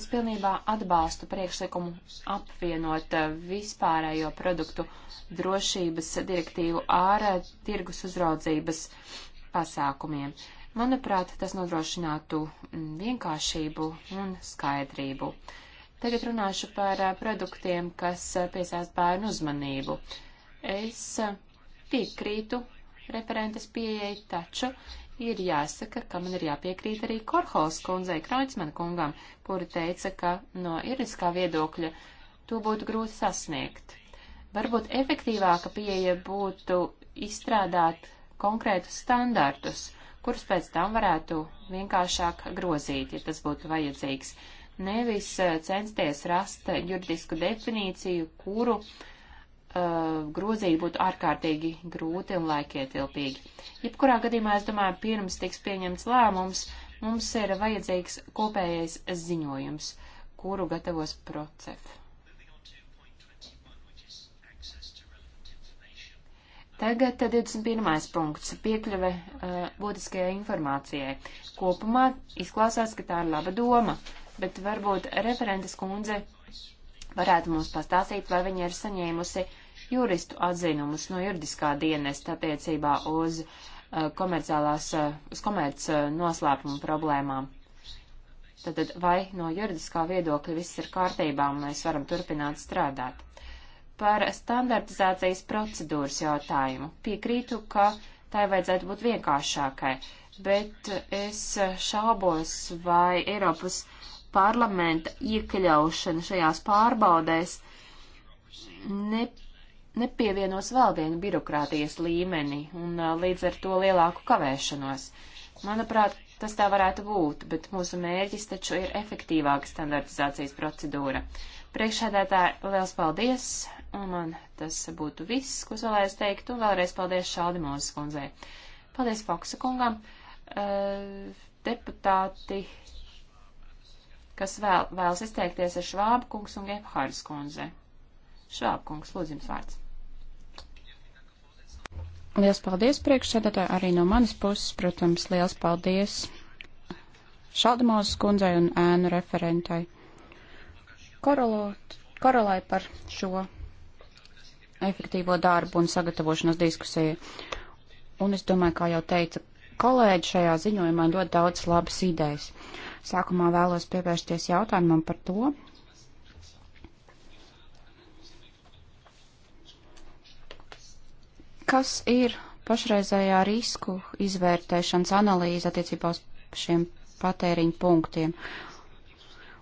Es pilnībā atbalstu priekšlikumu apvienot eh, vispārējo produktu drošības direktīvu ar tirgus uzraudzības pasākumiem. Manuprāt, tas nodrošinātu mm, vienkāršību un skaidrību. Tagad runāšu par produktiem, kas piesaist bērnu uzmanību. Es piekrītu referentes pieejai, taču ir jāsaka, ka man ir jāpiekrīt arī Korholas kundzei Kreutzmann kungam, kuri teica, ka no iriskā viedokļa to būtu grūti sasniegt. Varbūt efektīvāka pieeja būtu izstrādāt konkrētus standartus kurus pēc tam varētu vienkāršāk grozīt, ja tas būtu vajadzīgs. Nevis eh, censties rast juridisku definīciju, kuru uh, grozīt būtu ārkārtīgi grūti un laikietilpīgi. Jebkurā gadījumā, es domāju, pirms tiks pieņemts lēmums, mums ir vajadzīgs kopējais ziņojums, kuru gatavos procef. Tagad 21. punkts - piekļuve uh, būtiskajai informācijai. Kopumā izklausās, ka tā ir laba doma, bet varbūt referentes kundze varētu mums pastāstīt, vai viņa ir saņēmusi juristu atzinumus no juridiskā dienesta attiecībā uz uh, komerciālās, uh, uz komerc uh, noslēpumu problēmām. Tātad vai no juridiskā viedokļa viss ir kārtībā un mēs varam turpināt strādāt? par standartizācijas procedūras jautājumu. Piekrītu, ka tai vajadzētu būt vienkāršākai, bet es šaubos, vai Eiropas parlamenta iekļaušana šajās pārbaudēs ne, nepievienos vēl vienu birokrātijas līmeni un līdz ar to lielāku kavēšanos. Manuprāt, tas tā varētu būt, bet mūsu mērķis taču ir efektīvāka standartizācijas procedūra. Priekšādētāji, liels paldies! Man tas būtu viss, ko es vēlējos teikt, un vēlreiz paldies Šaldi Mozes kundzei. Paldies Foksa kungam. Eh, deputāti, kas vēl, vēlas izteikties, ir Švāba kungs un Gebhārs kundze. Švāba kungs, lūdzu jums vārds. Liels paldies priekšsēdētāji arī no manas puses, protams, liels paldies Šaldemozes kundzei un ēnu referentai. Korolot, korolai par šo efektīvo darbu un sagatavošanos diskusiju. Un es domāju, kā jau teica kolēģi, šajā ziņojumā ļoti daudz labas idejas. Sākumā vēlos pievērsties jautājumam par to, kas ir pašreizējā risku izvērtēšanas analīze attiecībā uz šiem patēriņu punktiem.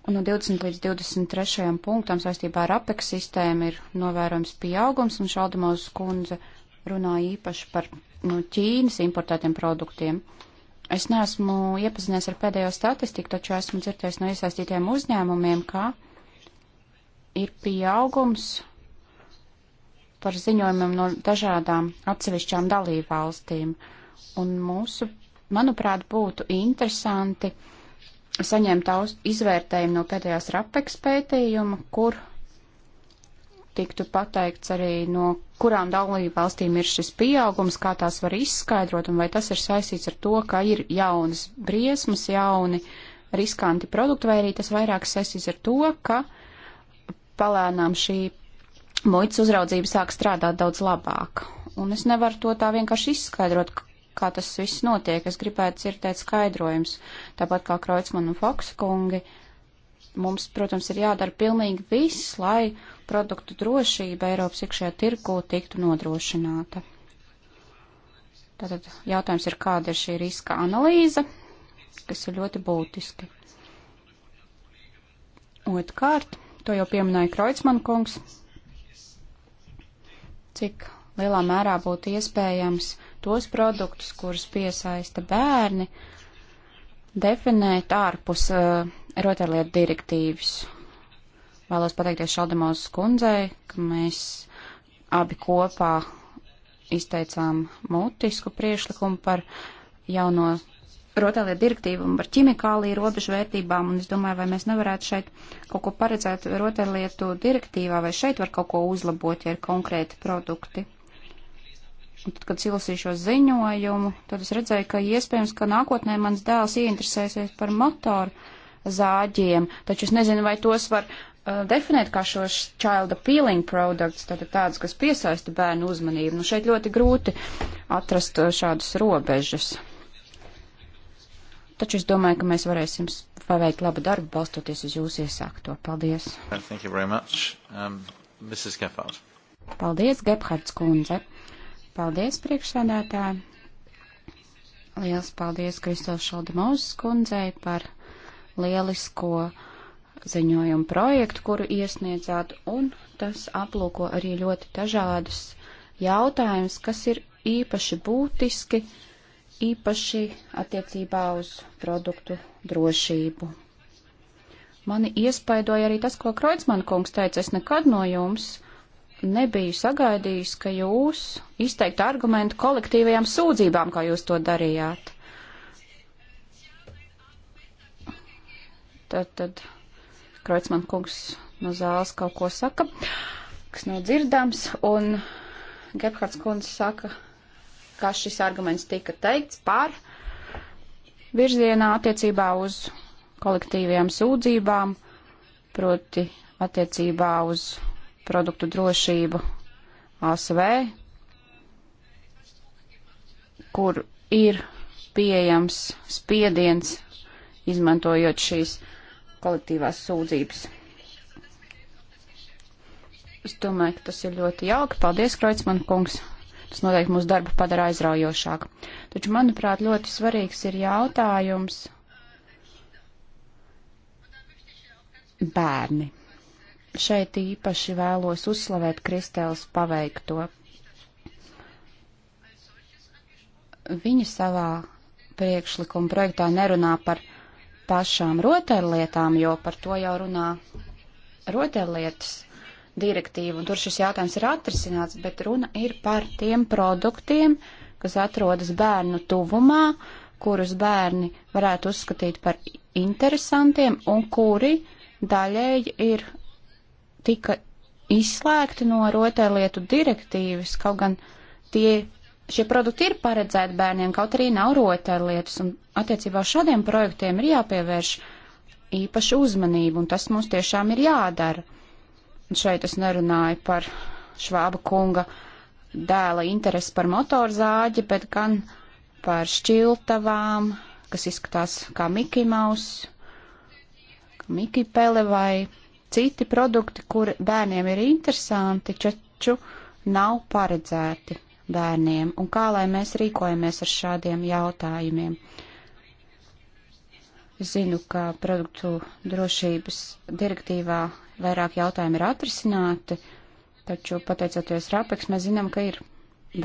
Un no 20 līdz 23. punktam saistībā ar APEX sistēmu ir novērojams pieaugums, un Šaldemovs kundze runā īpaši par no nu, Ķīnas importētiem produktiem. Es neesmu iepazinies ar pēdējo statistiku, taču esmu dzirdējis no iesaistītiem uzņēmumiem, ka ir pieaugums par ziņojumiem no dažādām atsevišķām dalībvalstīm. Un mūsu, manuprāt, būtu interesanti uh, saņemt izvērtējumu no pēdējās rapeks pētījuma, kur tiktu pateikts arī no kurām dalību valstīm ir šis pieaugums, kā tās var izskaidrot un vai tas ir saistīts ar to, ka ir jaunas briesmas, jauni riskanti produkti, vai arī tas vairāk saistīts ar to, ka palēnām šī muitas uzraudzība sāk strādāt daudz labāk. Un es nevaru to tā vienkārši izskaidrot, kā tas viss notiek. Es gribētu dzirdēt skaidrojums, tāpat kā Kreutzmann un Foks kungi. Mums, protams, ir jādara pilnīgi viss, lai produktu drošība Eiropas iekšējā tirgu tiktu nodrošināta. Tātad jautājums ir, kāda ir šī riska analīze, kas ir ļoti būtiski. Otkārt, to jau pieminēja Kreutzmann kungs, cik lielā mērā būtu iespējams uh, tos produktus, kurus piesaista bērni, definēt ārpus uh, rotaļlietu direktīvas. Vēlos pateikties Šaldemos skundzei, ka mēs abi kopā izteicām mutisku priešlikumu par jauno rotālajā direktīva un par ķimikāliju robežvērtībām, un es domāju, vai mēs nevarētu šeit kaut ko paredzēt rotālietu direktīvā, vai šeit var kaut ko uzlabot, ja ir konkrēti produkti. Nu, tad, kad silasīju šo ziņojumu, tad es redzēju, ka iespējams, ka nākotnē mans dēls ieinteresēsies par motoru zāģiem, taču es nezinu, vai tos var uh, definēt kā šos child appealing products, tātad tāds, kas piesaista bērnu uzmanību. Nu, šeit ļoti grūti atrast uh, šādas robežas. Taču es domāju, ka mēs varēsim paveikt labu darbu, balstoties uz jūsu iesākto. Paldies! Um, Paldies, Gebhards kundze! Paldies, priekšsēdētāji! Liels paldies Kristofs Šaldemovs kundzei par lielisko ziņojumu projektu, kuru iesniedzāt, un tas aplūko arī ļoti dažādus jautājumus, kas ir īpaši būtiski, īpaši attiecībā uz produktu drošību. Mani iespaidoja arī tas, ko Kreutzmann kungs teica, es nekad no jums nebiju sagaidījis, ka jūs izteikt argumentu kolektīvajām sūdzībām, kā jūs to darījāt. Tad, tad Kreutzmann kungs no zāles kaut ko saka, kas nav dzirdams, un Gebhards kungs saka, ka šis arguments tika teikts par virzienā attiecībā uz kolektīvajām sūdzībām, proti attiecībā uz produktu drošību ASV, kur ir pieejams spiediens, izmantojot šīs kolektīvās sūdzības. Es domāju, ka tas ir ļoti jauki. Paldies, Kreutzmann kungs. Tas noteikti mūsu darbu padara aizraujošāk. Taču, manuprāt, ļoti svarīgs ir jautājums bērni. Šeit īpaši vēlos uzslavēt Kristēls paveikto. Viņa savā priekšlikuma projektā nerunā par pašām rotaļlietām, jo par to jau runā rotaļlietas direktīva, un tur šis jautājums ir atrisināts, bet runa ir par tiem produktiem, kas atrodas bērnu tuvumā, kurus bērni varētu uzskatīt par interesantiem un kuri daļēji ir tika izslēgti no rotēlietu direktīvas, kaut gan tie, šie produkti ir paredzēti bērniem, kaut arī nav rotēlietas, un attiecībā uz šādiem projektiem ir jāpievērš īpaša uzmanība, un tas mums tiešām ir jādara. Un šeit es nerunāju par Švāba kunga dēla interesi par motorzāģi, bet gan par šķiltavām, kas izskatās kā Mickey Mouse, Mickey Pele vai citi produkti, kuri bērniem ir interesanti, taču nav paredzēti bērniem. Un kā lai mēs rīkojamies ar šādiem jautājumiem? Zinu, ka produktu drošības direktīvā vairāk jautājumu ir atrisināti, taču pateicoties RAPEX mēs zinām, ka ir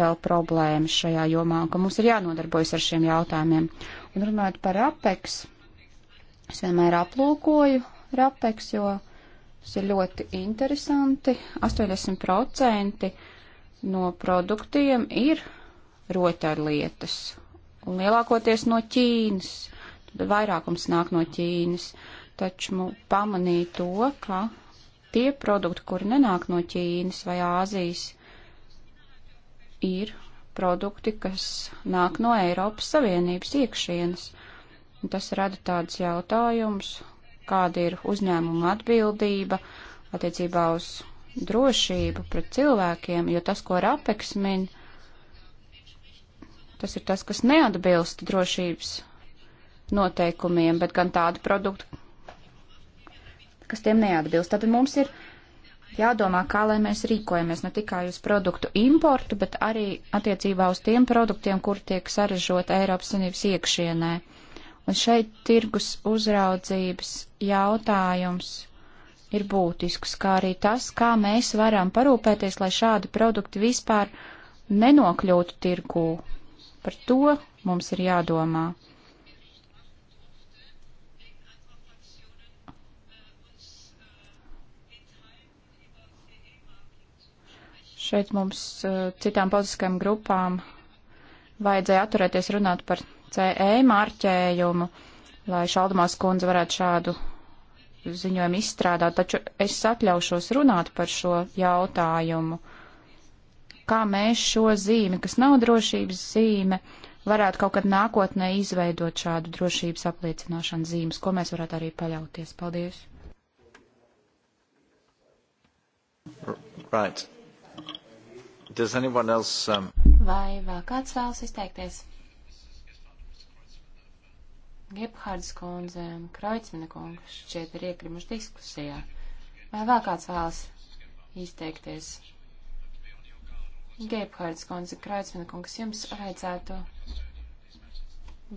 vēl problēmas šajā jomā un ka mums ir jānodarbojas ar šiem jautājumiem. Un runājot par RAPEX, es vienmēr aplūkoju RAPEX, jo Tas ir ļoti interesanti. 80% no produktiem ir rotaļlietas, un lielākoties no Ķīnas. Tad vairākums nāk no Ķīnas. Taču pamanīja to, ka tie produkti, kuri nenāk no Ķīnas vai Āzijas, ir produkti, kas nāk no Eiropas Savienības iekšienes. Un tas rada tādus jautājumus, kāda ir uzņēmuma atbildība attiecībā uz drošību pret cilvēkiem, jo tas, ko Rapeks min, tas ir tas, kas neatbilst drošības noteikumiem, bet gan tādu produktu, kas tiem neatbilst. Tad mums ir jādomā, kā lai mēs rīkojamies ne tikai uz produktu importu, bet arī attiecībā uz tiem produktiem, kur tiek saražot Eiropas Savienības iekšienē. Un šeit tirgus uzraudzības jautājums ir būtisks, kā arī tas, kā mēs varam parūpēties, lai šādi produkti vispār nenokļūtu tirgū. Par to mums ir jādomā. šeit mums eh, citām politiskajām grupām vajadzēja atturēties runāt par CE marķējumu, lai Šaldumās kundze varētu šādu ziņojumu izstrādāt, taču es atļaušos runāt par šo jautājumu. Kā mēs šo zīmi, kas nav drošības zīme, varētu kaut kad nākotnē izveidot šādu drošības apliecināšanas zīmes, ko mēs varētu arī paļauties. Paldies! Right. Does anyone else? Um... Vai vēl kāds vēlas izteikties? Gebhards kundze un Kreutzmana kungs šķiet ir iekrimuši diskusijā. Vai vēl kāds vēlas izteikties? Gebhards kundze, Kreutzmana kungs, jums vajadzētu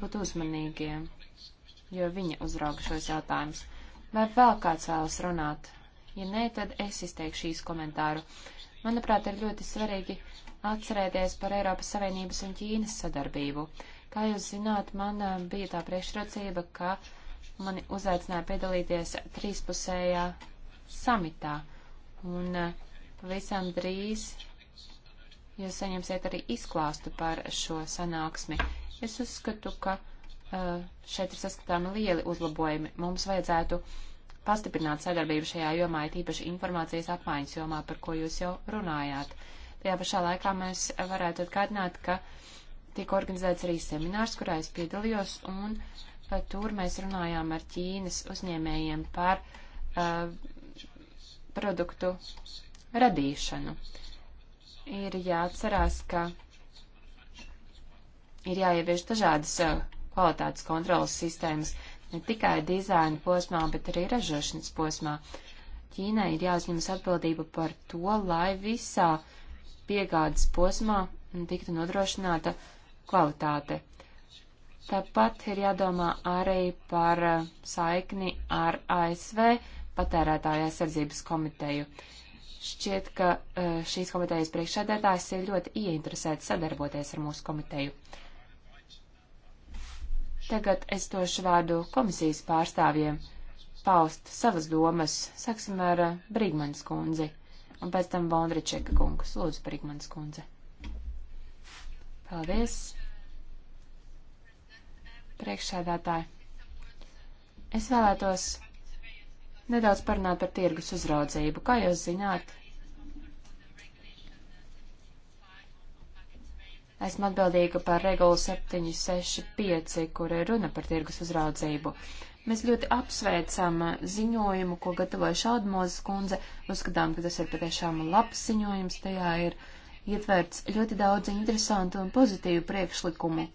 būt uzmanīgiem, jo viņa uzrauga šos jautājumus. Vai vēl kāds vēlas runāt? Ja nē, tad es izteikšu īsu komentāru. Manuprāt, ir ļoti svarīgi atcerēties par Eiropas Savienības un Ķīnas sadarbību. Kā jūs zināt, man eh, bija tā priekšrocība, ka mani uzaicināja piedalīties trīspusējā samitā. Un eh, pavisam drīz jūs saņemsiet arī izklāstu par šo sanāksmi. Es uzskatu, ka eh, šeit ir saskatāmi lieli uzlabojumi. Mums vajadzētu pastiprināt sadarbību šajā jomā, it īpaši informācijas apmaiņas jomā, par ko jūs jau runājāt. Tajā pašā laikā mēs varētu atgādināt, ka uh, tika organizēts arī seminārs, kurā es piedalījos, un pat uh, tur mēs runājām ar Ķīnas uzņēmējiem par uh, produktu radīšanu. Ir jāatcerās, ka ir jāievieš dažādas uh, kvalitātes kontrolas sistēmas ne tikai dizaina posmā, bet arī ražošanas posmā. Ķīnai ir jāuzņemas atbildība par to, lai visā piegādes posmā tiktu nodrošināta uh, kvalitāte. Tāpat ir jādomā arī par uh, saikni ar ASV patērētāju aizsardzības komiteju. Šķiet, ka uh, šīs komitejas priekšsēdētājs ir ļoti ieinteresēts sadarboties ar mūsu komiteju. Tagad es došu vārdu komisijas pārstāvjiem paust savas domas. Sāksim ar uh, Brigmanas kundzi un pēc tam Bondričeka kungs. Lūdzu, Brigmanas kundze. Paldies! Priekšsēdētāji, es vēlētos nedaudz parunāt par tirgus uzraudzību. Kā jūs zināt, esmu atbildīga par regulu 765, kur ir runa par tirgus uzraudzību. Mēs ļoti apsveicam ziņojumu, ko gatavoja Šaudmozes kundze. Uzskatām, ka tas ir patiešām labs ziņojums. Tajā ir ietverts ļoti daudz interesantu un pozitīvu priekšlikumu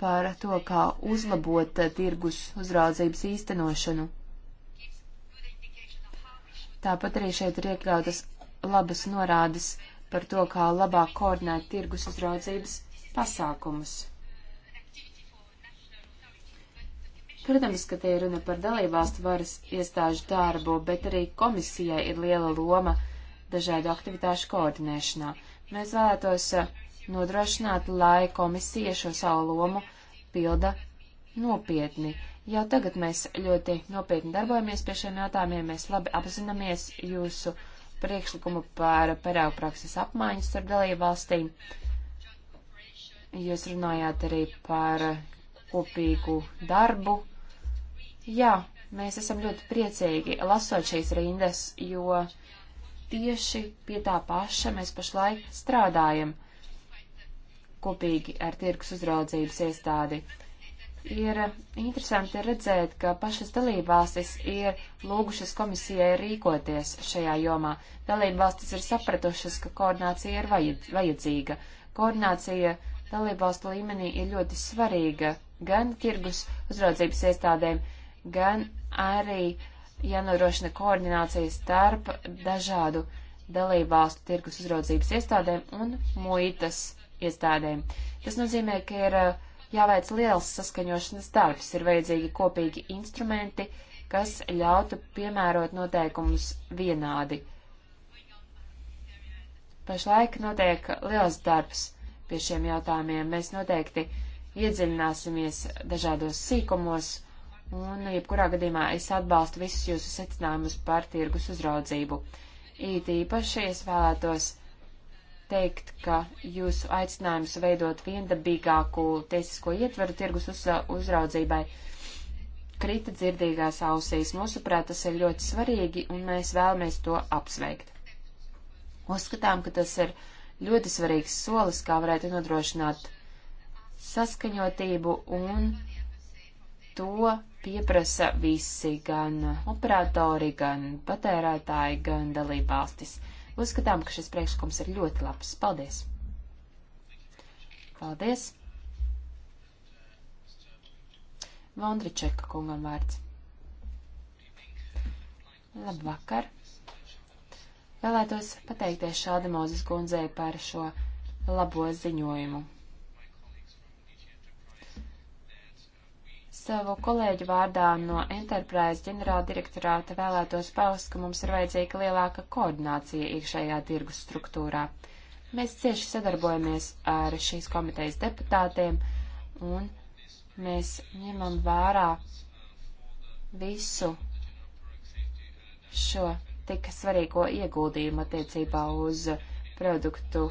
par to, kā uzlabot eh, tirgus uzraudzības īstenošanu. Tāpat arī šeit ir iekļautas labas norādes par to, kā labāk koordinēt tirgus uzraudzības pasākumus. Protams, ka te ir runa par dalībvalstu varas iestāžu darbu, bet arī komisijai ir liela loma dažādu aktivitāšu koordinēšanā. Mēs vēlētos uh, nodrošināt, lai komisija šo savu lomu pilda nopietni. Jau tagad mēs ļoti nopietni darbojamies pie šiem jautājumiem, mēs labi apzināmies jūsu priekšlikumu par paraugu prakses apmaiņas ar dalību valstīm. Jūs runājāt arī par kopīgu darbu. Jā, mēs esam ļoti priecīgi lasot šīs rindas, jo tieši pie tā paša mēs pašlaik strādājam kopīgi ar tirgus uzraudzības iestādi. Ir interesanti redzēt, ka pašas dalībvalstis ir lūgušas komisijai rīkoties šajā jomā. Dalībvalstis ir sapratušas, ka koordinācija ir vajad, vajadzīga. Koordinācija dalībvalstu līmenī ir ļoti svarīga gan tirgus uzraudzības iestādēm, gan arī jānorošina koordinācija starp dažādu dalībvalstu tirgus uzraudzības iestādēm un muitas iestādēm. Tas nozīmē, ka ir uh, jāveic liels saskaņošanas darbs, ir vajadzīgi kopīgi instrumenti, kas ļautu piemērot noteikumus vienādi. Pašlaik notiek liels darbs pie šiem jautājumiem. Mēs noteikti iedziļināsimies dažādos sīkumos, un jebkurā gadījumā es atbalstu visus jūsu secinājumus par tirgus uzraudzību. It īpaši es vēlētos teikt, ka jūsu aicinājums veidot viendabīgāku tiesisko ietveru tirgus uzraudzībai krita dzirdīgās ausīs. Mūsuprāt, tas ir ļoti svarīgi, un mēs vēlamies to apsveikt. Uzskatām, ka tas ir ļoti svarīgs solis, kā varētu nodrošināt saskaņotību, un to pieprasa visi, gan operatori, gan patērētāji, gan dalībvalstis. valstis. Uzskatām, ka šis priekšlikums ir ļoti labs. Paldies! Paldies! Vondričeka kungam vārds. Labvakar! Vēlētos pateikties Šādamozes kundzei par šo labo ziņojumu. Savu kolēģu vārdā no Enterprise ģenerāla direktorāta vēlētos paust, ka mums ir vajadzīga lielāka koordinācija iekšējā tirgus struktūrā. Mēs cieši sadarbojamies ar šīs komitejas deputātiem un mēs ņemam vērā visu šo tik svarīgo ieguldījumu attiecībā uz produktu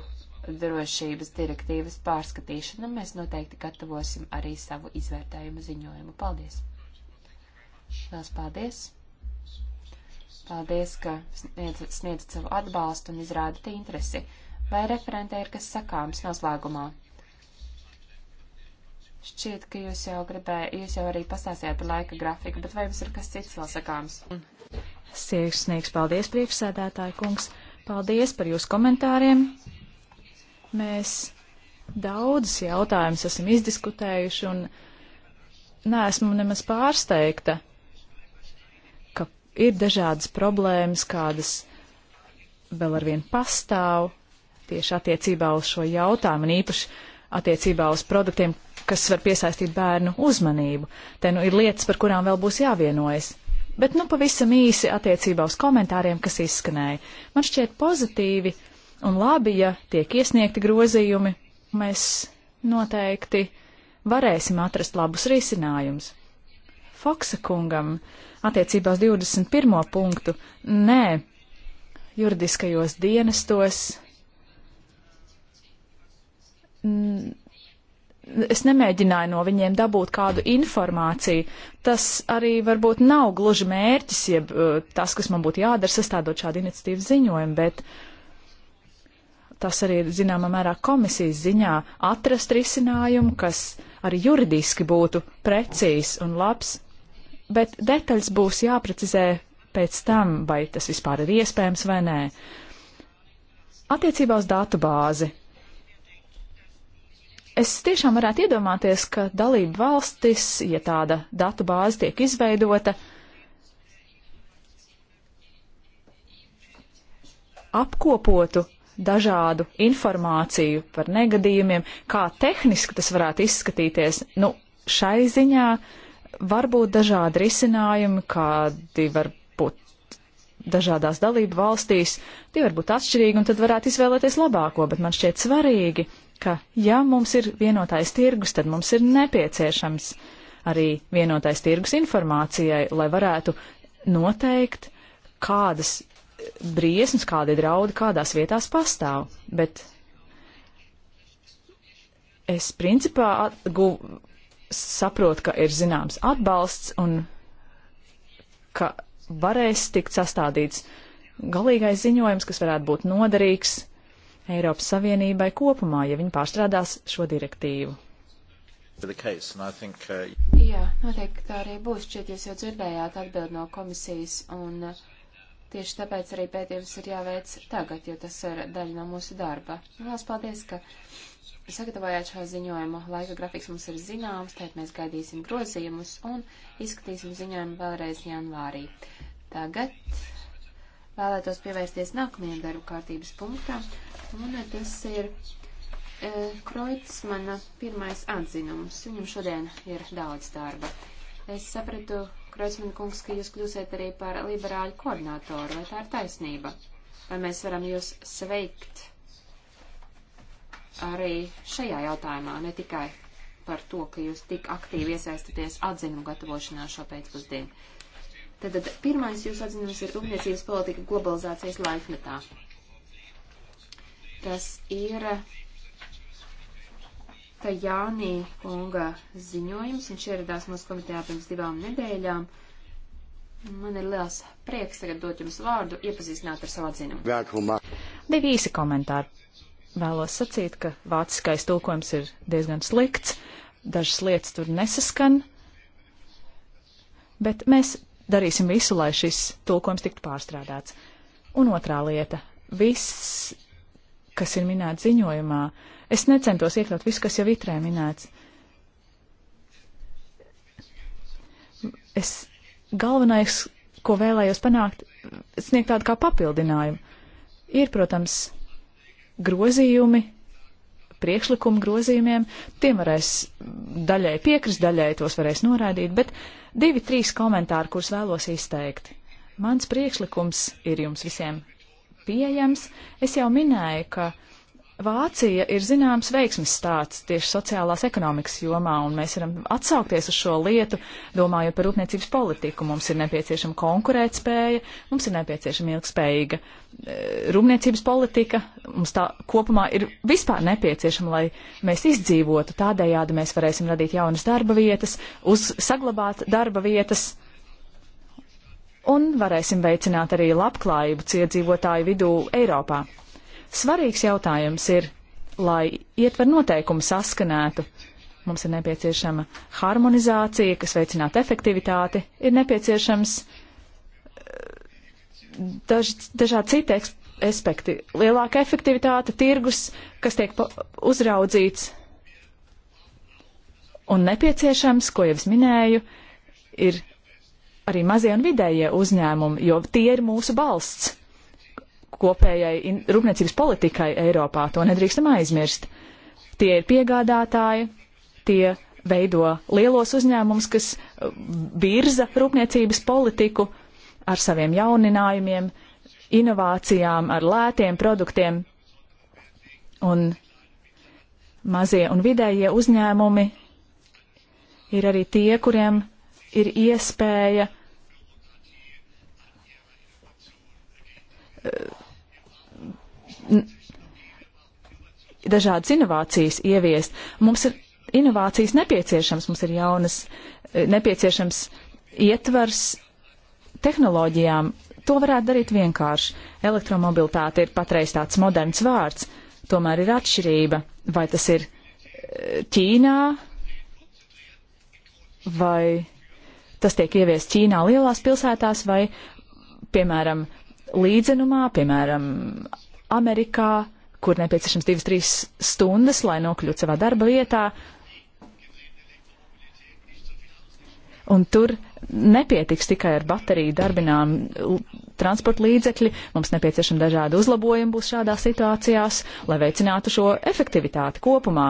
drošības direktīvas pārskatīšanu, un mēs noteikti gatavosim arī savu izvērtējumu ziņojumu. Paldies! Lielas paldies! Paldies, ka sniedzat sniedz savu atbalstu un izrādat interesi. Vai referentē ir kas sakāms noslēgumā? Šķiet, ka jūs jau gribēja, jūs jau arī pastāstījāt par laika grafiku, bet vai jums ir kas cits vēl sakāms? Sieksnīgs paldies, priekšsēdētāji kungs! Paldies par jūsu komentāriem! Mēs daudzus jautājumus esam izdiskutējuši, un neesmu nemaz pārsteigta, ka ir dažādas problēmas, kādas vēl arvien pastāv tieši attiecībā uz šo jautājumu, un īpaši attiecībā uz produktiem, kas var piesaistīt bērnu uzmanību. Te nu ir lietas, par kurām vēl būs jāvienojas. Bet nu pavisam īsi attiecībā uz komentāriem, kas izskanēja. Man šķiet pozitīvi, uh, un labi, ja tiek iesniegti grozījumi, mēs noteikti varēsim atrast labus risinājumus. Foksa kungam attiecībā uz 21. punktu - nē, juridiskajos dienestos. Es nemēģināju no viņiem dabūt kādu informāciju. Tas arī varbūt nav gluži mērķis, jeb eh, tas, kas man būtu jādara, sastādot šādu iniciatīvu ziņojumu, bet uh, tas arī ir zināmā mērā komisijas ziņā atrast risinājumu, kas arī juridiski būtu precīzs un labs, bet detaļas būs jāprecizē pēc tam, vai tas vispār ir iespējams vai nē. Attiecībā uz datu bāzi. Es tiešām varētu iedomāties, ka dalība valstis, ja tāda datu bāze tiek izveidota, apkopotu dažādu informāciju par negadījumiem, kā tehniski tas varētu izskatīties. Nu, šai ziņā var būt dažādi risinājumi, kādi var būt dažādās dalību valstīs, tie var būt atšķirīgi un tad varētu izvēlēties labāko, bet man šķiet svarīgi, ka ja mums ir vienotais tirgus, tad mums ir nepieciešams arī vienotais tirgus informācijai, lai varētu noteikt, kādas briesmas, kādi draudi kādās vietās pastāv, bet es principā atguv, saprotu, ka ir zināms atbalsts un ka varēs tikt sastādīts galīgais ziņojums, kas varētu būt noderīgs Eiropas Savienībai kopumā, ja viņi pārstrādās šo direktīvu. Case, think, uh... Jā, noteikti tā arī būs. Šķiet, jūs jau dzirdējāt atbildi no komisijas, un uh, Tieši tāpēc arī pētījums ir jāveic tagad, jo tas ir daļa no mūsu darba. Lielas paldies, ka sagatavojāt šo ziņojumu. Laika grafiks mums ir zināms, tad mēs gaidīsim grozījumus un izskatīsim ziņojumu vēlreiz janvārī. Tagad vēlētos pievērsties nākamajam darbu kārtības punktam, un tas ir e, Kreutzmana pirmais atzinums. Viņam šodien ir daudz darba. Es sapratu, Kreuzman kungs, ka jūs kļūsiet arī par liberāļu koordinātoru, vai tā ir taisnība? Vai mēs varam jūs sveikt arī šajā jautājumā, ne tikai par to, ka jūs tik aktīvi iesaistaties atzinumu gatavošanā šo pēcpusdienu? Tad, tad pirmais jūsu atzinums ir rūpniecības politika globalizācijas laikmetā. Tas ir ka Jānī kunga ziņojums, viņš ieradās mūsu komitejā pirms divām nedēļām. Man ir liels prieks tagad dot jums vārdu, iepazīstināt ar savu atzinumu. Divi īsi komentāri. Vēlos sacīt, ka vāciskais tulkojums ir diezgan slikts, dažas lietas tur nesaskan, bet mēs darīsim visu, lai šis tulkojums tiktu pārstrādāts. Un otrā lieta - viss, kas ir minēts ziņojumā, uh, Es necentos iekļaut visu, kas jau itrē minēts. Es galvenais, ko vēlējos panākt, sniegt tādu kā papildinājumu. Ir, protams, grozījumi, priekšlikumu grozījumiem, tiem varēs daļai piekrist, daļai tos varēs norādīt, bet divi, trīs komentāri, kurus vēlos izteikt. Mans priekšlikums ir jums visiem pieejams. Es jau minēju, ka uh, Vācija ir zināms veiksmes stāsts tieši sociālās ekonomikas jomā, un mēs varam atsaukties uz šo lietu, domājot par rūpniecības politiku. Mums ir nepieciešama konkurētspēja, mums ir nepieciešama ilgspējīga eh, rūpniecības politika, mums tā kopumā ir vispār nepieciešama, lai mēs izdzīvotu. Tādējādi mēs varēsim radīt jaunas darba vietas, uz, saglabāt darba vietas. Un varēsim veicināt arī labklājību ciedzīvotāju vidū Eiropā. Svarīgs jautājums ir, lai ietver noteikumu saskanētu. Mums ir nepieciešama harmonizācija, kas veicinātu efektivitāti, ir nepieciešams eh, daž, dažādi citi aspekti. Lielāka efektivitāte, tirgus, kas tiek uzraudzīts un nepieciešams, ko jau es minēju, ir arī mazie un vidējie uzņēmumi, jo tie ir mūsu balsts kopējai in, rūpniecības politikai Eiropā. To nedrīkstam aizmirst. Tie ir piegādātāji, tie veido lielos uzņēmumus, kas uh, virza rūpniecības politiku ar saviem jauninājumiem, inovācijām, ar lētiem produktiem. Un mazie un vidējie uzņēmumi ir arī tie, kuriem ir iespēja uh, dažādas inovācijas ieviest. Mums ir inovācijas nepieciešams, mums ir jaunas, e, nepieciešams ietvars tehnoloģijām. To varētu darīt vienkārši. Elektromobilitāte ir patreiz tāds moderns vārds, tomēr ir atšķirība. Vai tas ir e, Ķīnā, vai tas tiek ieviests Ķīnā lielās pilsētās, vai, piemēram, līdzenumā, piemēram, Amerikā, kur nepieciešams 2-3 stundas, lai nokļūtu savā darba vietā. Un tur nepietiks tikai ar bateriju darbinām transporta līdzekļi, mums nepieciešami dažādi uzlabojumi būs šādās situācijās, lai veicinātu šo efektivitāti kopumā.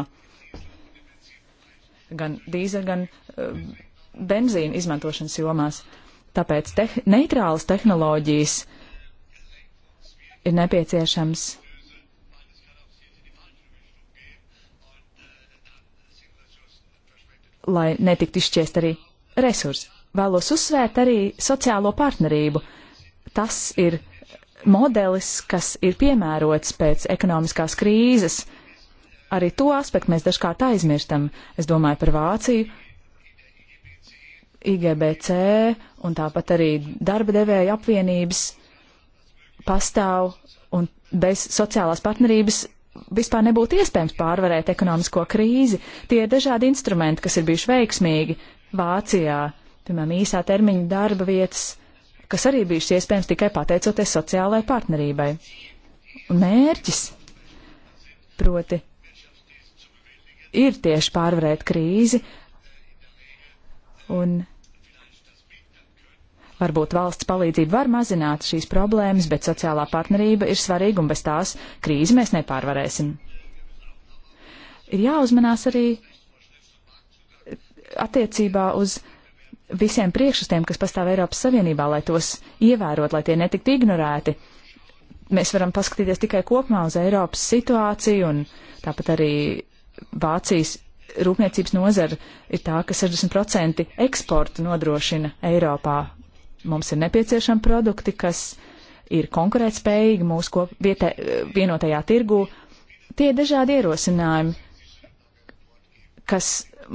Gan dīze, gan uh, benzīna izmantošanas jomās. Tāpēc te neitrālas tehnoloģijas ir nepieciešams. lai netikt izšķiest arī resursi. Vēlos uzsvērt arī sociālo partnerību. Tas ir modelis, kas ir piemērots pēc ekonomiskās krīzes. Arī to aspektu mēs dažkārt aizmirstam. Es domāju par Vāciju, IGBC un tāpat arī darba devēja apvienības pastāv un bez sociālās partnerības vispār nebūtu iespējams pārvarēt ekonomisko krīzi. Tie ir dažādi instrumenti, kas ir bijuši veiksmīgi Vācijā, piemēram, īsā termiņa darba vietas, kas arī bijušas iespējams tikai pateicoties sociālajai partnerībai. Un mērķis, proti, ir tieši pārvarēt krīzi un Varbūt valsts palīdzība var mazināt šīs problēmas, bet sociālā partnerība ir svarīga un bez tās krīzi mēs nepārvarēsim. Ir jāuzmanās arī attiecībā uz visiem priekšstiem, kas pastāv Eiropas Savienībā, lai tos ievērot, lai tie netiktu ignorēti. Mēs varam paskatīties tikai kopumā uz Eiropas situāciju un tāpat arī Vācijas rūpniecības nozara ir tā, ka 60% eksportu nodrošina Eiropā Mums ir nepieciešami produkti, kas ir konkurētspējīgi mūsu vietē, vienotajā tirgū. Tie ir dažādi ierosinājumi, kas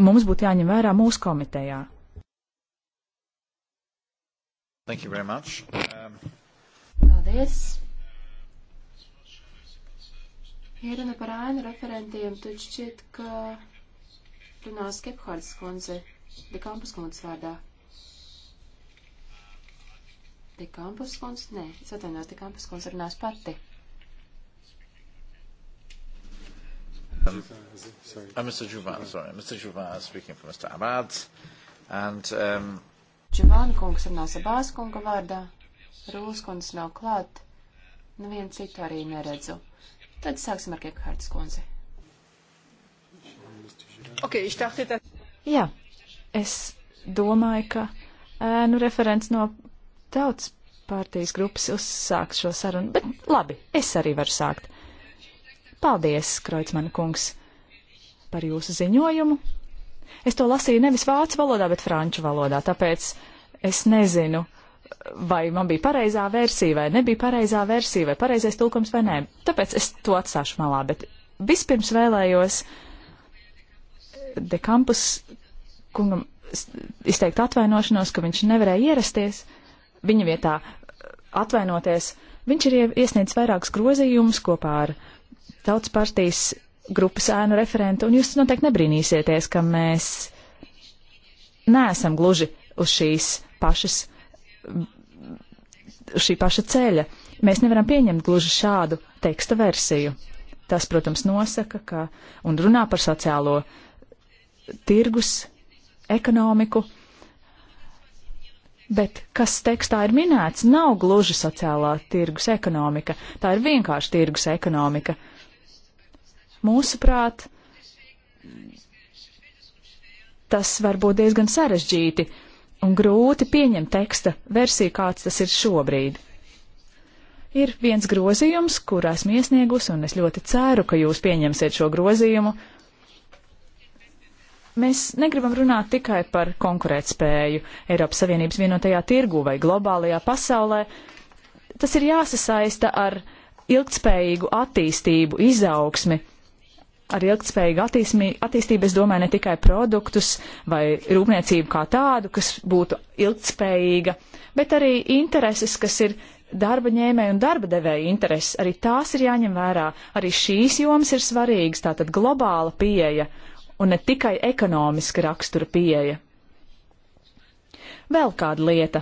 mums būtu jāņem vērā mūsu komitejā. Thank you very much. Um... Paldies. Ieruna par ainu referentiem, tad šķiet, ka runās Kephārds kundze, Dekampus kundzes vārdā. Te Kampus kundz? Nē, es atvainojos, te Kampus kundz runās pati. Um, uh, Mr. Juvāna, sorry, Mr. Juvāna speaking for Mr. Abad. And, um... Juvāna kungs runās Abās kunga vārdā. Rūs kundz nav klāt. Nevienu citu arī neredzu. Tad sāksim ar Gekhardas kundzi. Okay, ich dachte, dass... Jā, es domāju, ka ēnu referents no tautas pārtīs grupas uzsāks šo sarunu, bet labi, es arī varu sākt. Paldies, Kreutzmann kungs, par jūsu ziņojumu. Es to lasīju nevis vācu valodā, bet franču valodā, tāpēc es nezinu, vai man bija pareizā versija, vai nebija pareizā versija, vai pareizais tulkums, vai nē. Tāpēc es to atstāšu malā, bet vispirms vēlējos De Campus kungam izteikt atvainošanos, ka viņš nevarēja ierasties. Uh, viņa vietā atvainoties. Viņš ir iesniedzis vairākus grozījumus kopā ar Tautas partijas grupas ēnu referentu, un jūs noteikti nebrīnīsieties, ka mēs neesam gluži uz šīs pašas, šī paša ceļa. Mēs nevaram pieņemt gluži šādu teksta versiju. Tas, protams, nosaka ka, un runā par sociālo tirgus ekonomiku Bet kas tekstā ir minēts, nav gluži sociālā tirgus ekonomika, tā ir vienkārši tirgus ekonomika. Mūsuprāt, tas var būt diezgan sarežģīti un grūti pieņemt teksta versiju, kāds tas ir šobrīd. Ir viens grozījums, kur esmu iesniegus, un es ļoti ceru, ka jūs pieņemsiet šo grozījumu, Mēs negribam runāt tikai par konkurētspēju Eiropas Savienības vienotajā tirgu vai globālajā pasaulē. Tas ir jāsasaista ar ilgtspējīgu attīstību, izaugsmi. Ar ilgtspējīgu attīstību, attīstību es domāju ne tikai produktus vai rūpniecību kā tādu, kas būtu ilgtspējīga, bet arī intereses, kas ir darba ņēmēju un darba devēju intereses. Arī tās ir jāņem vērā. Arī šīs jomas ir svarīgas, tātad globāla pieeja un ne tikai ekonomiska rakstura pieeja. Vēl kāda lieta.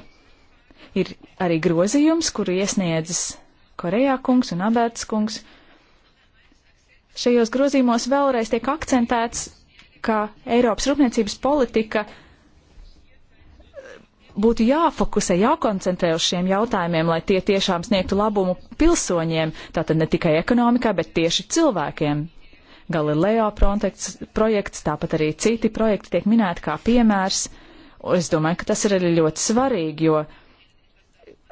Ir arī grozījums, kuru iesniedzis Korejā kungs un Abērts kungs. Šajos grozījumos vēlreiz tiek akcentēts, ka Eiropas rūpniecības politika būtu jāfokusē, jākoncentrē uz šiem jautājumiem, lai tie tiešām sniegtu labumu pilsoņiem, tātad ne tikai ekonomikai, bet tieši cilvēkiem. Galileo pronteks, projekts, tāpat arī citi projekti tiek minēti kā piemērs. Es domāju, ka tas ir arī ļoti svarīgi, jo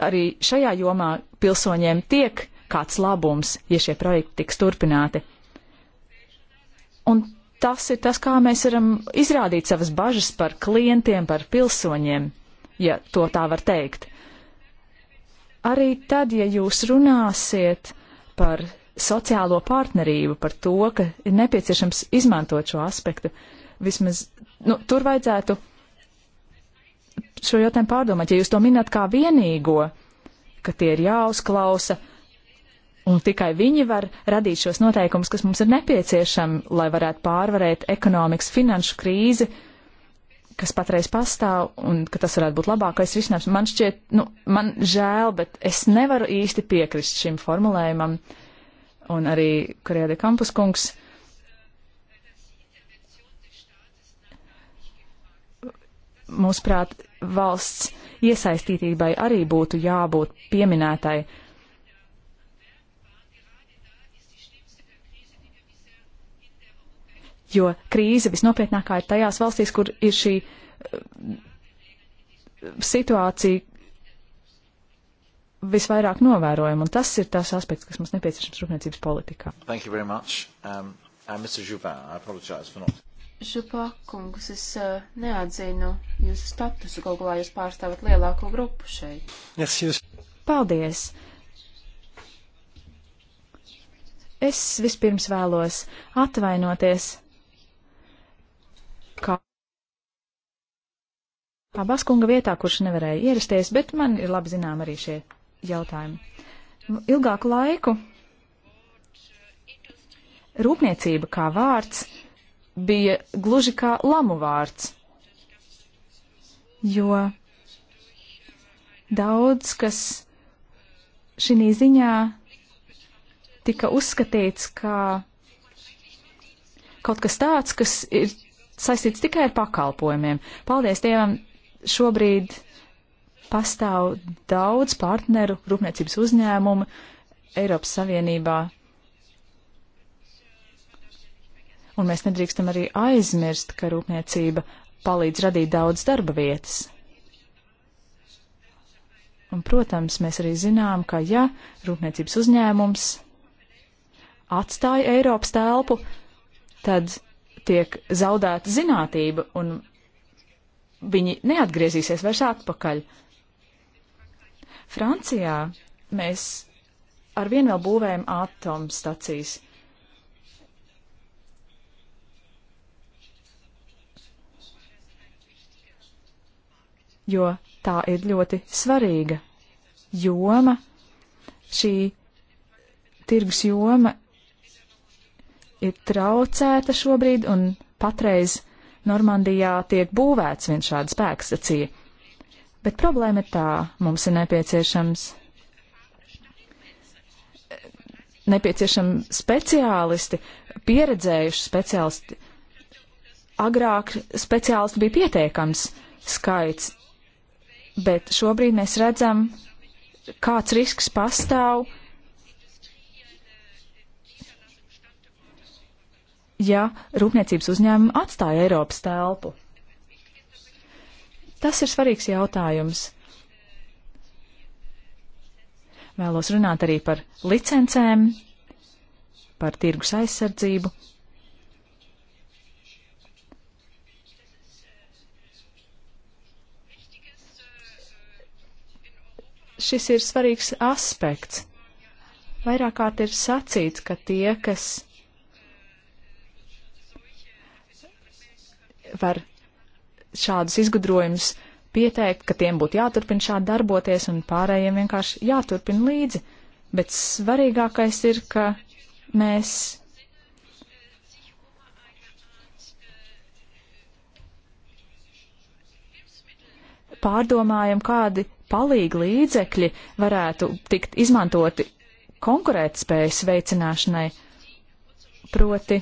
arī šajā jomā pilsoņiem tiek kāds labums, ja šie projekti tiks turpināti. Un tas ir tas, kā mēs varam izrādīt savas bažas par klientiem, par pilsoņiem, ja to tā var teikt. Arī tad, ja jūs runāsiet par sociālo partnerību, par to, ka ir nepieciešams izmantot šo aspektu. Vismaz nu, tur vajadzētu šo jautājumu pārdomāt. Ja jūs to minat kā vienīgo, ka tie ir jāuzklausa, un tikai viņi var radīt šos noteikumus, kas mums ir nepieciešami, lai varētu pārvarēt ekonomikas finanšu krīzi, kas patreiz pastāv, un ka tas varētu būt labākais risinājums. Man šķiet, nu, man žēl, bet es nevaru īsti piekrist šim formulējumam. Uh, un arī Korēda Kampuskungs. Mūsuprāt, valsts iesaistītībai arī būtu jābūt pieminētai. Jo krīze visnopietnākā ir tajās valstīs, kur ir šī eh, situācija, visvairāk novērojam, un tas ir tas aspekts, kas mums nepieciešams rūpniecības politikā. Thank you very much. Um, uh, Mr. Jupin, I apologize for not. Župā kungs, es uh, neatzinu jūsu statusu, kaut kā jūs pārstāvat lielāko grupu šeit. Yes, jūs. Paldies! Es vispirms vēlos atvainoties, kā abas kunga vietā, kurš nevarēja ierasties, bet man ir labi zinām arī šie jautājumu. Nu, ilgāku laiku rūpniecība kā vārds bija gluži kā lamu vārds, jo daudz kas šī ziņā tika uzskatīts kā kaut kas tāds, kas ir saistīts tikai ar pakalpojumiem. Paldies Dievam, šobrīd pastāv daudz partneru rūpniecības uzņēmumu Eiropas Savienībā. Un mēs nedrīkstam arī aizmirst, ka rūpniecība palīdz radīt daudz darba vietas. Un, protams, mēs arī zinām, ka ja rūpniecības uzņēmums atstāja Eiropas telpu, tad tiek zaudēta zinātība un viņi neatgriezīsies vairs atpakaļ. Uh, Francijā mēs arvien vēl būvējam atomstacijas. Jo tā ir ļoti svarīga joma, šī tirgus joma ir traucēta šobrīd, un patreiz Normandijā tiek būvēts viens šāds spēkstacija. Bet problēma ir tā, mums ir nepieciešams nepieciešami speciālisti, pieredzējuši speciālisti. Agrāk speciālisti bija pietiekams skaits, bet šobrīd mēs redzam, kāds risks pastāv, ja rūpniecības uzņēmumi atstāja Eiropas telpu. Tas ir svarīgs jautājums. Vēlos runāt arī par licencēm, par tirgus aizsardzību. Šis ir svarīgs aspekts. Vairāk kārt ir sacīts, ka tie, kas var šādus izgudrojumus pieteikt, ka tiem būtu jāturpina šādi darboties un pārējiem vienkārši jāturpina līdzi. Bet svarīgākais ir, ka mēs pārdomājam, kādi palīgi līdzekļi varētu tikt izmantoti konkurētspējas veicināšanai, proti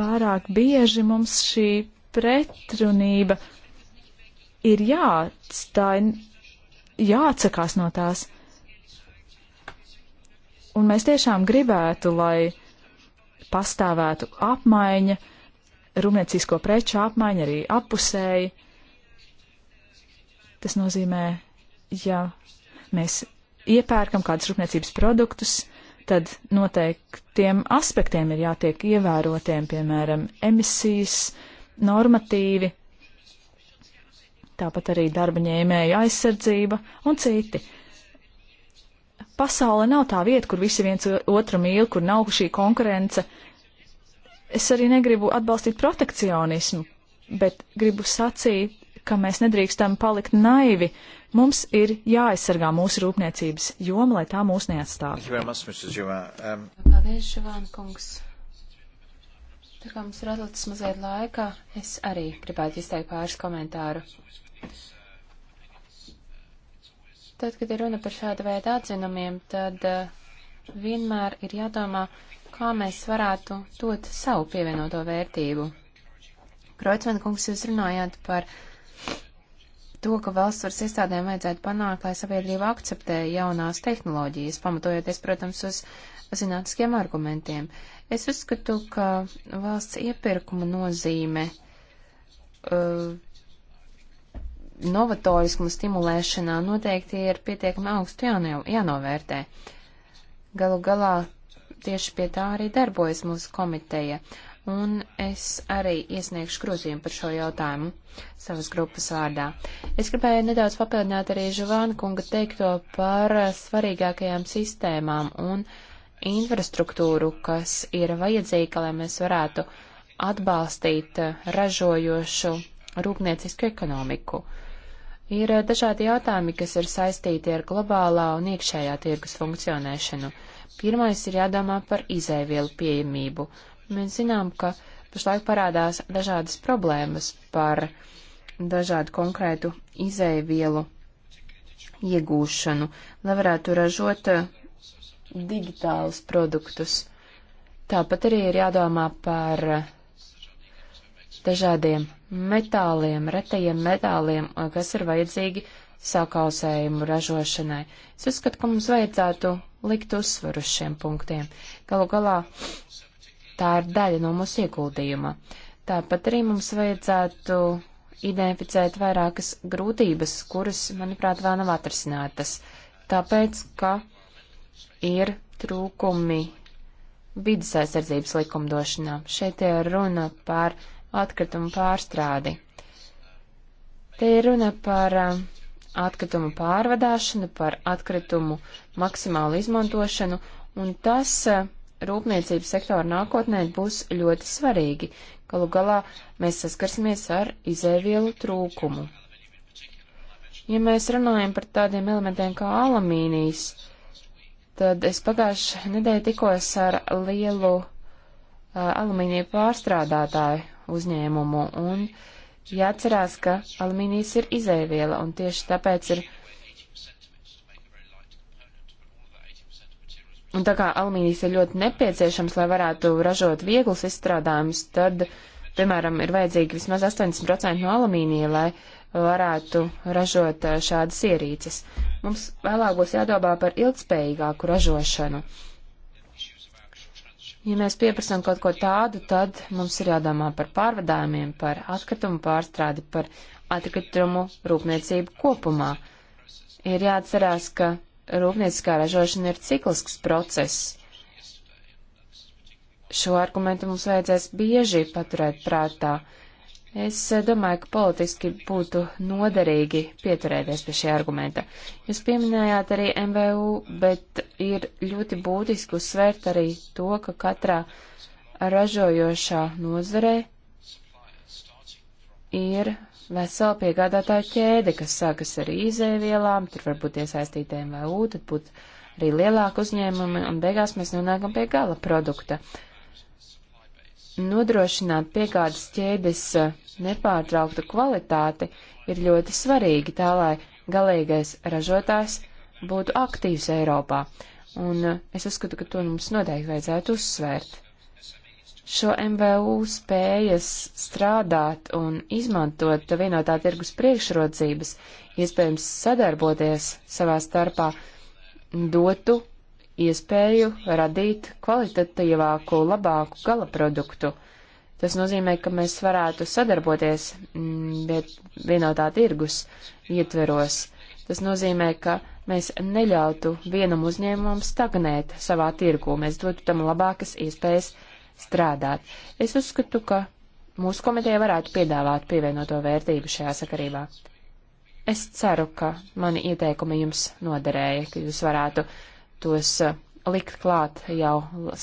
pārāk bieži mums šī pretrunība ir jāatstāj, jāatsakās no tās. Un mēs tiešām gribētu, lai pastāvētu apmaiņa, rūpniecisko preču apmaiņa arī apusēji. Tas nozīmē, ja mēs iepērkam kādus rūpniecības produktus, tad noteiktiem aspektiem ir jātiek ievērotiem, piemēram, emisijas, normatīvi, tāpat arī darba ņēmēja aizsardzība un citi. Pasaule nav tā vieta, kur visi viens otru mīl, kur nav šī konkurence. Es arī negribu atbalstīt protekcionismu, bet gribu sacīt, ka mēs nedrīkstam palikt naivi, Mums ir jāaizsargā mūsu rūpniecības joma, lai tā mūs neatstātu. Um... Paldies, Žuvāna kungs. Tā kā mums ir atlicis mazliet laika, es arī gribētu izteikt pāris komentāru. Tad, kad ir runa par šāda veida atzinumiem, tad uh, vienmēr ir jādomā, kā mēs varētu dot savu pievienoto vērtību. Kreutzmann kungs, jūs runājāt par to, ka valsts varas iestādēm vajadzētu panākt, lai sabiedrība akceptē jaunās tehnoloģijas, pamatojoties, protams, uz zinātniskiem argumentiem. Es uzskatu, ka valsts iepirkuma nozīme uh, novatoriskuma stimulēšanā noteikti ir pietiekami augstu jāno, jānovērtē. Galu galā tieši pie tā arī darbojas mūsu komiteja un es arī iesniegšu grozījumu par šo jautājumu savas grupas vārdā. Es gribēju nedaudz papildināt arī Žovāna kunga teikto par svarīgākajām sistēmām un infrastruktūru, kas ir vajadzīga, lai mēs varētu atbalstīt ražojošu rūpniecisku ekonomiku. Ir dažādi jautājumi, kas ir saistīti ar globālā un iekšējā tirgus funkcionēšanu. Pirmais ir jādomā par izēvielu pieejamību. Uh, Mēs zinām, ka pašlaik parādās dažādas problēmas par dažādu konkrētu izēvielu iegūšanu, lai varētu ražot uh, digitālus produktus. Tāpat arī ir jādomā par uh, dažādiem metāliem, retajiem metāliem, uh, kas ir vajadzīgi sakausējumu ražošanai. Es uzskatu, ka mums vajadzētu likt uzsvaru uz šiem punktiem. Galu galā Tā ir daļa no mūsu ieguldījuma. Tāpat arī mums vajadzētu identificēt vairākas grūtības, kuras, manuprāt, vēl nav atrasinātas. Tāpēc, ka ir trūkumi vidas aizsardzības likumdošanā. Šeit ir runa par atkritumu pārstrādi. Te ir runa par um, atkritumu pārvadāšanu, par atkritumu maksimālu izmantošanu, un tas um, rūpniecības sektora nākotnē būs ļoti svarīgi. Galu galā mēs saskarsimies ar izēvielu trūkumu. Ja mēs runājam par tādiem elementiem kā alamīnijas, tad es pagājušajā nedēļā tikos ar lielu uh, alumīnija pārstrādātāju uzņēmumu, un jāatcerās, ka alumīnijas ir izēviela, un tieši tāpēc ir Un tā kā alumīnijas ir ļoti nepieciešams, lai varētu ražot vieglus izstrādājumus, tad, piemēram, ir vajadzīgi vismaz 80% no alumīnija, lai varētu ražot šādas ierīces. Mums vēlāk būs jādomā par ilgspējīgāku ražošanu. Ja mēs pieprasām kaut ko tādu, tad mums ir jādomā par pārvadājumiem, par atkritumu pārstrādi, par atkritumu rūpniecību kopumā. Ir jāatcerās, ka rūpnieciskā ražošana ir ciklisks process. Šo argumentu mums vajadzēs bieži paturēt prātā. Es eh, domāju, ka politiski būtu noderīgi pieturēties pie šī argumenta. Jūs pieminējāt arī MVU, bet ir ļoti būtiski uzsvērt arī to, ka katrā ražojošā nozarē ir vesela piegādātāja ķēde, kas sākas ar izēvielām, tur var būt iesaistīta MVU, tad būt arī lielāka uzņēmuma, un beigās mēs nonākam pie gala produkta. Nodrošināt piegādas ķēdes eh, nepārtrauktu kvalitāti ir ļoti svarīgi tā, lai galīgais ražotājs būtu aktīvs Eiropā, un eh, es uzskatu, ka to mums noteikti vajadzētu uzsvērt šo MVU spējas strādāt un izmantot vienotā tirgus priekšrocības, iespējams sadarboties savā starpā, dotu iespēju radīt kvalitatīvāku, labāku gala produktu. Tas nozīmē, ka mēs varētu sadarboties mm, vienotā tirgus ietveros. Tas nozīmē, ka mēs neļautu vienam uzņēmumam stagnēt savā tirgu, mēs dotu tam labākas iespējas strādāt. Es uzskatu, ka mūsu komiteja varētu piedāvāt pievienoto vērtību šajā sakarībā. Es ceru, ka mani ieteikumi jums noderēja, ka jūs varētu tos uh, likt klāt jau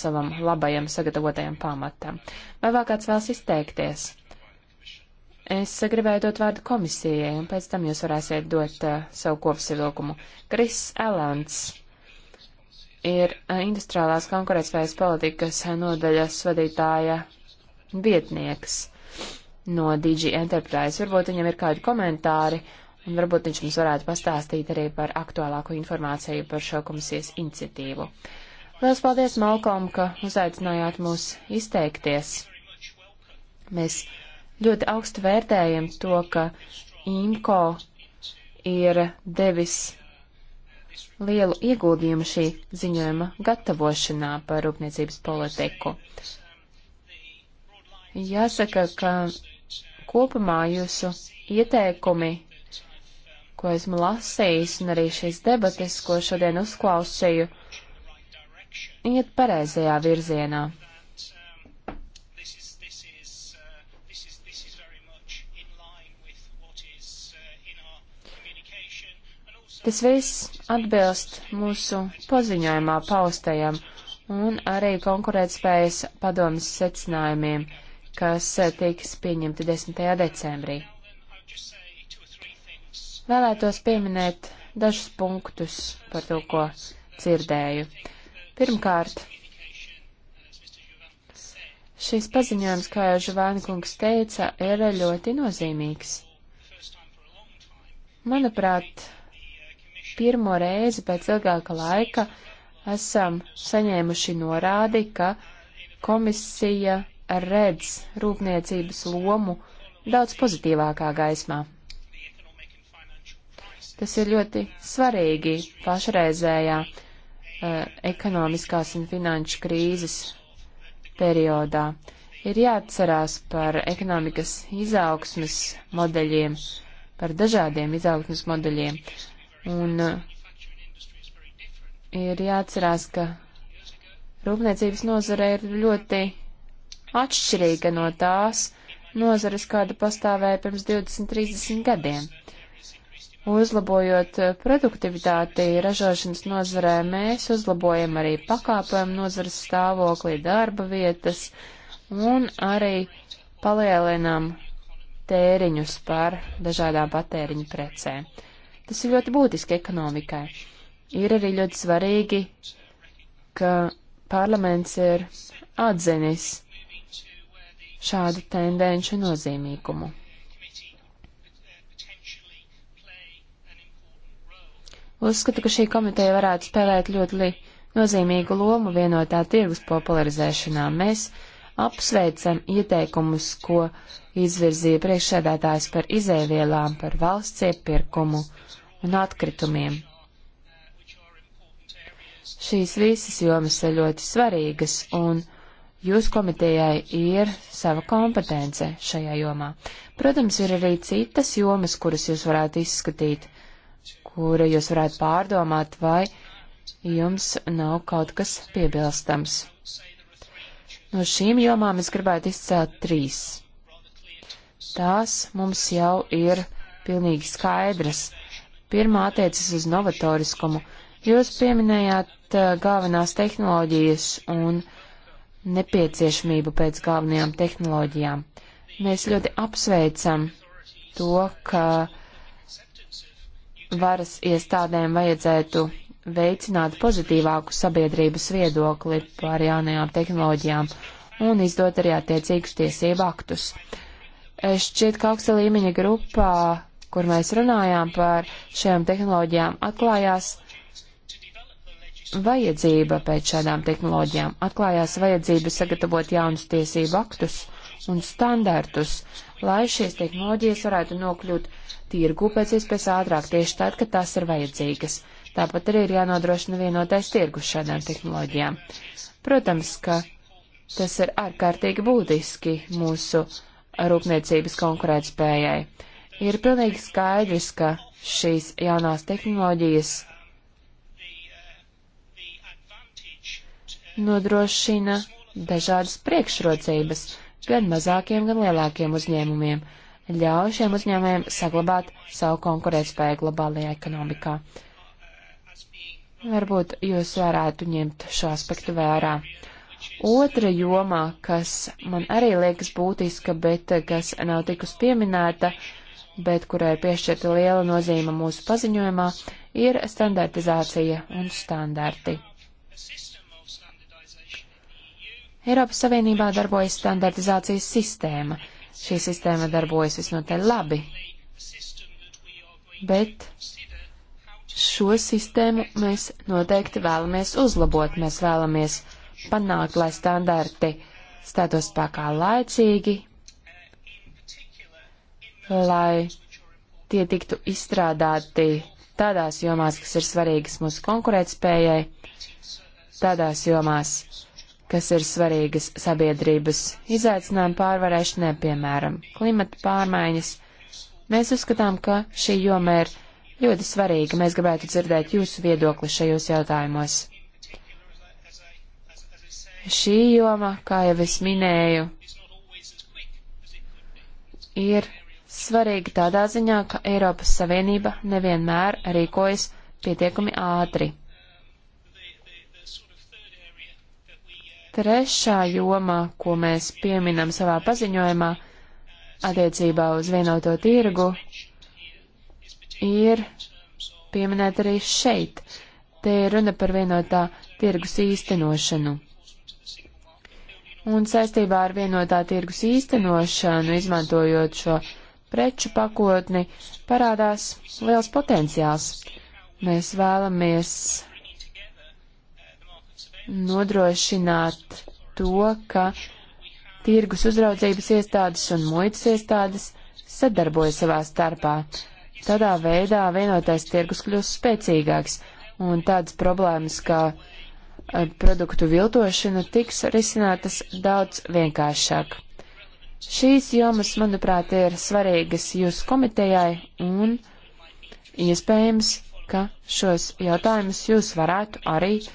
savam labajam sagatavotajam pamatam. Vai vēl kāds vēlas izteikties? Es uh, gribēju dot vārdu komisijai, un pēc tam jūs varēsiet dot uh, savu kopsavilkumu. Kris Elants ir eh, industriālās konkurētspējas politikas eh, nodaļas vadītāja vietnieks no DG Enterprise. Varbūt viņam ir kādi komentāri, un varbūt viņš mums varētu pastāstīt arī par aktuālāko informāciju par šo komisijas iniciatīvu. Lielas paldies, Malkom, ka uzaicinājāt mūs izteikties. Mēs ļoti augstu vērtējam to, ka IMCO ir devis lielu ieguldījumu šī ziņojuma gatavošanā par rūpniecības politiku. Jāsaka, ka kopumā jūsu ieteikumi, ko esmu lasījis, un arī šīs debates, ko šodien uzklausīju, iet pareizajā virzienā. Tas viss atbilst mūsu paziņojumā paustajam un arī konkurētspējas padomas secinājumiem, kas eh, tiks pieņemti 10. decembrī. Vēlētos pieminēt dažus punktus par to, ko dzirdēju. Pirmkārt, šis paziņojums, kā jau Žuvēnkungs teica, ir ļoti nozīmīgs. Manuprāt, pirmo reizi pēc ilgāka laika esam saņēmuši norādi, ka komisija redz rūpniecības lomu daudz pozitīvākā gaismā. Tas ir ļoti svarīgi pašreizējā uh, ekonomiskās un finanšu krīzes periodā. Ir jāatcerās par ekonomikas izaugsmes modeļiem, par dažādiem izaugsmes modeļiem. Un eh, ir jāatcerās, ka rūpniecības nozare ir ļoti atšķirīga no tās nozares, kāda pastāvēja pirms 20-30 gadiem. Uzlabojot eh, produktivitāti ražošanas nozarē, mēs uzlabojam arī pakāpojumu nozares stāvokli, darba vietas un arī palielinām tēriņus par dažādām patēriņu precēm. Tas ir ļoti būtiski ekonomikai. Ir arī ļoti svarīgi, ka parlaments ir atzinis šādu tendenci nozīmīgumu. Uzskatu, ka šī komiteja varētu spēlēt ļoti nozīmīgu lomu vienotā tirgus popularizēšanā. Mēs apsveicam ieteikumus, ko izvirzīja priekšsēdētājs par izēvielām, par valsts iepirkumu un atkritumiem. Šīs visas jomas ir ļoti svarīgas, un jūs komitejai ir sava kompetence šajā jomā. Protams, ir arī citas jomas, kuras jūs varētu izskatīt, kura jūs varētu pārdomāt, vai jums nav kaut kas piebilstams. No šīm jomām es gribētu izcelt trīs. Tās mums jau ir pilnīgi skaidras. Pirmā attiecas uz novatoriskumu. Jūs pieminējāt uh, galvenās tehnoloģijas un nepieciešamību pēc galvenajām tehnoloģijām. Mēs ļoti apsveicam to, ka varas iestādēm vajadzētu veicināt pozitīvāku sabiedrības viedokli par jaunajām tehnoloģijām un izdot arī attiecīgus tiesību aktus. Šķiet, ka augsta līmeņa grupā, kur mēs runājām par šajām tehnoloģijām, atklājās vajadzība pēc šādām tehnoloģijām, atklājās vajadzība sagatavot jaunus tiesību aktus un standartus, lai šīs tehnoloģijas varētu nokļūt tirgu pēc iespējas ātrāk, tieši tad, kad tās ir vajadzīgas. Tāpat arī ir jānodrošina vienotais tirgus šādām tehnoloģijām. Protams, ka tas ir ārkārtīgi būtiski mūsu rūpniecības konkurētspējai. Ir pilnīgi skaidrs, ka šīs jaunās tehnoloģijas nodrošina dažādas priekšrocības gan mazākiem, gan lielākiem uzņēmumiem, ļauj šiem uzņēmumiem saglabāt savu konkurētspēju globālajā ekonomikā. Varbūt jūs varētu ņemt šo aspektu vērā. Otra joma, kas man arī liekas būtiska, bet kas nav tikus pieminēta, bet kurai ir piešķirta liela nozīme mūsu paziņojumā, ir standartizācija un standarti. Eiropas Savienībā darbojas standartizācijas sistēma. Šī sistēma darbojas visnotaļ labi, bet Šo sistēmu mēs noteikti vēlamies uzlabot. Mēs vēlamies panākt, lai standarti stātos spēkā laicīgi, lai tie tiktu izstrādāti tādās jomās, kas ir svarīgas mūsu konkurētspējai, tādās jomās, kas ir svarīgas sabiedrības izaicinājumu pārvarēšanai, piemēram, klimata pārmaiņas. Mēs uzskatām, ka šī joma ir ļoti svarīga. Mēs gribētu dzirdēt jūsu viedokli šajos jautājumos. Šī joma, kā jau es minēju, ir svarīga tādā ziņā, ka Eiropas Savienība nevienmēr rīkojas pietiekami ātri. Trešā joma, ko mēs pieminam savā paziņojumā attiecībā uz vienoto tirgu, ir pieminēta arī šeit. Te ir runa par vienotā tirgus īstenošanu. Un saistībā ar vienotā tirgus īstenošanu, izmantojot šo preču pakotni, parādās liels potenciāls. Mēs vēlamies nodrošināt to, ka tirgus uzraudzības iestādes un muitas iestādes sadarbojas savā starpā, Tādā veidā vienotais tirgus kļūst spēcīgāks, un tādas problēmas kā eh, produktu viltošana tiks risinātas daudz vienkāršāk. Šīs jomas, manuprāt, ir svarīgas jūsu komitejai, un iespējams, ka šos jautājumus jūs varētu arī eh,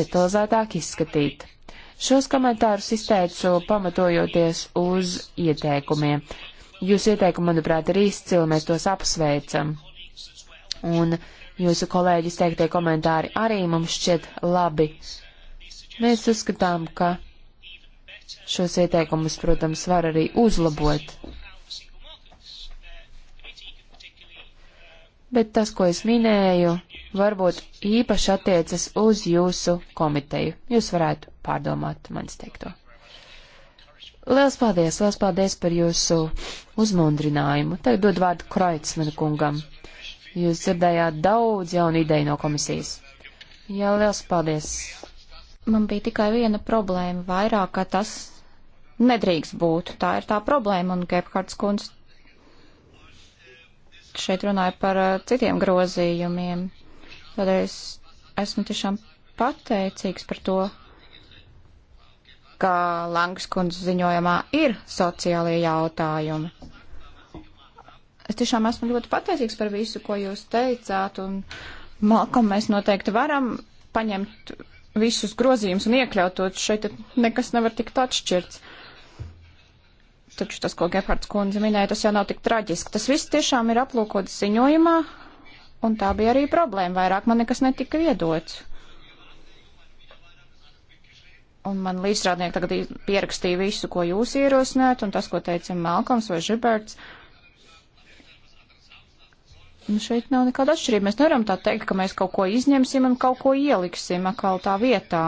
detalizētāk izskatīt. Šos komentārus izteicu pamatojoties uz ieteikumiem, Jūsu ieteikumi, manuprāt, ir izcili, mēs tos apsveicam. Un jūsu kolēģis teiktie komentāri arī mums šķiet labi. Mēs uzskatām, ka šos ieteikumus, protams, var arī uzlabot. Bet tas, ko es minēju, varbūt īpaši attiecas uz jūsu komiteju. Jūs varētu pārdomāt manis teikto. Liels paldies, liels paldies par jūsu uzmundrinājumu. Tagad dod vārdu Kraitsmanu kungam. Jūs dzirdējāt daudz jaunu ideju no komisijas. Jā, liels paldies. Man bija tikai viena problēma vairāk, ka tas nedrīkst būt. Tā ir tā problēma, un Gebhards kundze šeit runāja par uh, citiem grozījumiem. Tādēļ es esmu tiešām pateicīgs par to, ka Langas kundzes ziņojumā ir sociālie jautājumi. Es tiešām esmu ļoti pateicīgs par visu, ko jūs teicāt, un Malkam mēs noteikti varam paņemt visus grozījumus un iekļaut tos šeit, nekas nevar tikt atšķirts. Taču tas, ko Gepards kundze minēja, tas jau nav tik traģiski. Tas viss tiešām ir aplūkots ziņojumā, un tā bija arī problēma. Vairāk man nekas netika iedots. Un man līdzstrādnieki tagad pierakstīja visu, ko jūs ierosināt, un tas, ko teica Malkoms vai Žiberts. Nu, šeit nav nekāda atšķirība. Mēs nevaram tā teikt, ka mēs kaut ko izņemsim un kaut ko ieliksim atkal tā vietā.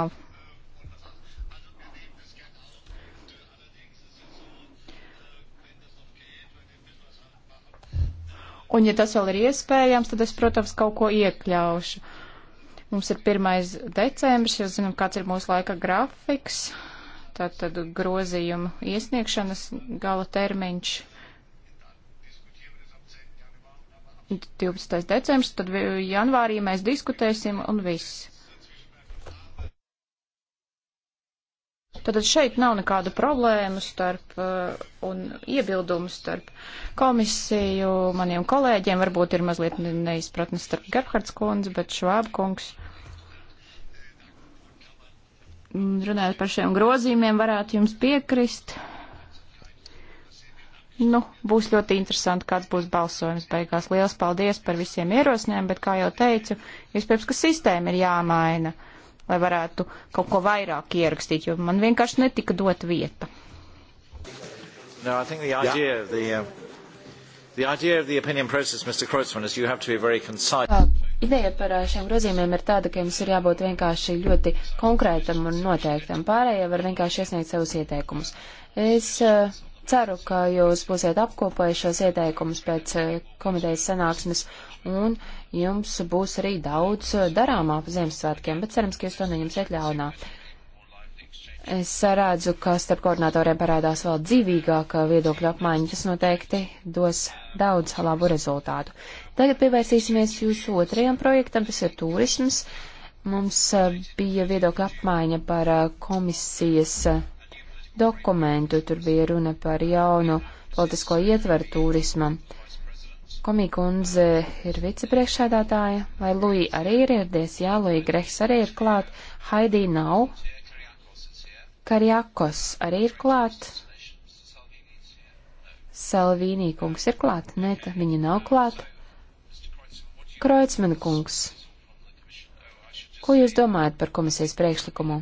Un, ja tas vēl ir iespējams, tad es, protams, kaut ko iekļaušu. Mums ir 1. decembris, jūs zinām, kāds ir mūsu laika grafiks, tātad grozījumu iesniegšanas gala termiņš 12. decembris, tad janvārī mēs diskutēsim un viss. Tātad šeit nav nekādu problēmu starp uh, un iebildumu starp komisiju, maniem kolēģiem, varbūt ir mazliet neizpratnes starp Gerhards kundzi, bet Švāb kungs. Mm, runājot par šiem grozījumiem, varētu jums piekrist. Nu, būs ļoti interesanti, kāds būs balsojums beigās. Lielas paldies par visiem ierosinājumiem, bet, kā jau teicu, vispirms, ka sistēma ir jāmaina. Uh, lai varētu kaut ko vairāk ierakstīt, jo man vienkārši netika dot vieta. No, I think the idea, yeah. the, um, the idea of the opinion process, Mr. Kreutzmann, is you have to be very concise. Uh, ideja par uh, šiem grozījumiem ir tāda, ka jums ir jābūt vienkārši ļoti konkrētam un noteiktam. Pārējie var vienkārši iesniegt savus ieteikumus. Es uh, ceru, ka jūs būsiet apkopojušos ieteikumus pēc uh, komitejas sanāksmes un jums būs arī daudz eh, darāmā pa Ziemassvētkiem, bet cerams, ka jūs to neņemsiet ļaunā. Es redzu, ka starp koordinatoriem parādās vēl dzīvīgāka viedokļa apmaiņa, tas noteikti dos daudz labu rezultātu. Tagad pievērsīsimies jūsu otrajam projektam, tas ir turisms. Mums eh, bija viedokļa apmaiņa par eh, komisijas dokumentu, tur bija runa par jaunu politisko ietveru turismam. Komī kundze ir vicepriekšsēdētāja, vai Lui arī ir ieradies, jā, Lui Grehs arī ir klāt, Haidī nav, Karjakos arī ir klāt, Salvīnī kungs ir klāt, nē, viņa nav klāt, Kreutzmanu kungs. Ko jūs domājat par komisijas priekšlikumu?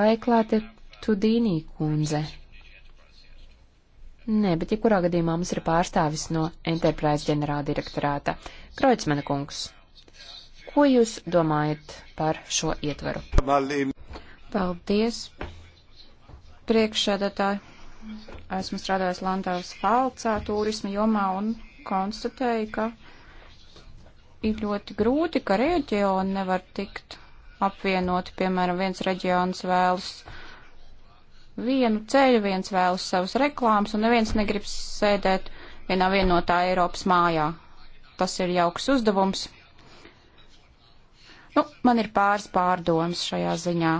Vai klāt ir Tudīnī kundze? Nē, bet jebkurā ja gadījumā mums ir pārstāvis no Enterprise ģenerāla direktorāta. Kreutzmana kungs, ko jūs domājat par šo ietveru? Paldies, priekšsēdētāji. Esmu strādājis Landāvas falcā turisma jomā un konstatēju, ka ir ļoti grūti, ka reģioni nevar tikt apvienoti. Piemēram, viens reģions vēlas vienu ceļu, viens vēlas savas reklāmas, un neviens negrib sēdēt vienā vienotā Eiropas mājā. Tas ir jauks uzdevums. Nu, man ir pāris pārdomas šajā ziņā.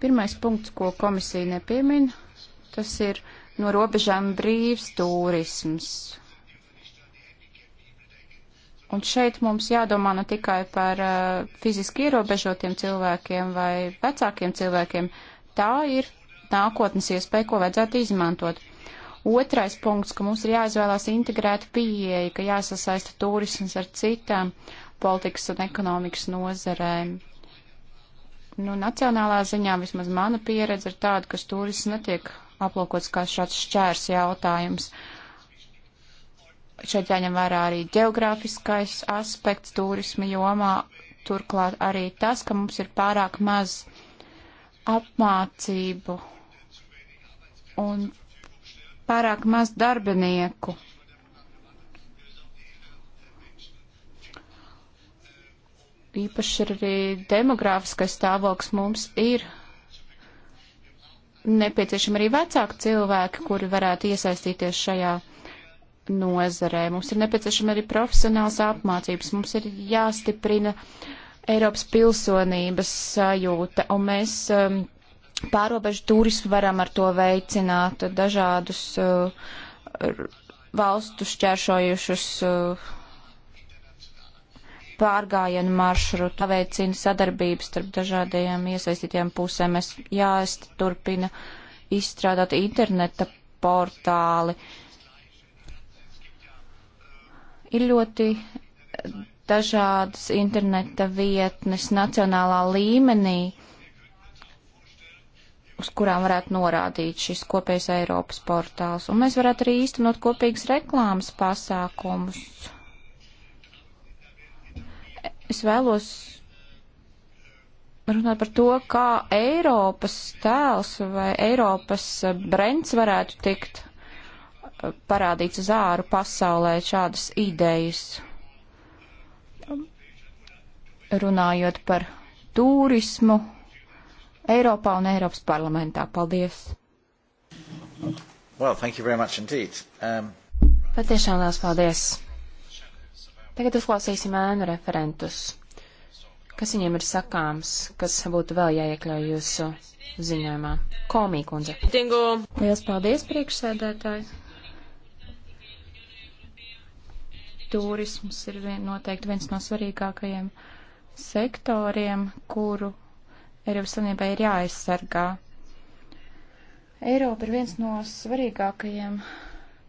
Pirmais punkts, ko komisija nepiemina, tas ir no robežām brīvs turisms. Un šeit mums jādomā ne tikai par uh, fiziski ierobežotiem cilvēkiem vai vecākiem cilvēkiem, uh, Tā ir nākotnes iespēja, ko vajadzētu izmantot. Otrais punkts, ka mums ir jāizvēlās integrēta pieeja, ka jāsasaista turisms ar citām politikas un ekonomikas nozerēm. Nu, nacionālā ziņā vismaz mana pieredze ir tāda, ka turisms netiek aplūkots kā šāds šķērs jautājums. Šeit jāņem vērā arī geogrāfiskais aspekts turisma jomā, turklāt arī tas, ka mums ir pārāk maz apmācību un pārāk maz darbinieku. Īpaši arī demogrāfiskais stāvoklis mums ir nepieciešami arī vecāki cilvēki, kuri varētu iesaistīties šajā nozarē. Mums ir nepieciešama arī profesionāls apmācības, mums ir jāstiprina uh, Eiropas pilsonības sajūta, un mēs um, pārobežu turismu varam ar to veicināt dažādus uh, valstu šķēršojušus uh, pārgājienu maršrutu, paveicina sadarbības starp dažādajām iesaistītajām pusēm. Mēs jāest turpina izstrādāt interneta portāli. Ir ļoti dažādas interneta vietnes nacionālā līmenī, uz kurām varētu norādīt šis kopējs Eiropas portāls. Un mēs varētu arī īstenot kopīgas reklāmas pasākumus. Es vēlos runāt par to, kā Eiropas tēls vai Eiropas brends varētu tikt parādīts uz āru pasaulē šādas idejas runājot par turismu Eiropā un Eiropas parlamentā. Paldies! Well, thank you very much indeed. Um... Patiešām liels paldies! Tagad uzklausīsim ēnu referentus. Kas viņiem ir sakāms, kas būtu vēl jāiekļauj jūsu ziņojumā? Komī kundze. Tingo. Liels paldies, priekšsēdētāji! Turisms ir vien, noteikti viens no svarīgākajiem uh, sektoriem, kuru Eiropas Savienībai ir jāaizsargā. Eiropa ir viens no svarīgākajiem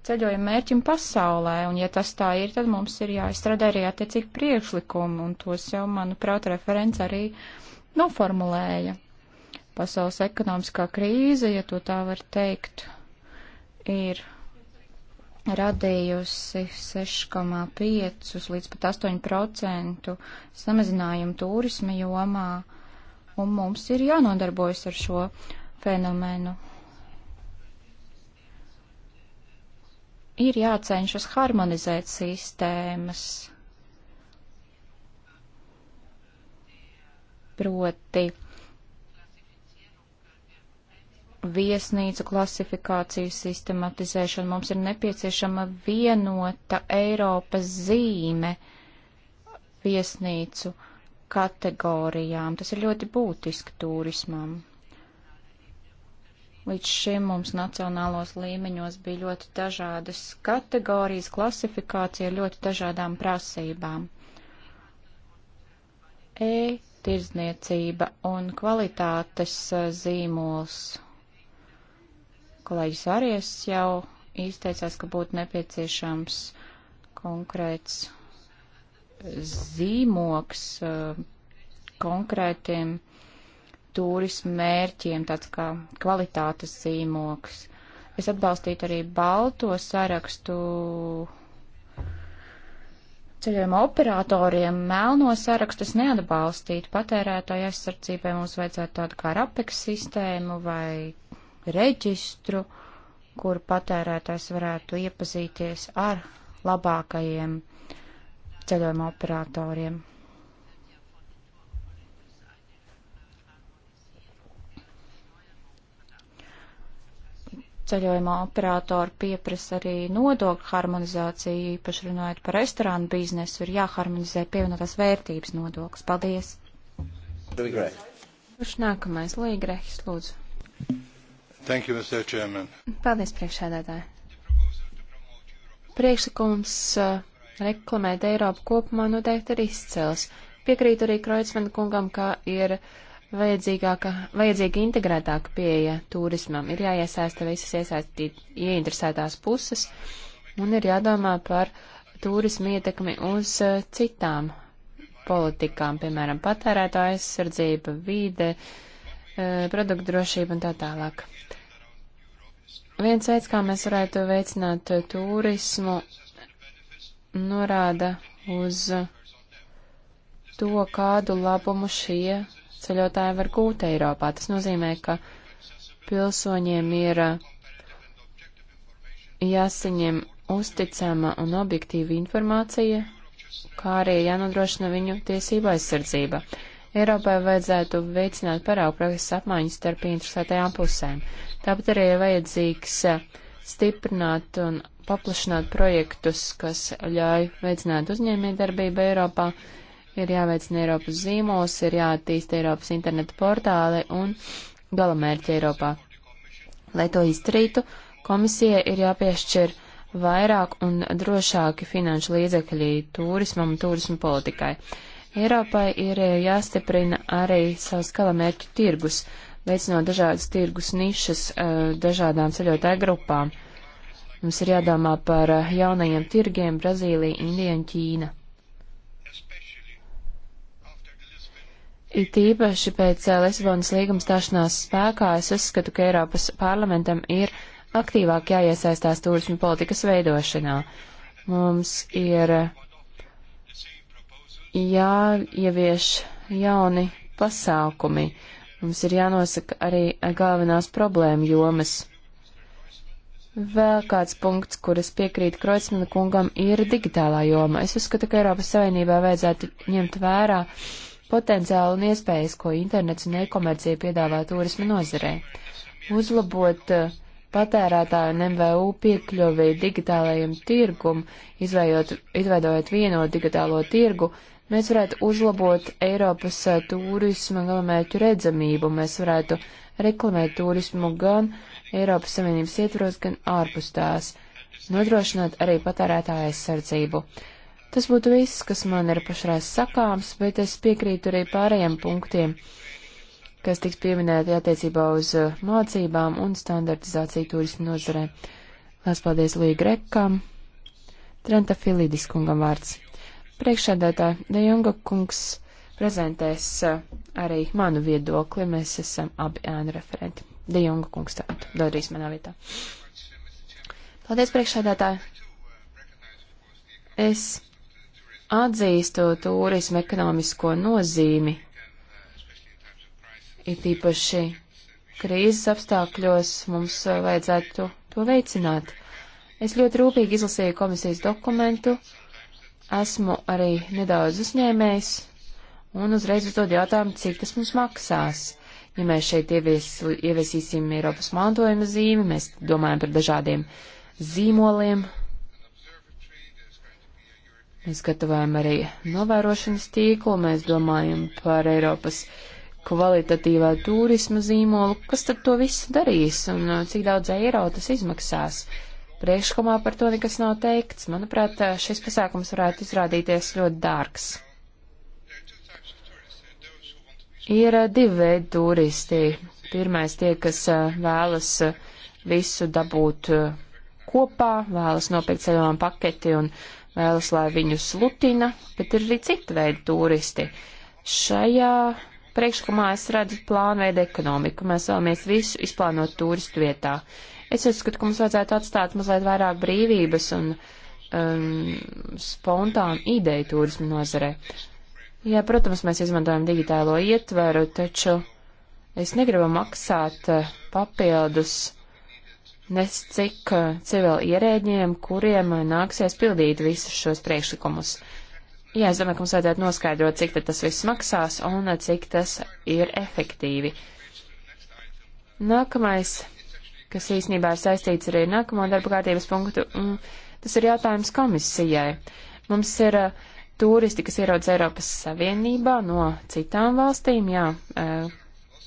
ceļojuma mērķim pasaulē, un ja tas tā ir, tad mums ir jāizstrādā arī attiecīgi priekšlikumi, un tos jau, manuprāt, referents arī noformulēja. Pasaules ekonomiskā krīze, ja to tā var teikt, ir radījusi 6,5 līdz pat 8% samazinājumu turisma jomā, un mums ir jānodarbojas ar šo fenomenu. Ir jācenšas harmonizēt sistēmas, proti viesnīcu klasifikāciju sistematizēšanu. Mums ir nepieciešama vienota Eiropas zīme viesnīcu kategorijām. Tas ir ļoti būtiski turismam. Līdz šim mums nacionālos līmeņos bija ļoti dažādas kategorijas, klasifikācija ļoti dažādām prasībām. E tirdzniecība un kvalitātes e, zīmols Kolēģis Arijas jau izteicās, ka būtu nepieciešams konkrēts zīmoks eh, konkrētiem turismu mērķiem, tāds kā kvalitātes zīmoks. Es atbalstītu arī balto sarakstu ceļojuma operatoriem, melno sarakstu es neatbalstītu. Patērētāju aizsardzībai mums vajadzētu tādu kā rapeks sistēmu vai reģistru, kur patērētājs varētu iepazīties ar labākajiem ceļojuma operatoriem. Ceļojuma operatori pieprasa arī nodokļu harmonizāciju, īpaši runājot par restorānu biznesu, ir jāharmonizē pievienotās vērtības nodoklis. Paldies! Kurš nākamais? Līga Rehis, lūdzu. Thank you, Mr. Chairman. Paldies, priekšsēdētāji. Priekšlikums uh, reklamēt Eiropu kopumā noteikti ir izcels. Piekrītu arī Kreutzmann kungam, ka ir vajadzīga integrētāka pieeja turismam. Ir jāiesaista visas iesaistīt, ieinteresētās puses un ir jādomā par turismu ietekmi uz uh, citām politikām, piemēram, patērētāja aizsardzība, vīde, uh, produktu drošība un tā tālāk. Viens veids, kā mēs varētu veicināt eh, turismu, norāda uz eh, to, kādu labumu šie ceļotāji var gūt Eiropā. Tas nozīmē, ka pilsoņiem ir eh, jāsaņem uzticama un objektīva informācija, kā arī jānodrošina viņu tiesība aizsardzība. Eiropai vajadzētu veicināt paraugu prakses apmaiņu starp interesētajām pusēm. Tāpat arī ir vajadzīgs eh, stiprināt un paplašināt projektus, kas ļauj veicināt uzņēmējdarbību Eiropā, ir jāveicina Eiropas zīmos, ir jāattīsta Eiropas interneta portāli un galamērķi Eiropā. Lai to izdarītu, komisijai ir jāpiešķir vairāk un drošāki finanšu līdzekļi turismam un turismu politikai. Eiropai ir eh, jāstiprina arī savs galamērķu tirgus, veicinot dažādas tirgus nišas eh, dažādām ceļotāju grupām. Mums ir jādomā par eh, jaunajiem tirgiem Brazīlija, Indija un Ķīna. It īpaši pēc eh, Lisabonas līguma stāšanās spēkā es uzskatu, ka Eiropas parlamentam ir aktīvāk jāiesaistās turismu politikas veidošanā. Mums ir jāievieš jauni pasākumi. Uh, Mums ir jānosaka arī galvenās problēma jomas. Vēl kāds punkts, kur es piekrītu Kreutzmanu kungam, ir digitālā joma. Es uzskatu, ka Eiropas Savienībā vajadzētu ņemt vērā potenciālu un iespējas, ko internets un e-komercija piedāvā turisma nozarē. Uzlabot eh, patērētāju un MVU piekļuvi digitālajiem tirgum, izveidojot vienotu digitālo tirgu, uh, mēs varētu uzlabot Eiropas eh, turisma galamērķu redzamību, mēs varētu reklamēt turismu gan Eiropas Savienības ietvaros, gan ārpus tās, nodrošināt arī patērētāju aizsardzību. Tas būtu viss, kas man ir pašreiz sakāms, bet es piekrītu arī pārējiem punktiem, kas tiks pieminēti attiecībā uz eh, mācībām un standartizāciju turismu nozarē. Lās paldies Līga Rekam, Trenta Filidis kungam vārds. Priekšsēdētāji, De Junga kungs prezentēs eh, arī manu viedokli. Mēs esam abi ēnu referenti. De Junga kungs tātad darīs manā vietā. Paldies, priekšsēdētāji. Es atzīstu turismu ekonomisko nozīmi, it īpaši krīzes apstākļos mums eh, vajadzētu to veicināt. Es ļoti rūpīgi izlasīju komisijas dokumentu, uh, Esmu arī nedaudz uzņēmējs un uzreiz uzdod jautājumu, cik tas mums maksās. Ja mēs šeit ievies, ieviesīsim Eiropas mantojuma zīmi, mēs domājam par dažādiem zīmoliem. Mēs gatavojam arī novērošanas tīklu, mēs domājam par Eiropas kvalitatīvā turisma zīmolu. Kas tad to viss darīs un uh, cik daudz eiro tas izmaksās? priekšlikumā par to nekas nav teikts. Manuprāt, eh, šis pasākums varētu izrādīties ļoti dārgs. Ir eh, divi veidi turisti. Pirmais tie, kas eh, vēlas visu dabūt kopā, vēlas nopirkt ceļojumu paketi un vēlas, lai viņu slutina, bet ir arī cita veida turisti. Šajā priekšlikumā es redzu plānu veidu ekonomiku. Mēs vēlamies visu izplānot turistu vietā. Uh, Es uzskatu, ka mums vajadzētu atstāt mazliet vairāk brīvības un um, spontānu ideju turismu nozarē. Jā, protams, mēs izmantojam digitālo ietveru, taču es negribu maksāt eh, papildus nes cik eh, civili ierēģiem, kuriem eh, nāksies pildīt visus šos priekšlikumus. Jā, es domāju, ka mums vajadzētu noskaidrot, cik tas viss maksās un cik tas ir efektīvi. Nākamais kas īsnībā ir saistīts arī nākamo darba kārtības punktu, tas ir jautājums komisijai. Mums ir uh, turisti, kas ierodas Eiropas Savienībā no citām valstīm, jā, uh,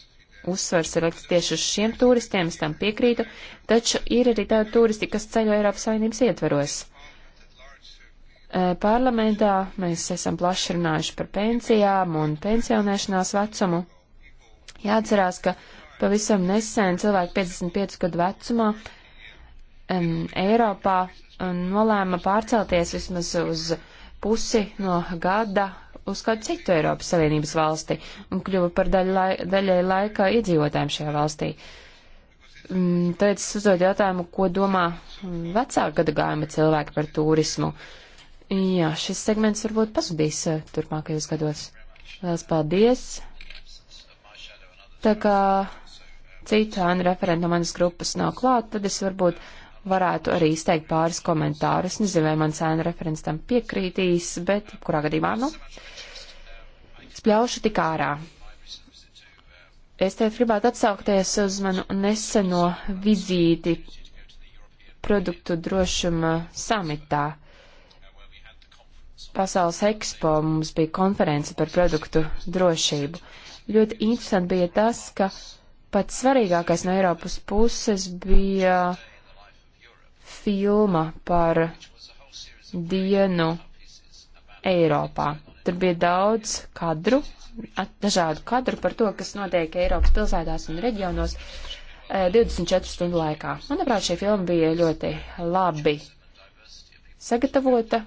uzsvars ir tieši uz šiem turistiem, es tam piekrītu, taču ir arī tādi turisti, kas ceļo Eiropas Savienības ietveros. Uh, parlamentā mēs esam plaši runājuši par pensijām un pensionēšanās vecumu. Jāatcerās, ka uh, Pavisam nesen cilvēki 55 gadu vecumā um, Eiropā um, nolēma pārcelties vismaz uz pusi no gada uz kādu citu Eiropas Savienības valsti un kļuva par daļu lai, daļai laika iedzīvotājiem šajā valstī. Um, Tāpēc es uzdodu jautājumu, ko domā vecāka gada gājuma cilvēki par turismu. Jā, šis segments varbūt pazudīs eh, turpmākajos gados. Lielas paldies! Tā kā citu ēnu referentu no manas grupas nav klāt, tad es varbūt varētu arī izteikt pāris komentārus. Nezinu, vai mans ēnu referents tam piekrītīs, bet kurā gadījumā nu. Spļaušu tik ārā. Es te gribētu atsaukties uz manu neseno vizīti produktu drošuma samitā. Pasaules ekspo mums bija konference par produktu drošību. Ļoti interesanti bija tas, ka uh, pats svarīgākais no Eiropas puses bija filma par dienu Eiropā. Tur bija daudz kadru, dažādu kadru par to, kas notiek Eiropas pilsētās un reģionos 24 eh, stundu laikā. Manuprāt, šī filma bija ļoti labi sagatavota,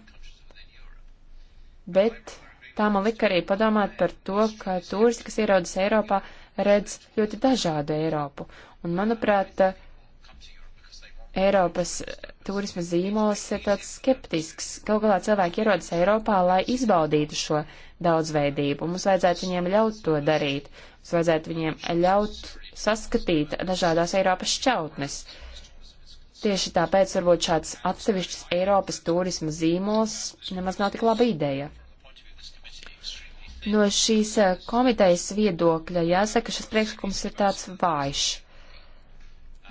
bet tā man lika arī padomāt par to, ka turisti, kas ierodas Eiropā, uh, redz ļoti dažādu Eiropu. Un, manuprāt, Eiropas turisma zīmols ir tāds skeptisks. Galu galā cilvēki ierodas Eiropā, lai izbaudītu šo daudzveidību. Mums vajadzētu viņiem ļaut to darīt. Mums vajadzētu viņiem ļaut saskatīt dažādās Eiropas šķautnes. Tieši tāpēc varbūt šāds atsevišķs Eiropas turisma zīmols nemaz nav tik laba ideja. No šīs eh, komitejas viedokļa jāsaka, šis priekšlikums ir tāds vājš.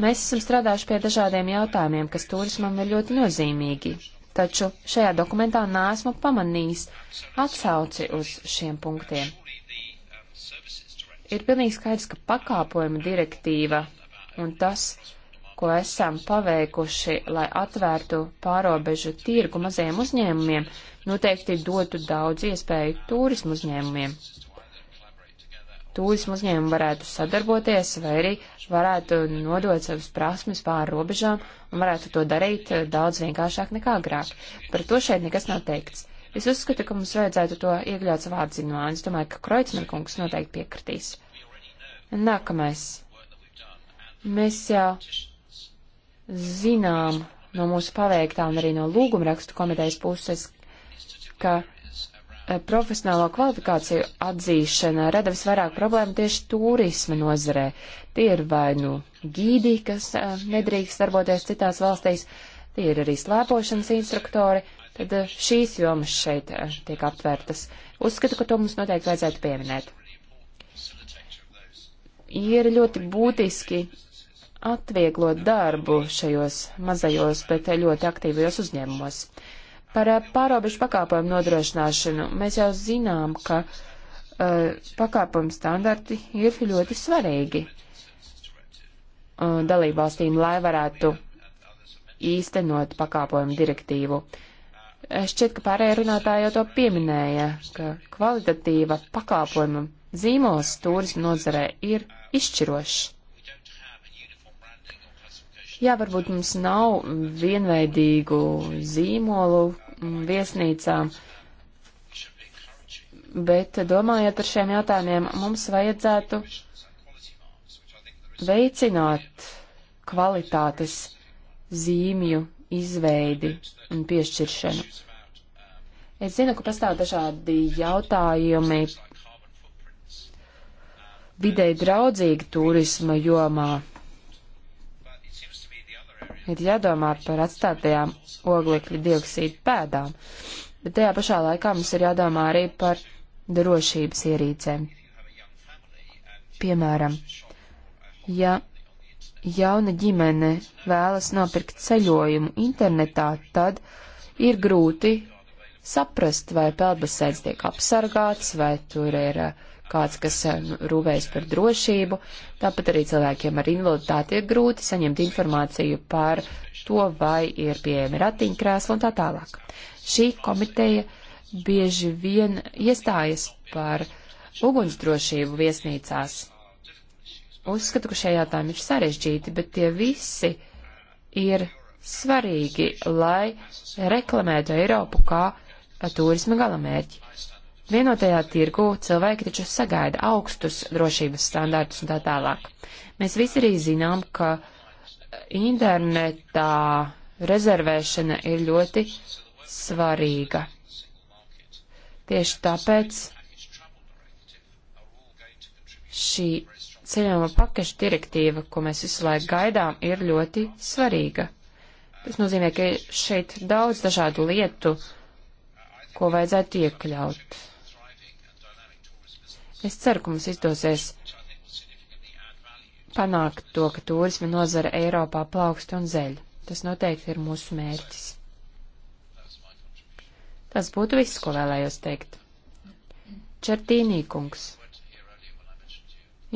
Mēs esam strādājuši pie dažādiem jautājumiem, kas turismam ir ļoti nozīmīgi, taču šajā dokumentā neesmu pamanījis atsauci uz šiem punktiem. Ir pilnīgi skaidrs, ka pakāpojuma direktīva un tas, ko esam paveikuši, lai atvērtu pārobežu tirgu mazajiem uzņēmumiem, noteikti dotu daudz iespēju turismu uzņēmumiem. Turismu uzņēmumi varētu sadarboties vai arī varētu nodot savas prasmes pāri robežām un varētu to darīt eh, daudz vienkāršāk nekā agrāk. Par to šeit nekas nav teikts. Es uzskatu, ka mums vajadzētu to iekļaut savā atziņā, un es domāju, ka Kreutzmerkungs noteikti piekritīs. Nākamais. Mēs jau zinām no mūsu paveiktā un arī no lūgumrakstu komitejas puses, ka eh, profesionālo kvalifikāciju atzīšana rada visvairāk problēmu tieši turisma nozarē. Tie ir vai nu gīdi, kas eh, nedrīkst darboties citās valstīs, tie ir arī slēpošanas instruktori, tad eh, šīs jomas šeit tiek aptvērtas. Uzskatu, ka to mums noteikti vajadzētu pieminēt. Ir ļoti būtiski atvieglot darbu šajos mazajos, bet ļoti aktīvajos uzņēmumos. Par eh, pārobežu pakāpojumu nodrošināšanu mēs jau zinām, ka uh, pakāpojumu standarti ir ļoti svarīgi uh, dalībvalstīm, lai varētu īstenot pakāpojumu direktīvu. Šķiet, ka pārējie runātāji jau to pieminēja, ka kvalitatīva pakāpojuma zīmols turismu nozarē ir izšķirošs. Jā, varbūt mums nav vienveidīgu zīmolu mm, viesnīcām, bet domājot par šiem jautājumiem, mums vajadzētu veicināt kvalitātes zīmju izveidi un piešķiršanu. Es zinu, ka pastāv dažādi jautājumi videi draudzīgi turisma jomā, ir jādomā par atstātajām oglekļa dioksīdu pēdām, bet tajā pašā laikā mums ir jādomā arī par drošības ierīcēm. Piemēram, ja jauna ģimene vēlas nopirkt ceļojumu internetā, tad ir grūti saprast, vai peldbaseins tiek apsargāts, vai tur ir uh, kāds, kas eh, rūvējas par drošību. Tāpat arī cilvēkiem ar invaliditāti ir grūti saņemt informāciju par to, vai ir pieejami ratiņkrēsli un tā tālāk. Šī komiteja bieži vien iestājas par ugunsdrošību viesnīcās. Uzskatu, ka šie jautājumi ir sarežģīti, bet tie visi ir svarīgi, lai reklamētu Eiropu kā turisma galamērķi. Vienotajā tirgu cilvēki taču sagaida augstus drošības standārtus un tā tālāk. Mēs visi arī zinām, ka internetā rezervēšana ir ļoti svarīga. Tieši tāpēc šī ceļojuma pakašu direktīva, ko mēs visu laiku gaidām, ir ļoti svarīga. Tas nozīmē, ka ir šeit daudz dažādu lietu, ko vajadzētu iekļaut. Es ceru, ka mums izdosies panākt to, ka turisma nozara Eiropā plaukst un zeļ. Tas noteikti ir mūsu mērķis. Tas būtu viss, ko vēlējos teikt. Čertīnī kungs.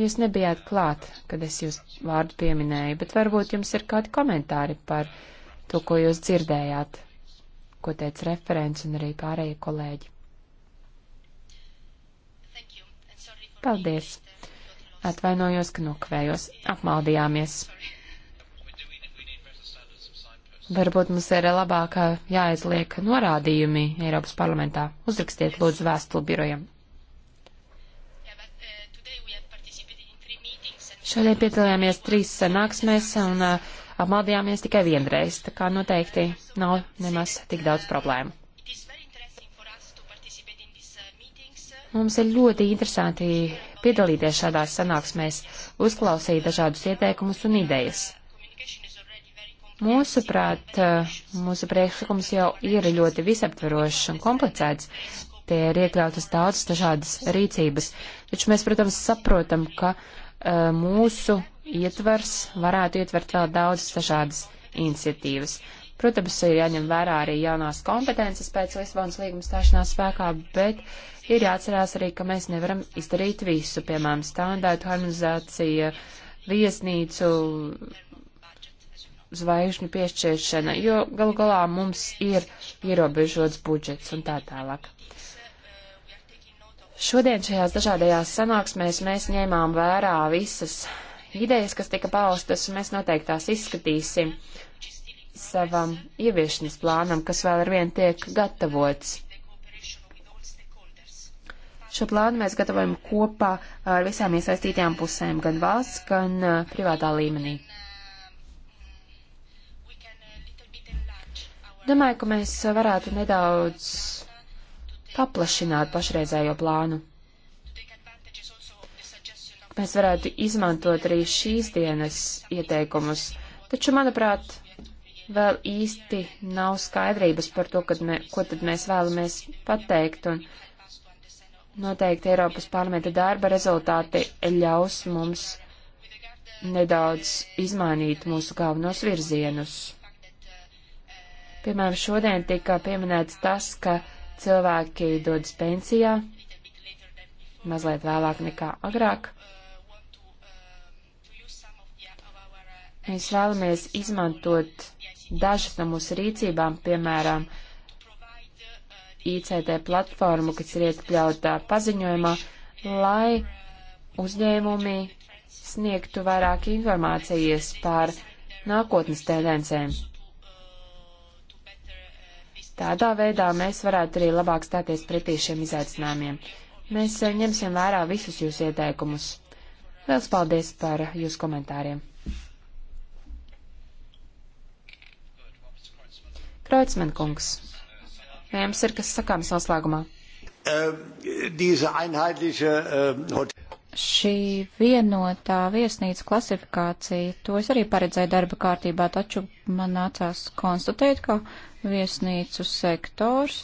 Jūs nebijāt klāt, kad es jūs vārdu pieminēju, bet varbūt jums ir kādi komentāri par to, ko jūs dzirdējāt, ko teica referents un arī pārējie kolēģi. Paldies! Atvainojos, ka nokavējos. Apmaldījāmies. Varbūt mums ir labāk jāizliek norādījumi Eiropas parlamentā. Uzrakstiet lūdzu vēstuli birojam. Šodien piedalījāmies trīs sanāksmēs un uh, apmaldījāmies tikai vienreiz, tā kā noteikti nav nemaz tik daudz problēmu. Mums ir ļoti interesanti piedalīties šādās sanāksmēs, uzklausīt dažādus ieteikumus un idejas. Mūsuprāt, eh, mūsu priekšlikums jau ir ļoti visaptverošs un komplicēts. Tie ir iekļautas daudzas dažādas rīcības, taču mēs, protams, saprotam, ka uh, mūsu ietvers varētu ietvert vēl daudzas dažādas iniciatīvas. Protams, ir jāņem vērā arī jaunās kompetences pēc Lisbonas līguma stāšanās spēkā, bet Ir jāatcerās arī, ka mēs nevaram izdarīt visu, piemēram, standārtu harmonizācija, viesnīcu, zvaigžņu piešķiršana, jo galu galā mums ir ierobežots budžets un tā tālāk. Šodien šajās dažādajās sanāksmēs mēs ņēmām vērā visas idejas, kas tika paustas, un mēs noteikti tās izskatīsim savam ieviešanas plānam, kas vēl ar vienu tiek gatavots. Šo plānu mēs gatavojam kopā ar visām iesaistītajām pusēm, gan valsts, gan privātā līmenī. Domāju, ka mēs varētu nedaudz paplašināt pašreizējo plānu. Mēs varētu izmantot arī šīs dienas ieteikumus, taču, manuprāt, vēl īsti nav skaidrības par to, mē, ko tad mēs vēlamies pateikt un Noteikti Eiropas parlamenta darba rezultāti ļaus mums nedaudz izmainīt mūsu galvenos virzienus. Piemēram, šodien tika pieminēts tas, ka cilvēki dodas pensijā mazliet vēlāk nekā agrāk. Mēs vēlamies izmantot dažas no mūsu rīcībām, piemēram, uh, ICT platformu, kas ir iekļautā paziņojumā, lai uzņēmumi sniegtu vairāk informācijas par nākotnes tendencēm. Tādā veidā mēs varētu arī labāk stāties pretī šiem izaicinājumiem. Mēs eh, ņemsim vērā visus jūsu ieteikumus. Liels paldies par jūsu komentāriem. Kreutzmann kungs. Vai jums ir kas sakāms noslēgumā? Uh, šī vienotā viesnīca klasifikācija, to es arī paredzēju darba kārtībā, taču man nācās konstatēt, ka viesnīcu sektors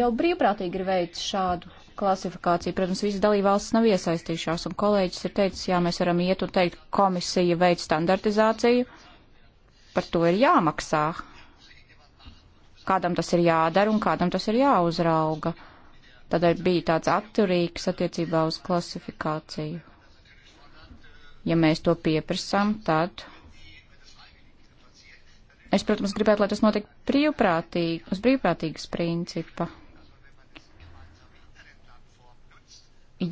jau brīvprātīgi ir veids šādu klasifikāciju. Protams, visas dalībvalstis nav iesaistījušās, un kolēģis ir teicis, jā, mēs varam iet un teikt, komisija veids standartizāciju, par to ir jāmaksā kādam tas ir jādara un kādam tas ir jāuzrauga. Tādēļ bija tāds atturīgs attiecībā uz klasifikāciju. Ja mēs to pieprasām, tad. Es, protams, gribētu, lai tas notiek brīvprātīgi, uz brīvprātīgas principa.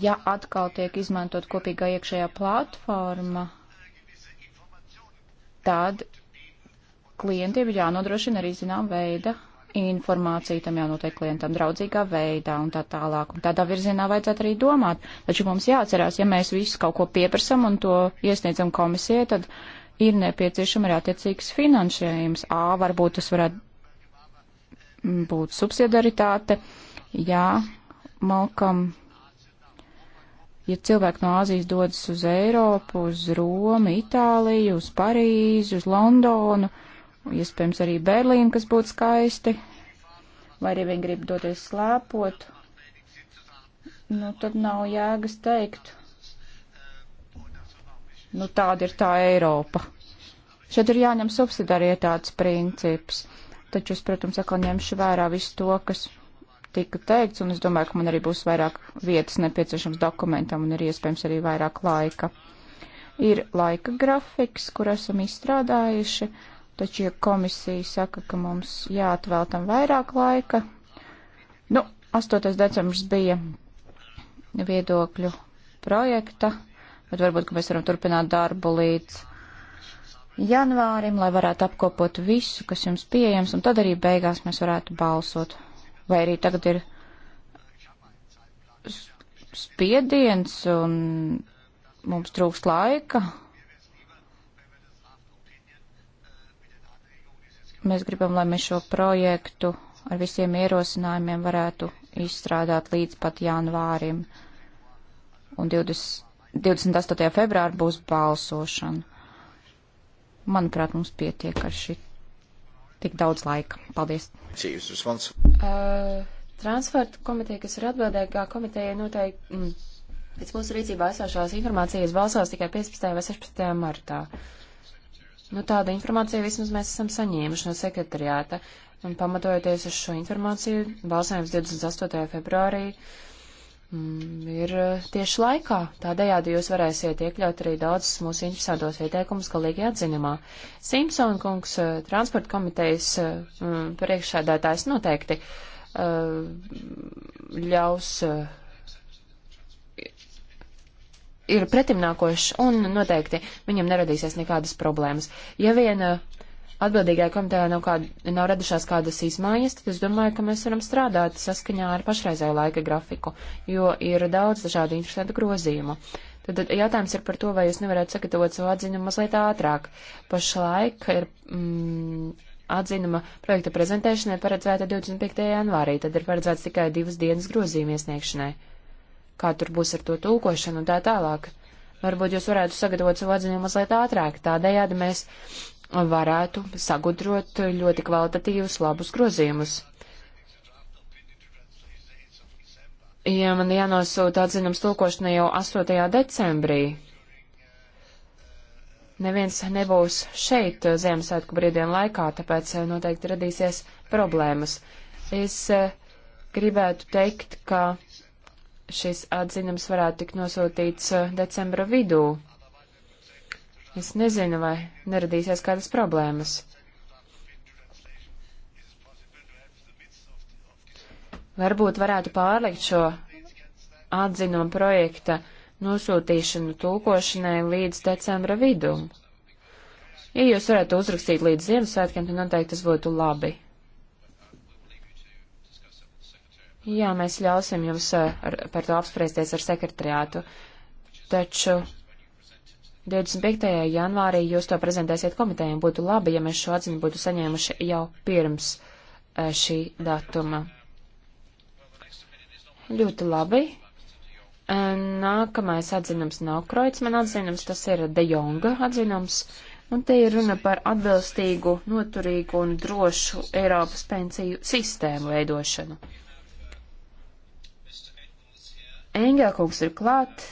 Ja atkal tiek izmantot kopīgā iekšējā platforma, tad klientiem ir jānodrošina arī zinām veida informācija, tam jānotiek klientam draudzīgā veidā un tā tālāk. Un tādā virzienā vajadzētu arī domāt. Taču mums jāatcerās, ja mēs visu kaut ko pieprasam un to iesniedzam komisijai, tad ir nepieciešama arī attiecīgs finansējums. Ā, varbūt tas varētu būt subsidiaritāte. Jā, Malkam, ja cilvēki no Āzijas dodas uz Eiropu, uz Romu, Itāliju, uz Parīzi, uz Londonu, uh, iespējams arī Berlīna, kas būtu skaisti, vai arī viņi grib doties slēpot, nu tad nav jēgas teikt. Nu tāda ir tā Eiropa. Šeit ir jāņem subsidarietāts princips, taču es, protams, atkal ņemšu vērā visu to, kas tika teikts, un es domāju, ka man arī būs vairāk vietas nepieciešams dokumentam un ir iespējams arī vairāk laika. Ir laika grafiks, kur esam izstrādājuši. Uh, Taču, ja komisija saka, ka mums jāatvēl tam vairāk laika, nu, 8. decembris bija viedokļu projekta, bet varbūt, ka mēs varam turpināt darbu līdz janvārim, lai varētu apkopot visu, kas jums pieejams, un tad arī beigās mēs varētu balsot. Vai arī tagad ir spiediens un mums trūkst laika, Mēs gribam, lai mēs šo projektu ar visiem ierosinājumiem varētu izstrādāt līdz pat janvārim. Un 20, 28. februāra būs balsošana. Manuprāt, mums pietiek ar šī tik daudz laika. Paldies. Uh, Transporta komiteja, kas ir atbildīgā komiteja, noteikti mm, pēc mūsu rīcībā esošās informācijas balsos tikai 15. vai 16. martā. Uh, Nu, tāda informācija vismaz mēs esam saņēmuši no sekretariāta, un pamatojoties uz šo informāciju, balsājums 28. februārī mm, ir eh, tieši laikā. Tādējādi jūs varēsiet iekļaut arī daudzus mūsu interesētos ieteikumus galīgi atzinumā. Simpson kungs, eh, transporta komitejas mm, priekšsēdētājs noteikti ļaus ir pretimnākošs un noteikti viņam neradīsies nekādas problēmas. Ja vien uh, atbildīgai komitejai nav, kād, nav radušās kādas izmaiņas, tad es domāju, ka mēs varam strādāt saskaņā ar pašreizēju laika grafiku, jo ir daudz dažādu interesantu grozījumu. Tad, tad jautājums ir par to, vai jūs nevarētu sagatavot savu atzinumu mazliet ātrāk. Pašlaik ir mm, atzinuma projekta prezentēšanai paredzēta 25. janvārī, tad ir paredzēts tikai divas dienas grozījuma iesniegšanai kā tur būs ar to tulkošanu un tā tālāk. Varbūt jūs varētu sagatavot savu atziņu mazliet ātrāk. Tādējādi mēs varētu sagudrot ļoti kvalitatīvus, labus grozījumus. Ja man jānosūta atzinums tulkošana jau 8. decembrī, neviens nebūs šeit Ziemassvētku brīvdienu laikā, tāpēc eh, noteikti radīsies problēmas. Es eh, gribētu teikt, ka šis atzinums varētu tikt nosūtīts eh, decembra vidū. Es nezinu, vai neradīsies kādas problēmas. Varbūt varētu pārlikt šo atzinumu projekta nosūtīšanu tulkošanai līdz decembra vidum. Ja jūs varētu uzrakstīt līdz Ziemassvētkiem, tad noteikti tas būtu labi. Jā, mēs ļausim jums eh, ar, par to apspriesties ar sekretariātu, taču 25. janvārī jūs to prezentēsiet komitējiem. Būtu labi, ja mēs šo atziņu būtu saņēmuši jau pirms eh, šī datuma. Ļoti labi. Eh, nākamais atzinums nav Kreutzmann atzinums, tas ir De Jonga atzinums. Un te ir runa par atbilstīgu, noturīgu un drošu Eiropas pensiju sistēmu veidošanu. Engelkungs ir klāt.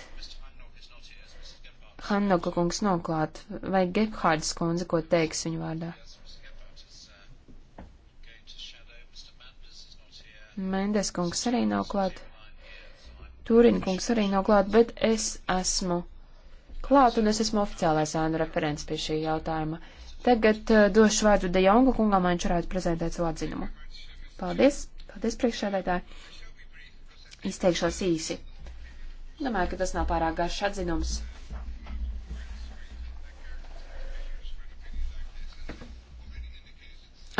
Hannoka kungs nav klāt. Vai Gebhārdas kundze, ko teiks viņu vārdā? Mendes kungs arī nav klāt. Turina kungs arī nav klāt, bet es esmu klāt un es esmu oficiālais ēnu referents pie šī jautājuma. Tagad uh, došu vārdu De Jonga kungam, lai viņš varētu prezentēt savu atzinumu. Paldies! Paldies, priekšsēdētāji! Izteikšos īsi. Domāju, ka tas nav pārāk garš atzinums.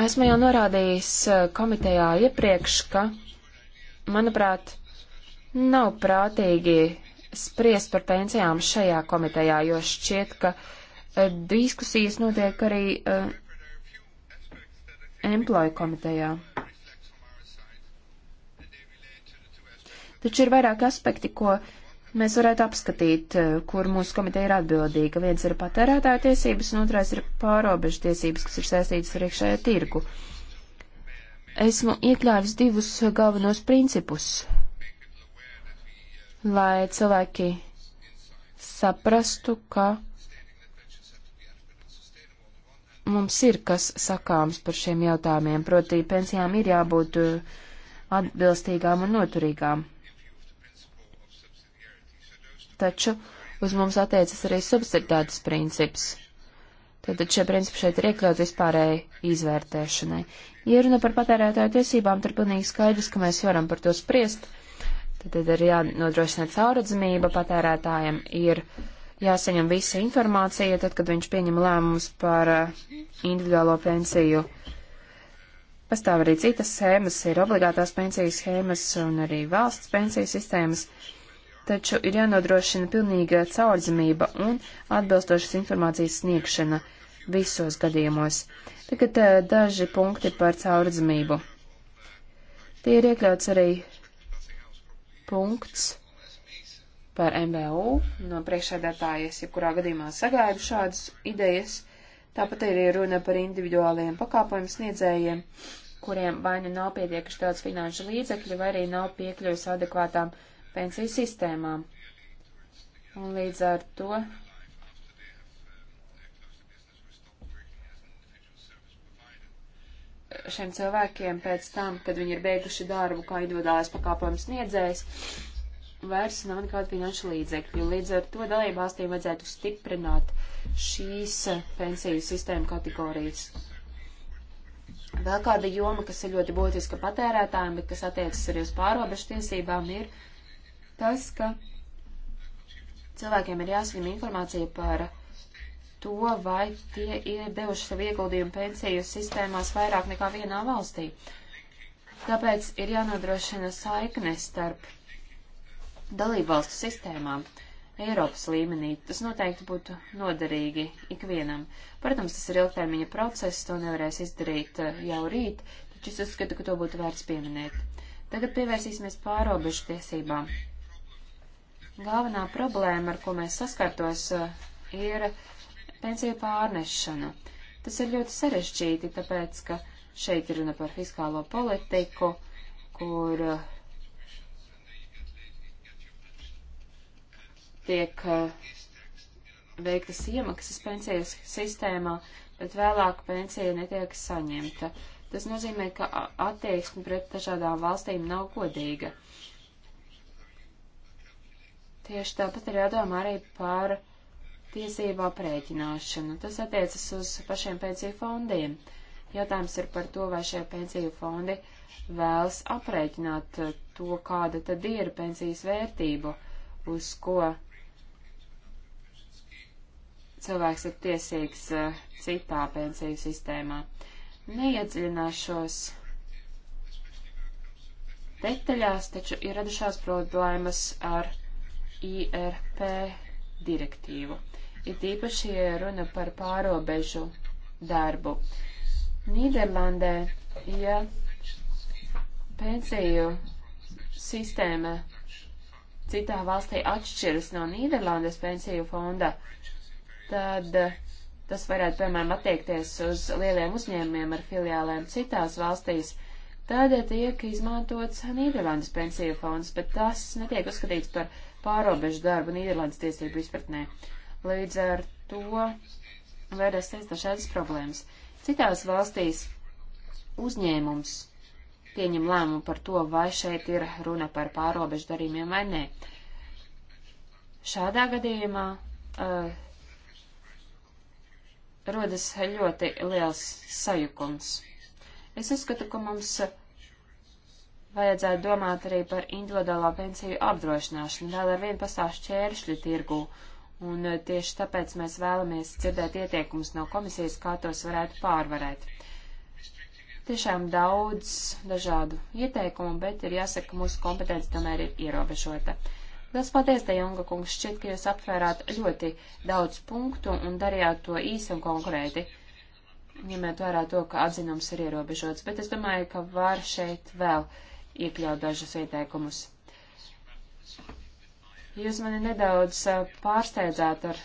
Esmu jau norādījis eh, komitejā iepriekš, ka, manuprāt, nav prātīgi spriest par pensijām šajā komitejā, jo šķiet, ka eh, diskusijas notiek arī uh, eh, employ komitejā. Taču ir vairāk aspekti, ko uh, mēs varētu apskatīt, eh, kur mūsu komiteja ir atbildīga. Viens ir patērētāja tiesības, un otrais ir pārobežu tiesības, kas ir saistītas ar iekšējo tirgu. Esmu iekļāvis divus galvenos principus, lai cilvēki saprastu, ka mums ir kas sakāms par šiem jautājumiem, proti pensijām ir jābūt eh, atbilstīgām un noturīgām taču uz mums attiecas arī subsidētas princips. Tātad šie principi šeit ir iekļauts vispārēji izvērtēšanai. Ja runa par patērētāju tiesībām, tad pilnīgi skaidrs, ka mēs varam par to spriest. Tad ir jānodrošina caurredzamība patērētājiem, ir jāsaņem visa informācija, tad, kad viņš pieņem lēmumus par eh, individuālo pensiju. Pastāv arī citas schēmas, ir obligātās pensijas schēmas un arī valsts pensijas sistēmas. Uh, taču ir jānodrošina pilnīga caurdzamība un atbilstošas informācijas sniegšana visos gadījumos. Tagad eh, daži punkti par caurdzamību. Tie ir iekļauts arī punkts par MBU. No priekšēdētājies, ja kurā gadījumā sagaidu šādas idejas. Tāpat arī runa par individuāliem pakāpojumu sniedzējiem, kuriem vai nu nav pietiekuši daudz finanšu līdzekļu, vai arī nav piekļuvis adekvātām uh, pensiju sistēmām. Un līdz ar to šiem cilvēkiem pēc tam, kad viņi ir beiguši darbu kā individuālais pakāpojums sniedzējs, vairs nav nekāda finanšu līdzekļu. Līdz ar to dalībvalstīm vajadzētu stiprināt šīs pensiju sistēmu kategorijas. Vēl kāda joma, kas ir ļoti būtiska patērētājiem, bet kas attiecas arī uz pārobežu tiesībām, ir tas, ka cilvēkiem ir jāsaņem informācija par to, vai tie ir devuši savu ieguldījumu pensiju sistēmās vairāk nekā vienā valstī. Tāpēc ir jānodrošina saikne starp dalībvalstu sistēmām Eiropas līmenī. Tas noteikti būtu noderīgi ikvienam. Protams, tas ir ilgtermiņa process, to nevarēs izdarīt eh, jau rīt, taču es uzskatu, ka to būtu vērts pieminēt. Tagad pievērsīsimies pārobežu tiesībām. Galvenā problēma, ar ko mēs saskartos, eh, ir pensiju pārnešana. Tas ir ļoti sarežģīti, tāpēc, ka šeit ir runa par fiskālo politiku, kur eh, tiek eh, veiktas iemaksas pensijas sistēmā, bet vēlāk pensija netiek saņemta. Tas nozīmē, ka attieksme pret dažādām valstīm nav godīga. Tieši tāpat ir jādomā arī par tiesību aprēķināšanu. Tas attiecas uz pašiem pensiju fondiem. Jautājums ir par to, vai šie pensiju fondi vēlas aprēķināt eh, to, kāda tad ir pensijas vērtība, uz ko cilvēks ir tiesīgs eh, citā pensiju sistēmā. Neiedziļināšos detaļās, taču ir radušās problēmas ar IRP direktīvu. Ir tīpaši runa par pārobežu darbu. Nīderlandē, ja pensiju sistēma citā valstī atšķiras no Nīderlandes pensiju fonda, tad eh, tas varētu, piemēram, attiekties uz lieliem uzņēmumiem ar filiālēm citās valstīs, tad tiek izmantots Nīderlandes pensiju fonds, bet tas netiek uzskatīts par pārobežu darbu Nīderlandes tiesību izpratnē. Līdz ar to vērēsies dažādas problēmas. Citās valstīs uzņēmums pieņem lēmumu par to, vai šeit ir runa par pārobežu darījumiem vai nē. Šādā gadījumā uh, rodas ļoti liels sajukums. Es uzskatu, ka mums uh, vajadzētu domāt arī par individuālā pensiju apdrošināšanu. Vēl ar vienu pastāv šķēršļi tirgu, un eh, tieši tāpēc mēs vēlamies dzirdēt ieteikumus no komisijas, kā tos varētu pārvarēt. Tiešām daudz dažādu ieteikumu, bet ir jāsaka, ka mūsu kompetence tomēr ir ierobežota. Liels paldies, Dejonga kungs, šķiet, ka jūs aptvērāt ļoti daudz punktu un darījāt to īsi un konkrēti ņemot vērā to, ka atzinums ir ierobežots, bet es domāju, ka var šeit vēl uh, iekļaut dažus ieteikumus. Jūs mani nedaudz pārsteidzāt ar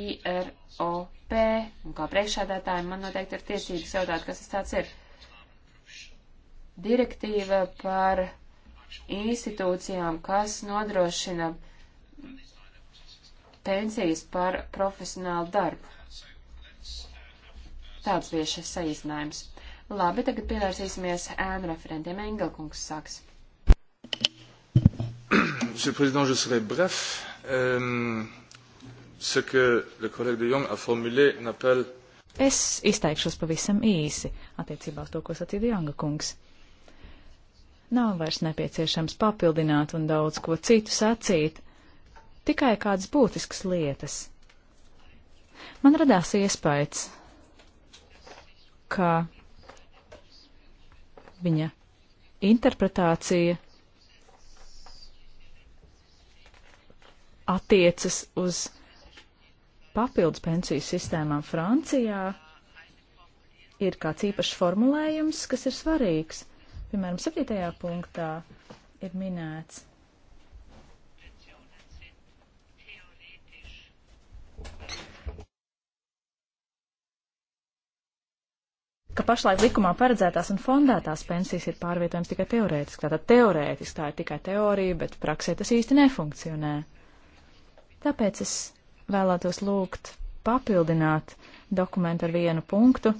IROP, un kā priekšādātājiem man noteikti ir tiesības jautāt, kas tas tāds ir. Direktīva par institūcijām, kas nodrošina pensijas par profesionālu darbu. Tāds bija šis saīsinājums. Labi, tagad pievērsīsimies ēnu referentiem. Engelkungs sāks. Monsieur le Président, je serai bref. Euh, ce que le collègue de Jong a formulé n'appelle. Es izteikšos pavisam īsi attiecībā uz to, ko sacīja Dianga kungs. Nav vairs nepieciešams papildināt un daudz ko citu sacīt, tikai kādas būtiskas lietas. Man radās iespējas, ka viņa interpretācija attiecas uz papildus pensiju sistēmām Francijā, ir kāds īpašs formulējums, kas ir svarīgs. Piemēram, 7. punktā ir minēts, ka pašlaik likumā paredzētās un fondētās pensijas ir pārvietojams tikai teorētiski. Tātad teorētiski tā ir tikai teorija, bet praksē tas īsti nefunkcionē. Tāpēc es vēlētos lūgt papildināt dokumentu ar vienu punktu,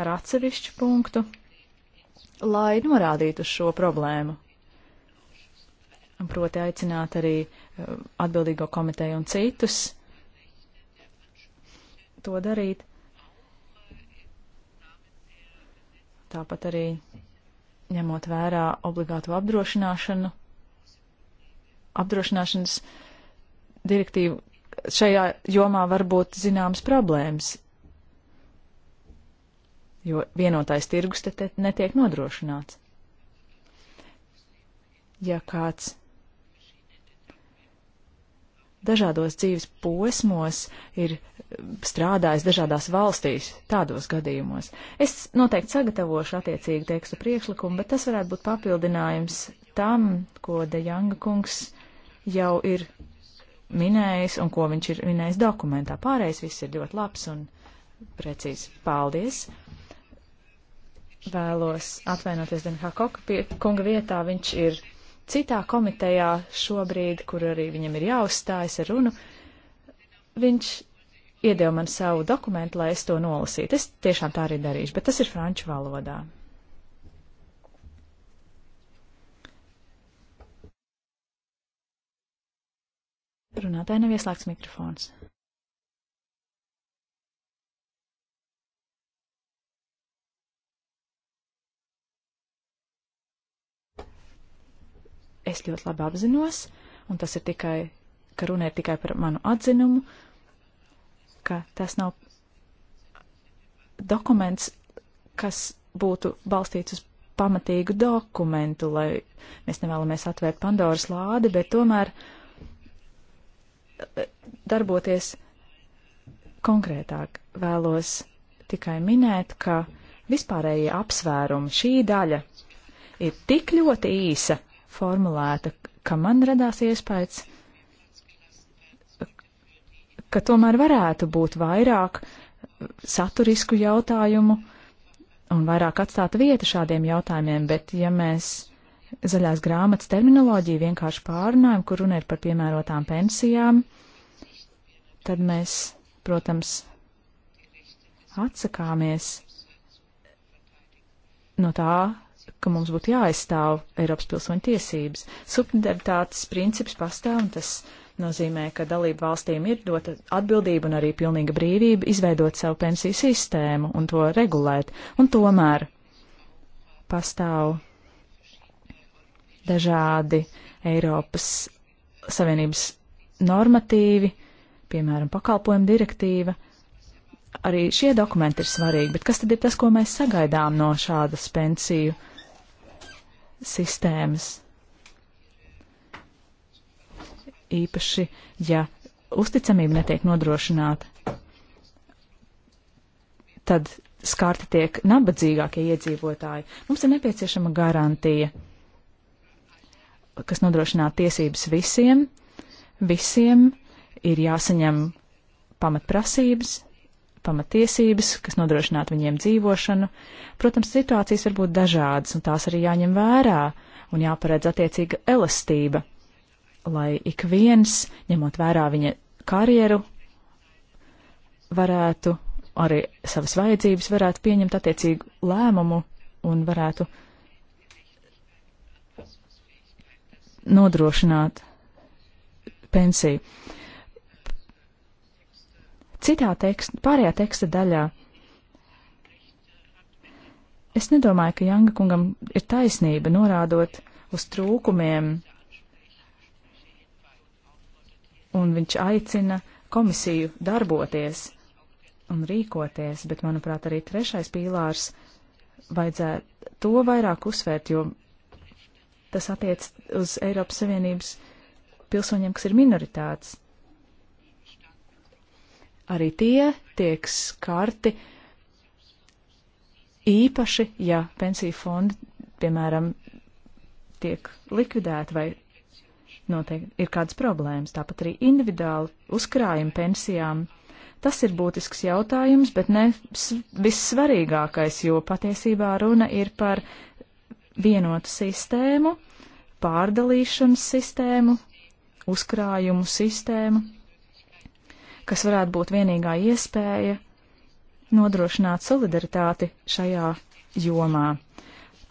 ar atsevišķu punktu, lai norādītu uz šo problēmu. Proti aicināt arī uh, atbildīgo komiteju un citus to darīt, tāpat arī ņemot vērā obligātu apdrošināšanu, apdrošināšanas direktīvu. Šajā jomā var būt zināmas problēmas, jo vienotais tirgus te, te netiek nodrošināts. Ja kāds dažādos dzīves posmos ir strādājis dažādās valstīs tādos gadījumos. Es noteikti sagatavošu attiecīgu tekstu priekšlikumu, bet tas varētu būt papildinājums tam, ko Dejanga kungs jau ir minējis un ko viņš ir minējis dokumentā. Pārējais viss ir ļoti labs un precīzi. Paldies! Vēlos atvainoties Denhā Koka pie, kunga vietā, viņš ir citā komitejā šobrīd, kur arī viņam ir jāuzstājas ar runu, viņš iedeva man savu dokumentu, lai es to nolasītu. Es tiešām tā arī darīšu, bet tas ir franču valodā. Runātāji nav ieslēgts mikrofons. es ļoti labi apzinos, un tas ir tikai, ka runa ir tikai par manu atzinumu, ka tas nav dokuments, kas būtu balstīts uz pamatīgu dokumentu, lai mēs nevēlamies atvērt Pandoras lādi, bet tomēr eh, darboties konkrētāk vēlos tikai minēt, ka vispārējie apsvērumi šī daļa ir tik ļoti īsa, formulēta, ka man radās iespējas, ka tomēr varētu būt vairāk saturisku jautājumu un vairāk atstāt vieta šādiem jautājumiem, bet ja mēs zaļās grāmatas terminoloģiju vienkārši pārunājam, kur runa ir par piemērotām pensijām, tad mēs, protams, atsakāmies no tā, ka mums būtu jāaizstāv Eiropas pilsoņu tiesības. Subsidaritātes princips pastāv, un tas nozīmē, ka dalību valstīm ir dota atbildība un arī pilnīga brīvība izveidot savu pensiju sistēmu un to regulēt. Un tomēr pastāv dažādi Eiropas Savienības normatīvi, piemēram, pakalpojuma direktīva, arī šie dokumenti ir svarīgi, bet kas tad ir tas, ko mēs sagaidām no šādas pensiju sistēmas. Īpaši, ja uzticamība netiek nodrošināta, tad skārti tiek nabadzīgākie iedzīvotāji. Mums ir nepieciešama garantija, kas nodrošinātu tiesības visiem. Visiem ir jāsaņem pamatprasības, pamatiesības, kas nodrošinātu viņiem dzīvošanu. Protams, situācijas var būt dažādas, un tās arī jāņem vērā un jāparedz attiecīga elastība, lai ik viens, ņemot vērā viņa karjeru, varētu arī savas vajadzības, varētu pieņemt attiecīgu lēmumu un varētu nodrošināt pensiju. Citā teksta, pārējā teksta daļā. Es nedomāju, ka Janga kungam ir taisnība norādot uz trūkumiem, un viņš aicina komisiju darboties un rīkoties, bet, manuprāt, arī trešais pīlārs vajadzētu to vairāk uzsvērt, jo tas attiec uz Eiropas Savienības pilsoņiem, kas ir minoritāts arī tie tiek skarti īpaši, ja pensiju fondi, piemēram, tiek likvidēti vai noteikti ir kādas problēmas, tāpat arī individuāli uzkrājumi pensijām. Tas ir būtisks jautājums, bet ne vissvarīgākais, jo patiesībā runa ir par vienotu sistēmu, pārdalīšanas sistēmu, uzkrājumu sistēmu kas varētu būt vienīgā iespēja nodrošināt solidaritāti šajā jomā.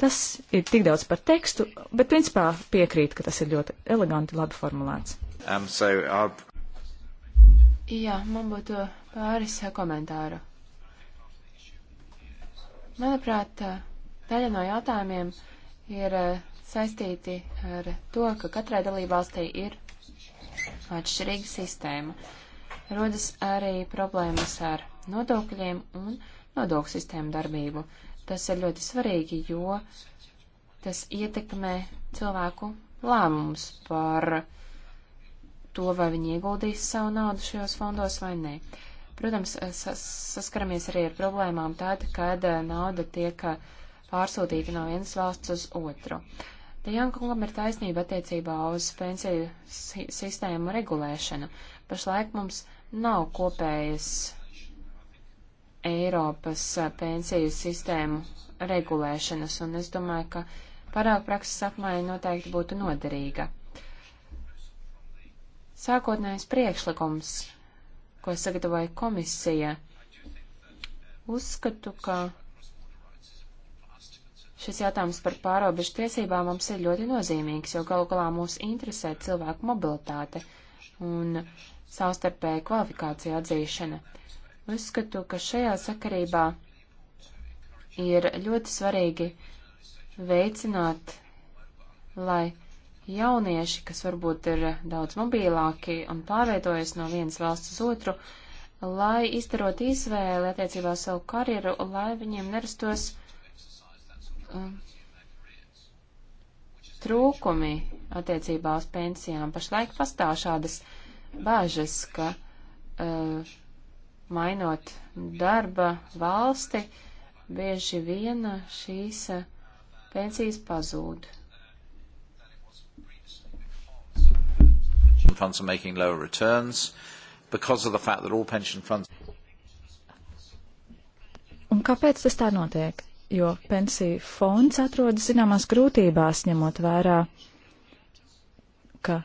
Tas ir tik daudz par tekstu, bet principā piekrīt, ka tas ir ļoti eleganti, labi formulēts. Um, so, uh... Jā, man būtu pāris uh, komentāru. Manuprāt, uh, daļa no jautājumiem ir uh, saistīti ar to, ka katrai dalībvalstī ir atšķirīga sistēma rodas arī problēmas ar nodokļiem un nodokļu sistēmu darbību. Tas ir ļoti svarīgi, jo tas ietekmē cilvēku lēmumus par to, vai viņi ieguldīs savu naudu šajos fondos vai nē. Protams, sas saskaramies arī ar problēmām tad, kad eh, nauda tiek eh, pārsūtīta no vienas valsts uz otru. Jankungam ir taisnība attiecībā uz pensiju sistēmu regulēšanu. Pašlaik mums nav kopējas Eiropas pensiju sistēmu regulēšanas, un es domāju, ka parāk prakses apmaiņa noteikti būtu noderīga. Sākotnējais priekšlikums, ko sagatavoja komisija, uzskatu, ka Šis jautājums par pārobežu tiesībām mums ir ļoti nozīmīgs, jo galu galā mūs interesē cilvēku mobilitāte. Un savstarpēja kvalifikācija atzīšana. Uzskatu, ka šajā sakarībā ir ļoti svarīgi veicināt, lai jaunieši, kas varbūt ir daudz mobilāki un pārvietojas no vienas valsts uz otru, lai izdarot izvēli attiecībā savu karjeru, lai viņiem nerastos um, trūkumi attiecībā uz pensijām. Pašlaik pastāv šādas uh, bāžas, ka uh, mainot darba valsti, bieži vien šīs uh, pensijas pazūd. Funds are making lower returns because of the fact that all pension funds. Un kāpēc tas tā notiek? Jo pensiju fonds atrodas zināmās grūtībās, ņemot vērā, ka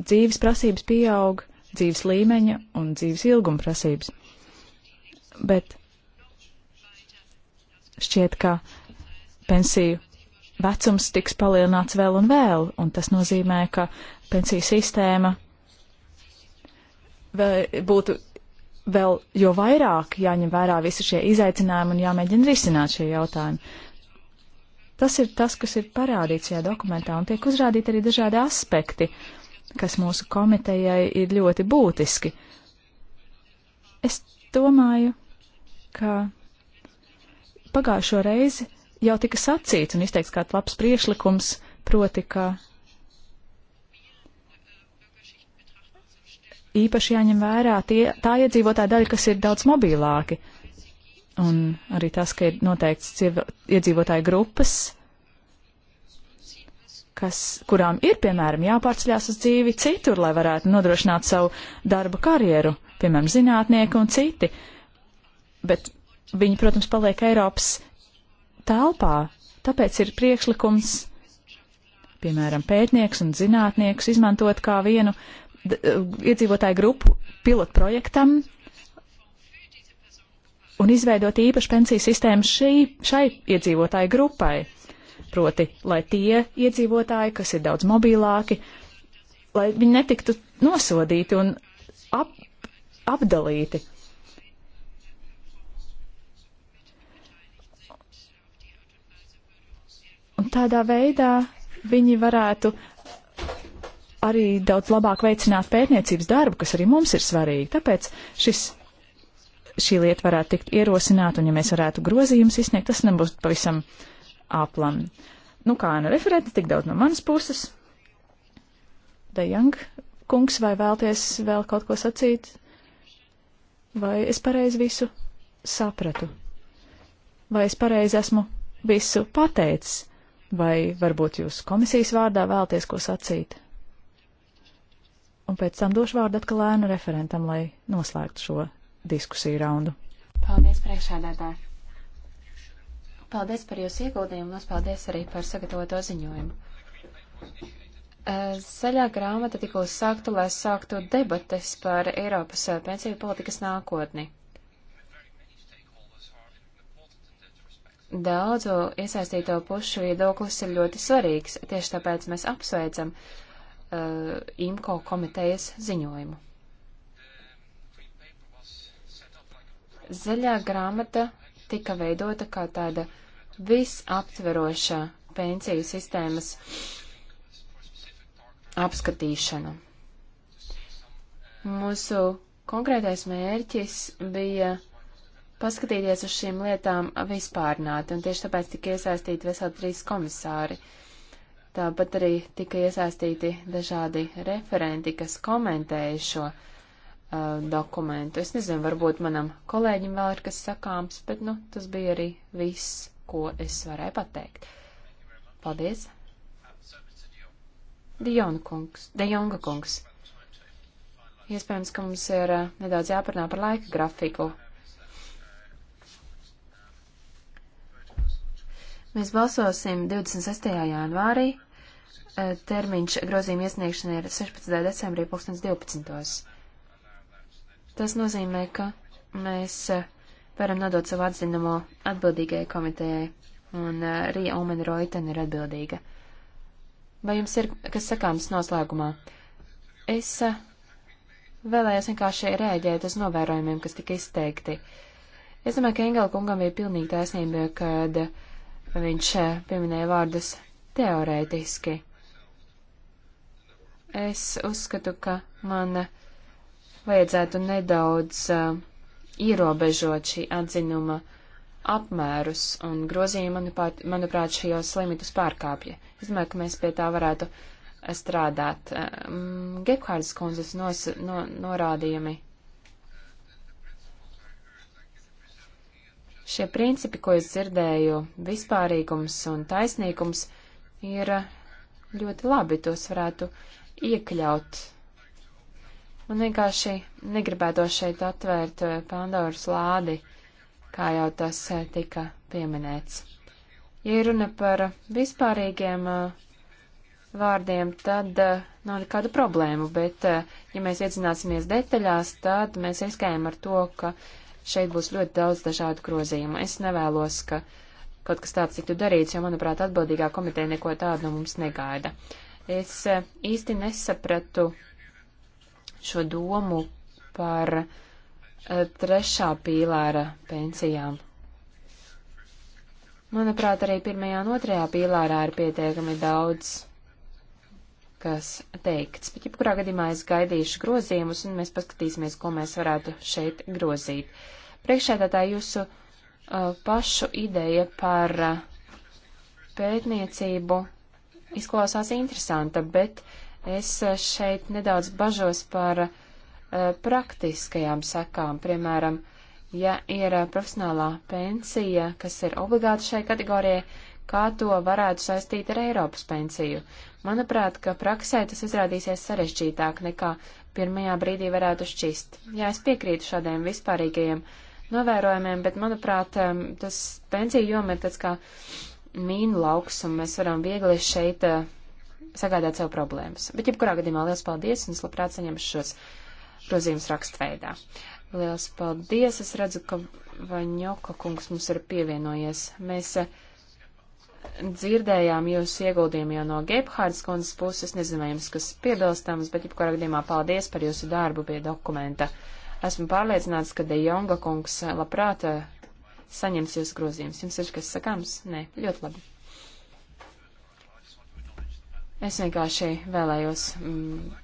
dzīves prasības pieaug, dzīves līmeņa un dzīves ilguma prasības. Bet šķiet, ka pensiju vecums tiks palielināts vēl un vēl, un tas nozīmē, ka pensiju sistēma vēl būtu vēl jo vairāk jāņem vērā visi šie izaicinājumi un jāmēģina risināt šie jautājumi. Tas ir tas, kas ir parādīts šajā dokumentā, un tiek uzrādīti arī dažādi aspekti. Uh, kas mūsu komitejai ir ļoti būtiski. Es domāju, ka pagājušo reizi jau tika sacīts un izteikts kāds labs priešlikums, proti, ka īpaši jāņem vērā tie, tā iedzīvotāja daļa, kas ir daudz mobilāki. Un arī tas, ka ir noteikts iedzīvotāju grupas, kas, kurām ir, piemēram, jāpārceļās uz dzīvi citur, lai varētu nodrošināt savu darba karjeru, piemēram, zinātnieki un citi. Bet viņi, protams, paliek Eiropas telpā, tāpēc ir priekšlikums, piemēram, pētnieks un zinātnieks izmantot kā vienu eh, iedzīvotāju grupu pilotprojektam un izveidot īpašu pensiju sistēmu šī, šai iedzīvotāju grupai proti, lai tie iedzīvotāji, kas ir daudz mobilāki, lai viņi netiktu nosodīti un ap, apdalīti. Un tādā veidā viņi varētu arī daudz labāk veicināt pētniecības darbu, kas arī mums ir svarīgi. Tāpēc šis šī lieta varētu tikt ierosināta, un ja mēs varētu grozījumus izsniegt, tas nebūs pavisam aplam. Nu, kā nu referēta, tik daudz no manas puses. Dejang, kungs, vai vēlties vēl kaut ko sacīt? Vai es pareizi visu sapratu? Vai es pareizi esmu visu pateicis? Vai varbūt jūs komisijas vārdā vēlties ko sacīt? Un pēc tam došu vārdu atkal ēnu referentam, lai noslēgtu šo diskusiju raundu. Paldies, priekšādātāji! Paldies par jūsu ieguldījumu, un paldies arī par sagatavoto ziņojumu. Zaļā grāmata tika uzsākta, lai sāktu debates par Eiropas pensiju politikas nākotni. Daudzu iesaistīto pušu viedoklis ir ļoti svarīgs, tieši tāpēc mēs apsveicam uh, IMCO komitejas ziņojumu. Zaļā grāmata tika veidota kā tāda uh, visaptverošā pensiju sistēmas apskatīšana. Mūsu konkrētais mērķis bija paskatīties uz šīm lietām vispārnāt, un tieši tāpēc tika iesaistīti veseli trīs komisāri. Tāpat arī tika iesaistīti dažādi referenti, kas komentēja šo uh, dokumentu. Es nezinu, varbūt manam kolēģim vēl ir kas sakāms, bet, nu, tas bija arī viss ko es varēju pateikt. Paldies! Diona kungs, Dejonga kungs. Iespējams, ka mums ir eh, nedaudz jāparunā par laika grafiku. Mēs balsosim 26. janvārī. Eh, termiņš grozījuma iesniegšana ir 16. decembrī 2012. Tas nozīmē, ka mēs uh, varam nodot savu atzinumu atbildīgajai komitejai, un uh, Rija Omena Roitena ir atbildīga. Vai jums ir kas sakāms noslēgumā? Es uh, vēlējos vienkārši rēģēt uz novērojumiem, kas tika izteikti. Es domāju, ka Engela kungam bija pilnīgi taisnība, kad viņš uh, pieminēja vārdus teorētiski. Es uzskatu, ka man vajadzētu nedaudz uh, ierobežot šī atzinuma apmērus, un grozījumi, manuprāt, manuprāt šajos limitus pārkāpja. Es domāju, ka mēs pie tā varētu eh, strādāt. Eh, mm, Gebhārdas kundzes nos, no, norādījumi. Šie principi, ko es dzirdēju, vispārīgums un taisnīgums, ir eh, ļoti labi. Tos varētu iekļaut Un vienkārši negribēto šeit atvērt eh, Pandoras lādi, kā jau tas eh, tika pieminēts. Ja runa par vispārīgiem eh, vārdiem, tad nav nekādu problēmu, bet ja mēs iedzināsimies detaļās, tad mēs riskējam ar to, ka šeit būs ļoti daudz dažādu grozījumu. Es nevēlos, ka kaut kas tāds tiktu darīts, jo, manuprāt, atbildīgā komiteja neko tādu no mums negaida. Es īsti nesapratu šo domu par eh, trešā pīlāra pensijām. Manuprāt, arī pirmajā un otrajā pīlārā ir pietiekami daudz kas teikts. Bet, jebkurā gadījumā es gaidīšu grozījumus, un mēs paskatīsimies, ko mēs varētu šeit grozīt. Priekšēdētā jūsu uh, pašu ideja par uh, pētniecību izklausās interesanta, bet Es eh, šeit nedaudz bažos par eh, praktiskajām sekām, piemēram, ja ir eh, profesionālā pensija, kas ir obligāta šai kategorijai, kā to varētu saistīt ar Eiropas pensiju. Manuprāt, ka praksē tas izrādīsies sarežģītāk nekā pirmajā brīdī varētu šķist. Jā, es piekrītu šādiem vispārīgajiem novērojumiem, bet, manuprāt, tas pensiju joma ir tāds kā mīna lauks, un mēs varam viegli šeit uh, sagādāt sev problēmas. Bet, jebkurā gadījumā, liels paldies, un es labprāt saņemšu šos grozījumus rakstveidā. Liels paldies, es redzu, ka Vaņoka kungs mums ir pievienojies. Mēs eh, dzirdējām jūs ieguldījumu jau no Gebhārdas kundzes puses, nezinu, vai jums kas piebilstams, bet, jebkurā gadījumā, paldies par jūsu darbu pie dokumenta. Esmu pārliecināts, ka De Jonga kungs eh, labprāt eh, saņems jūsu grozījumus. Jums ir kas sakāms? Nē, ļoti labi. Es vienkārši vēlējos mm,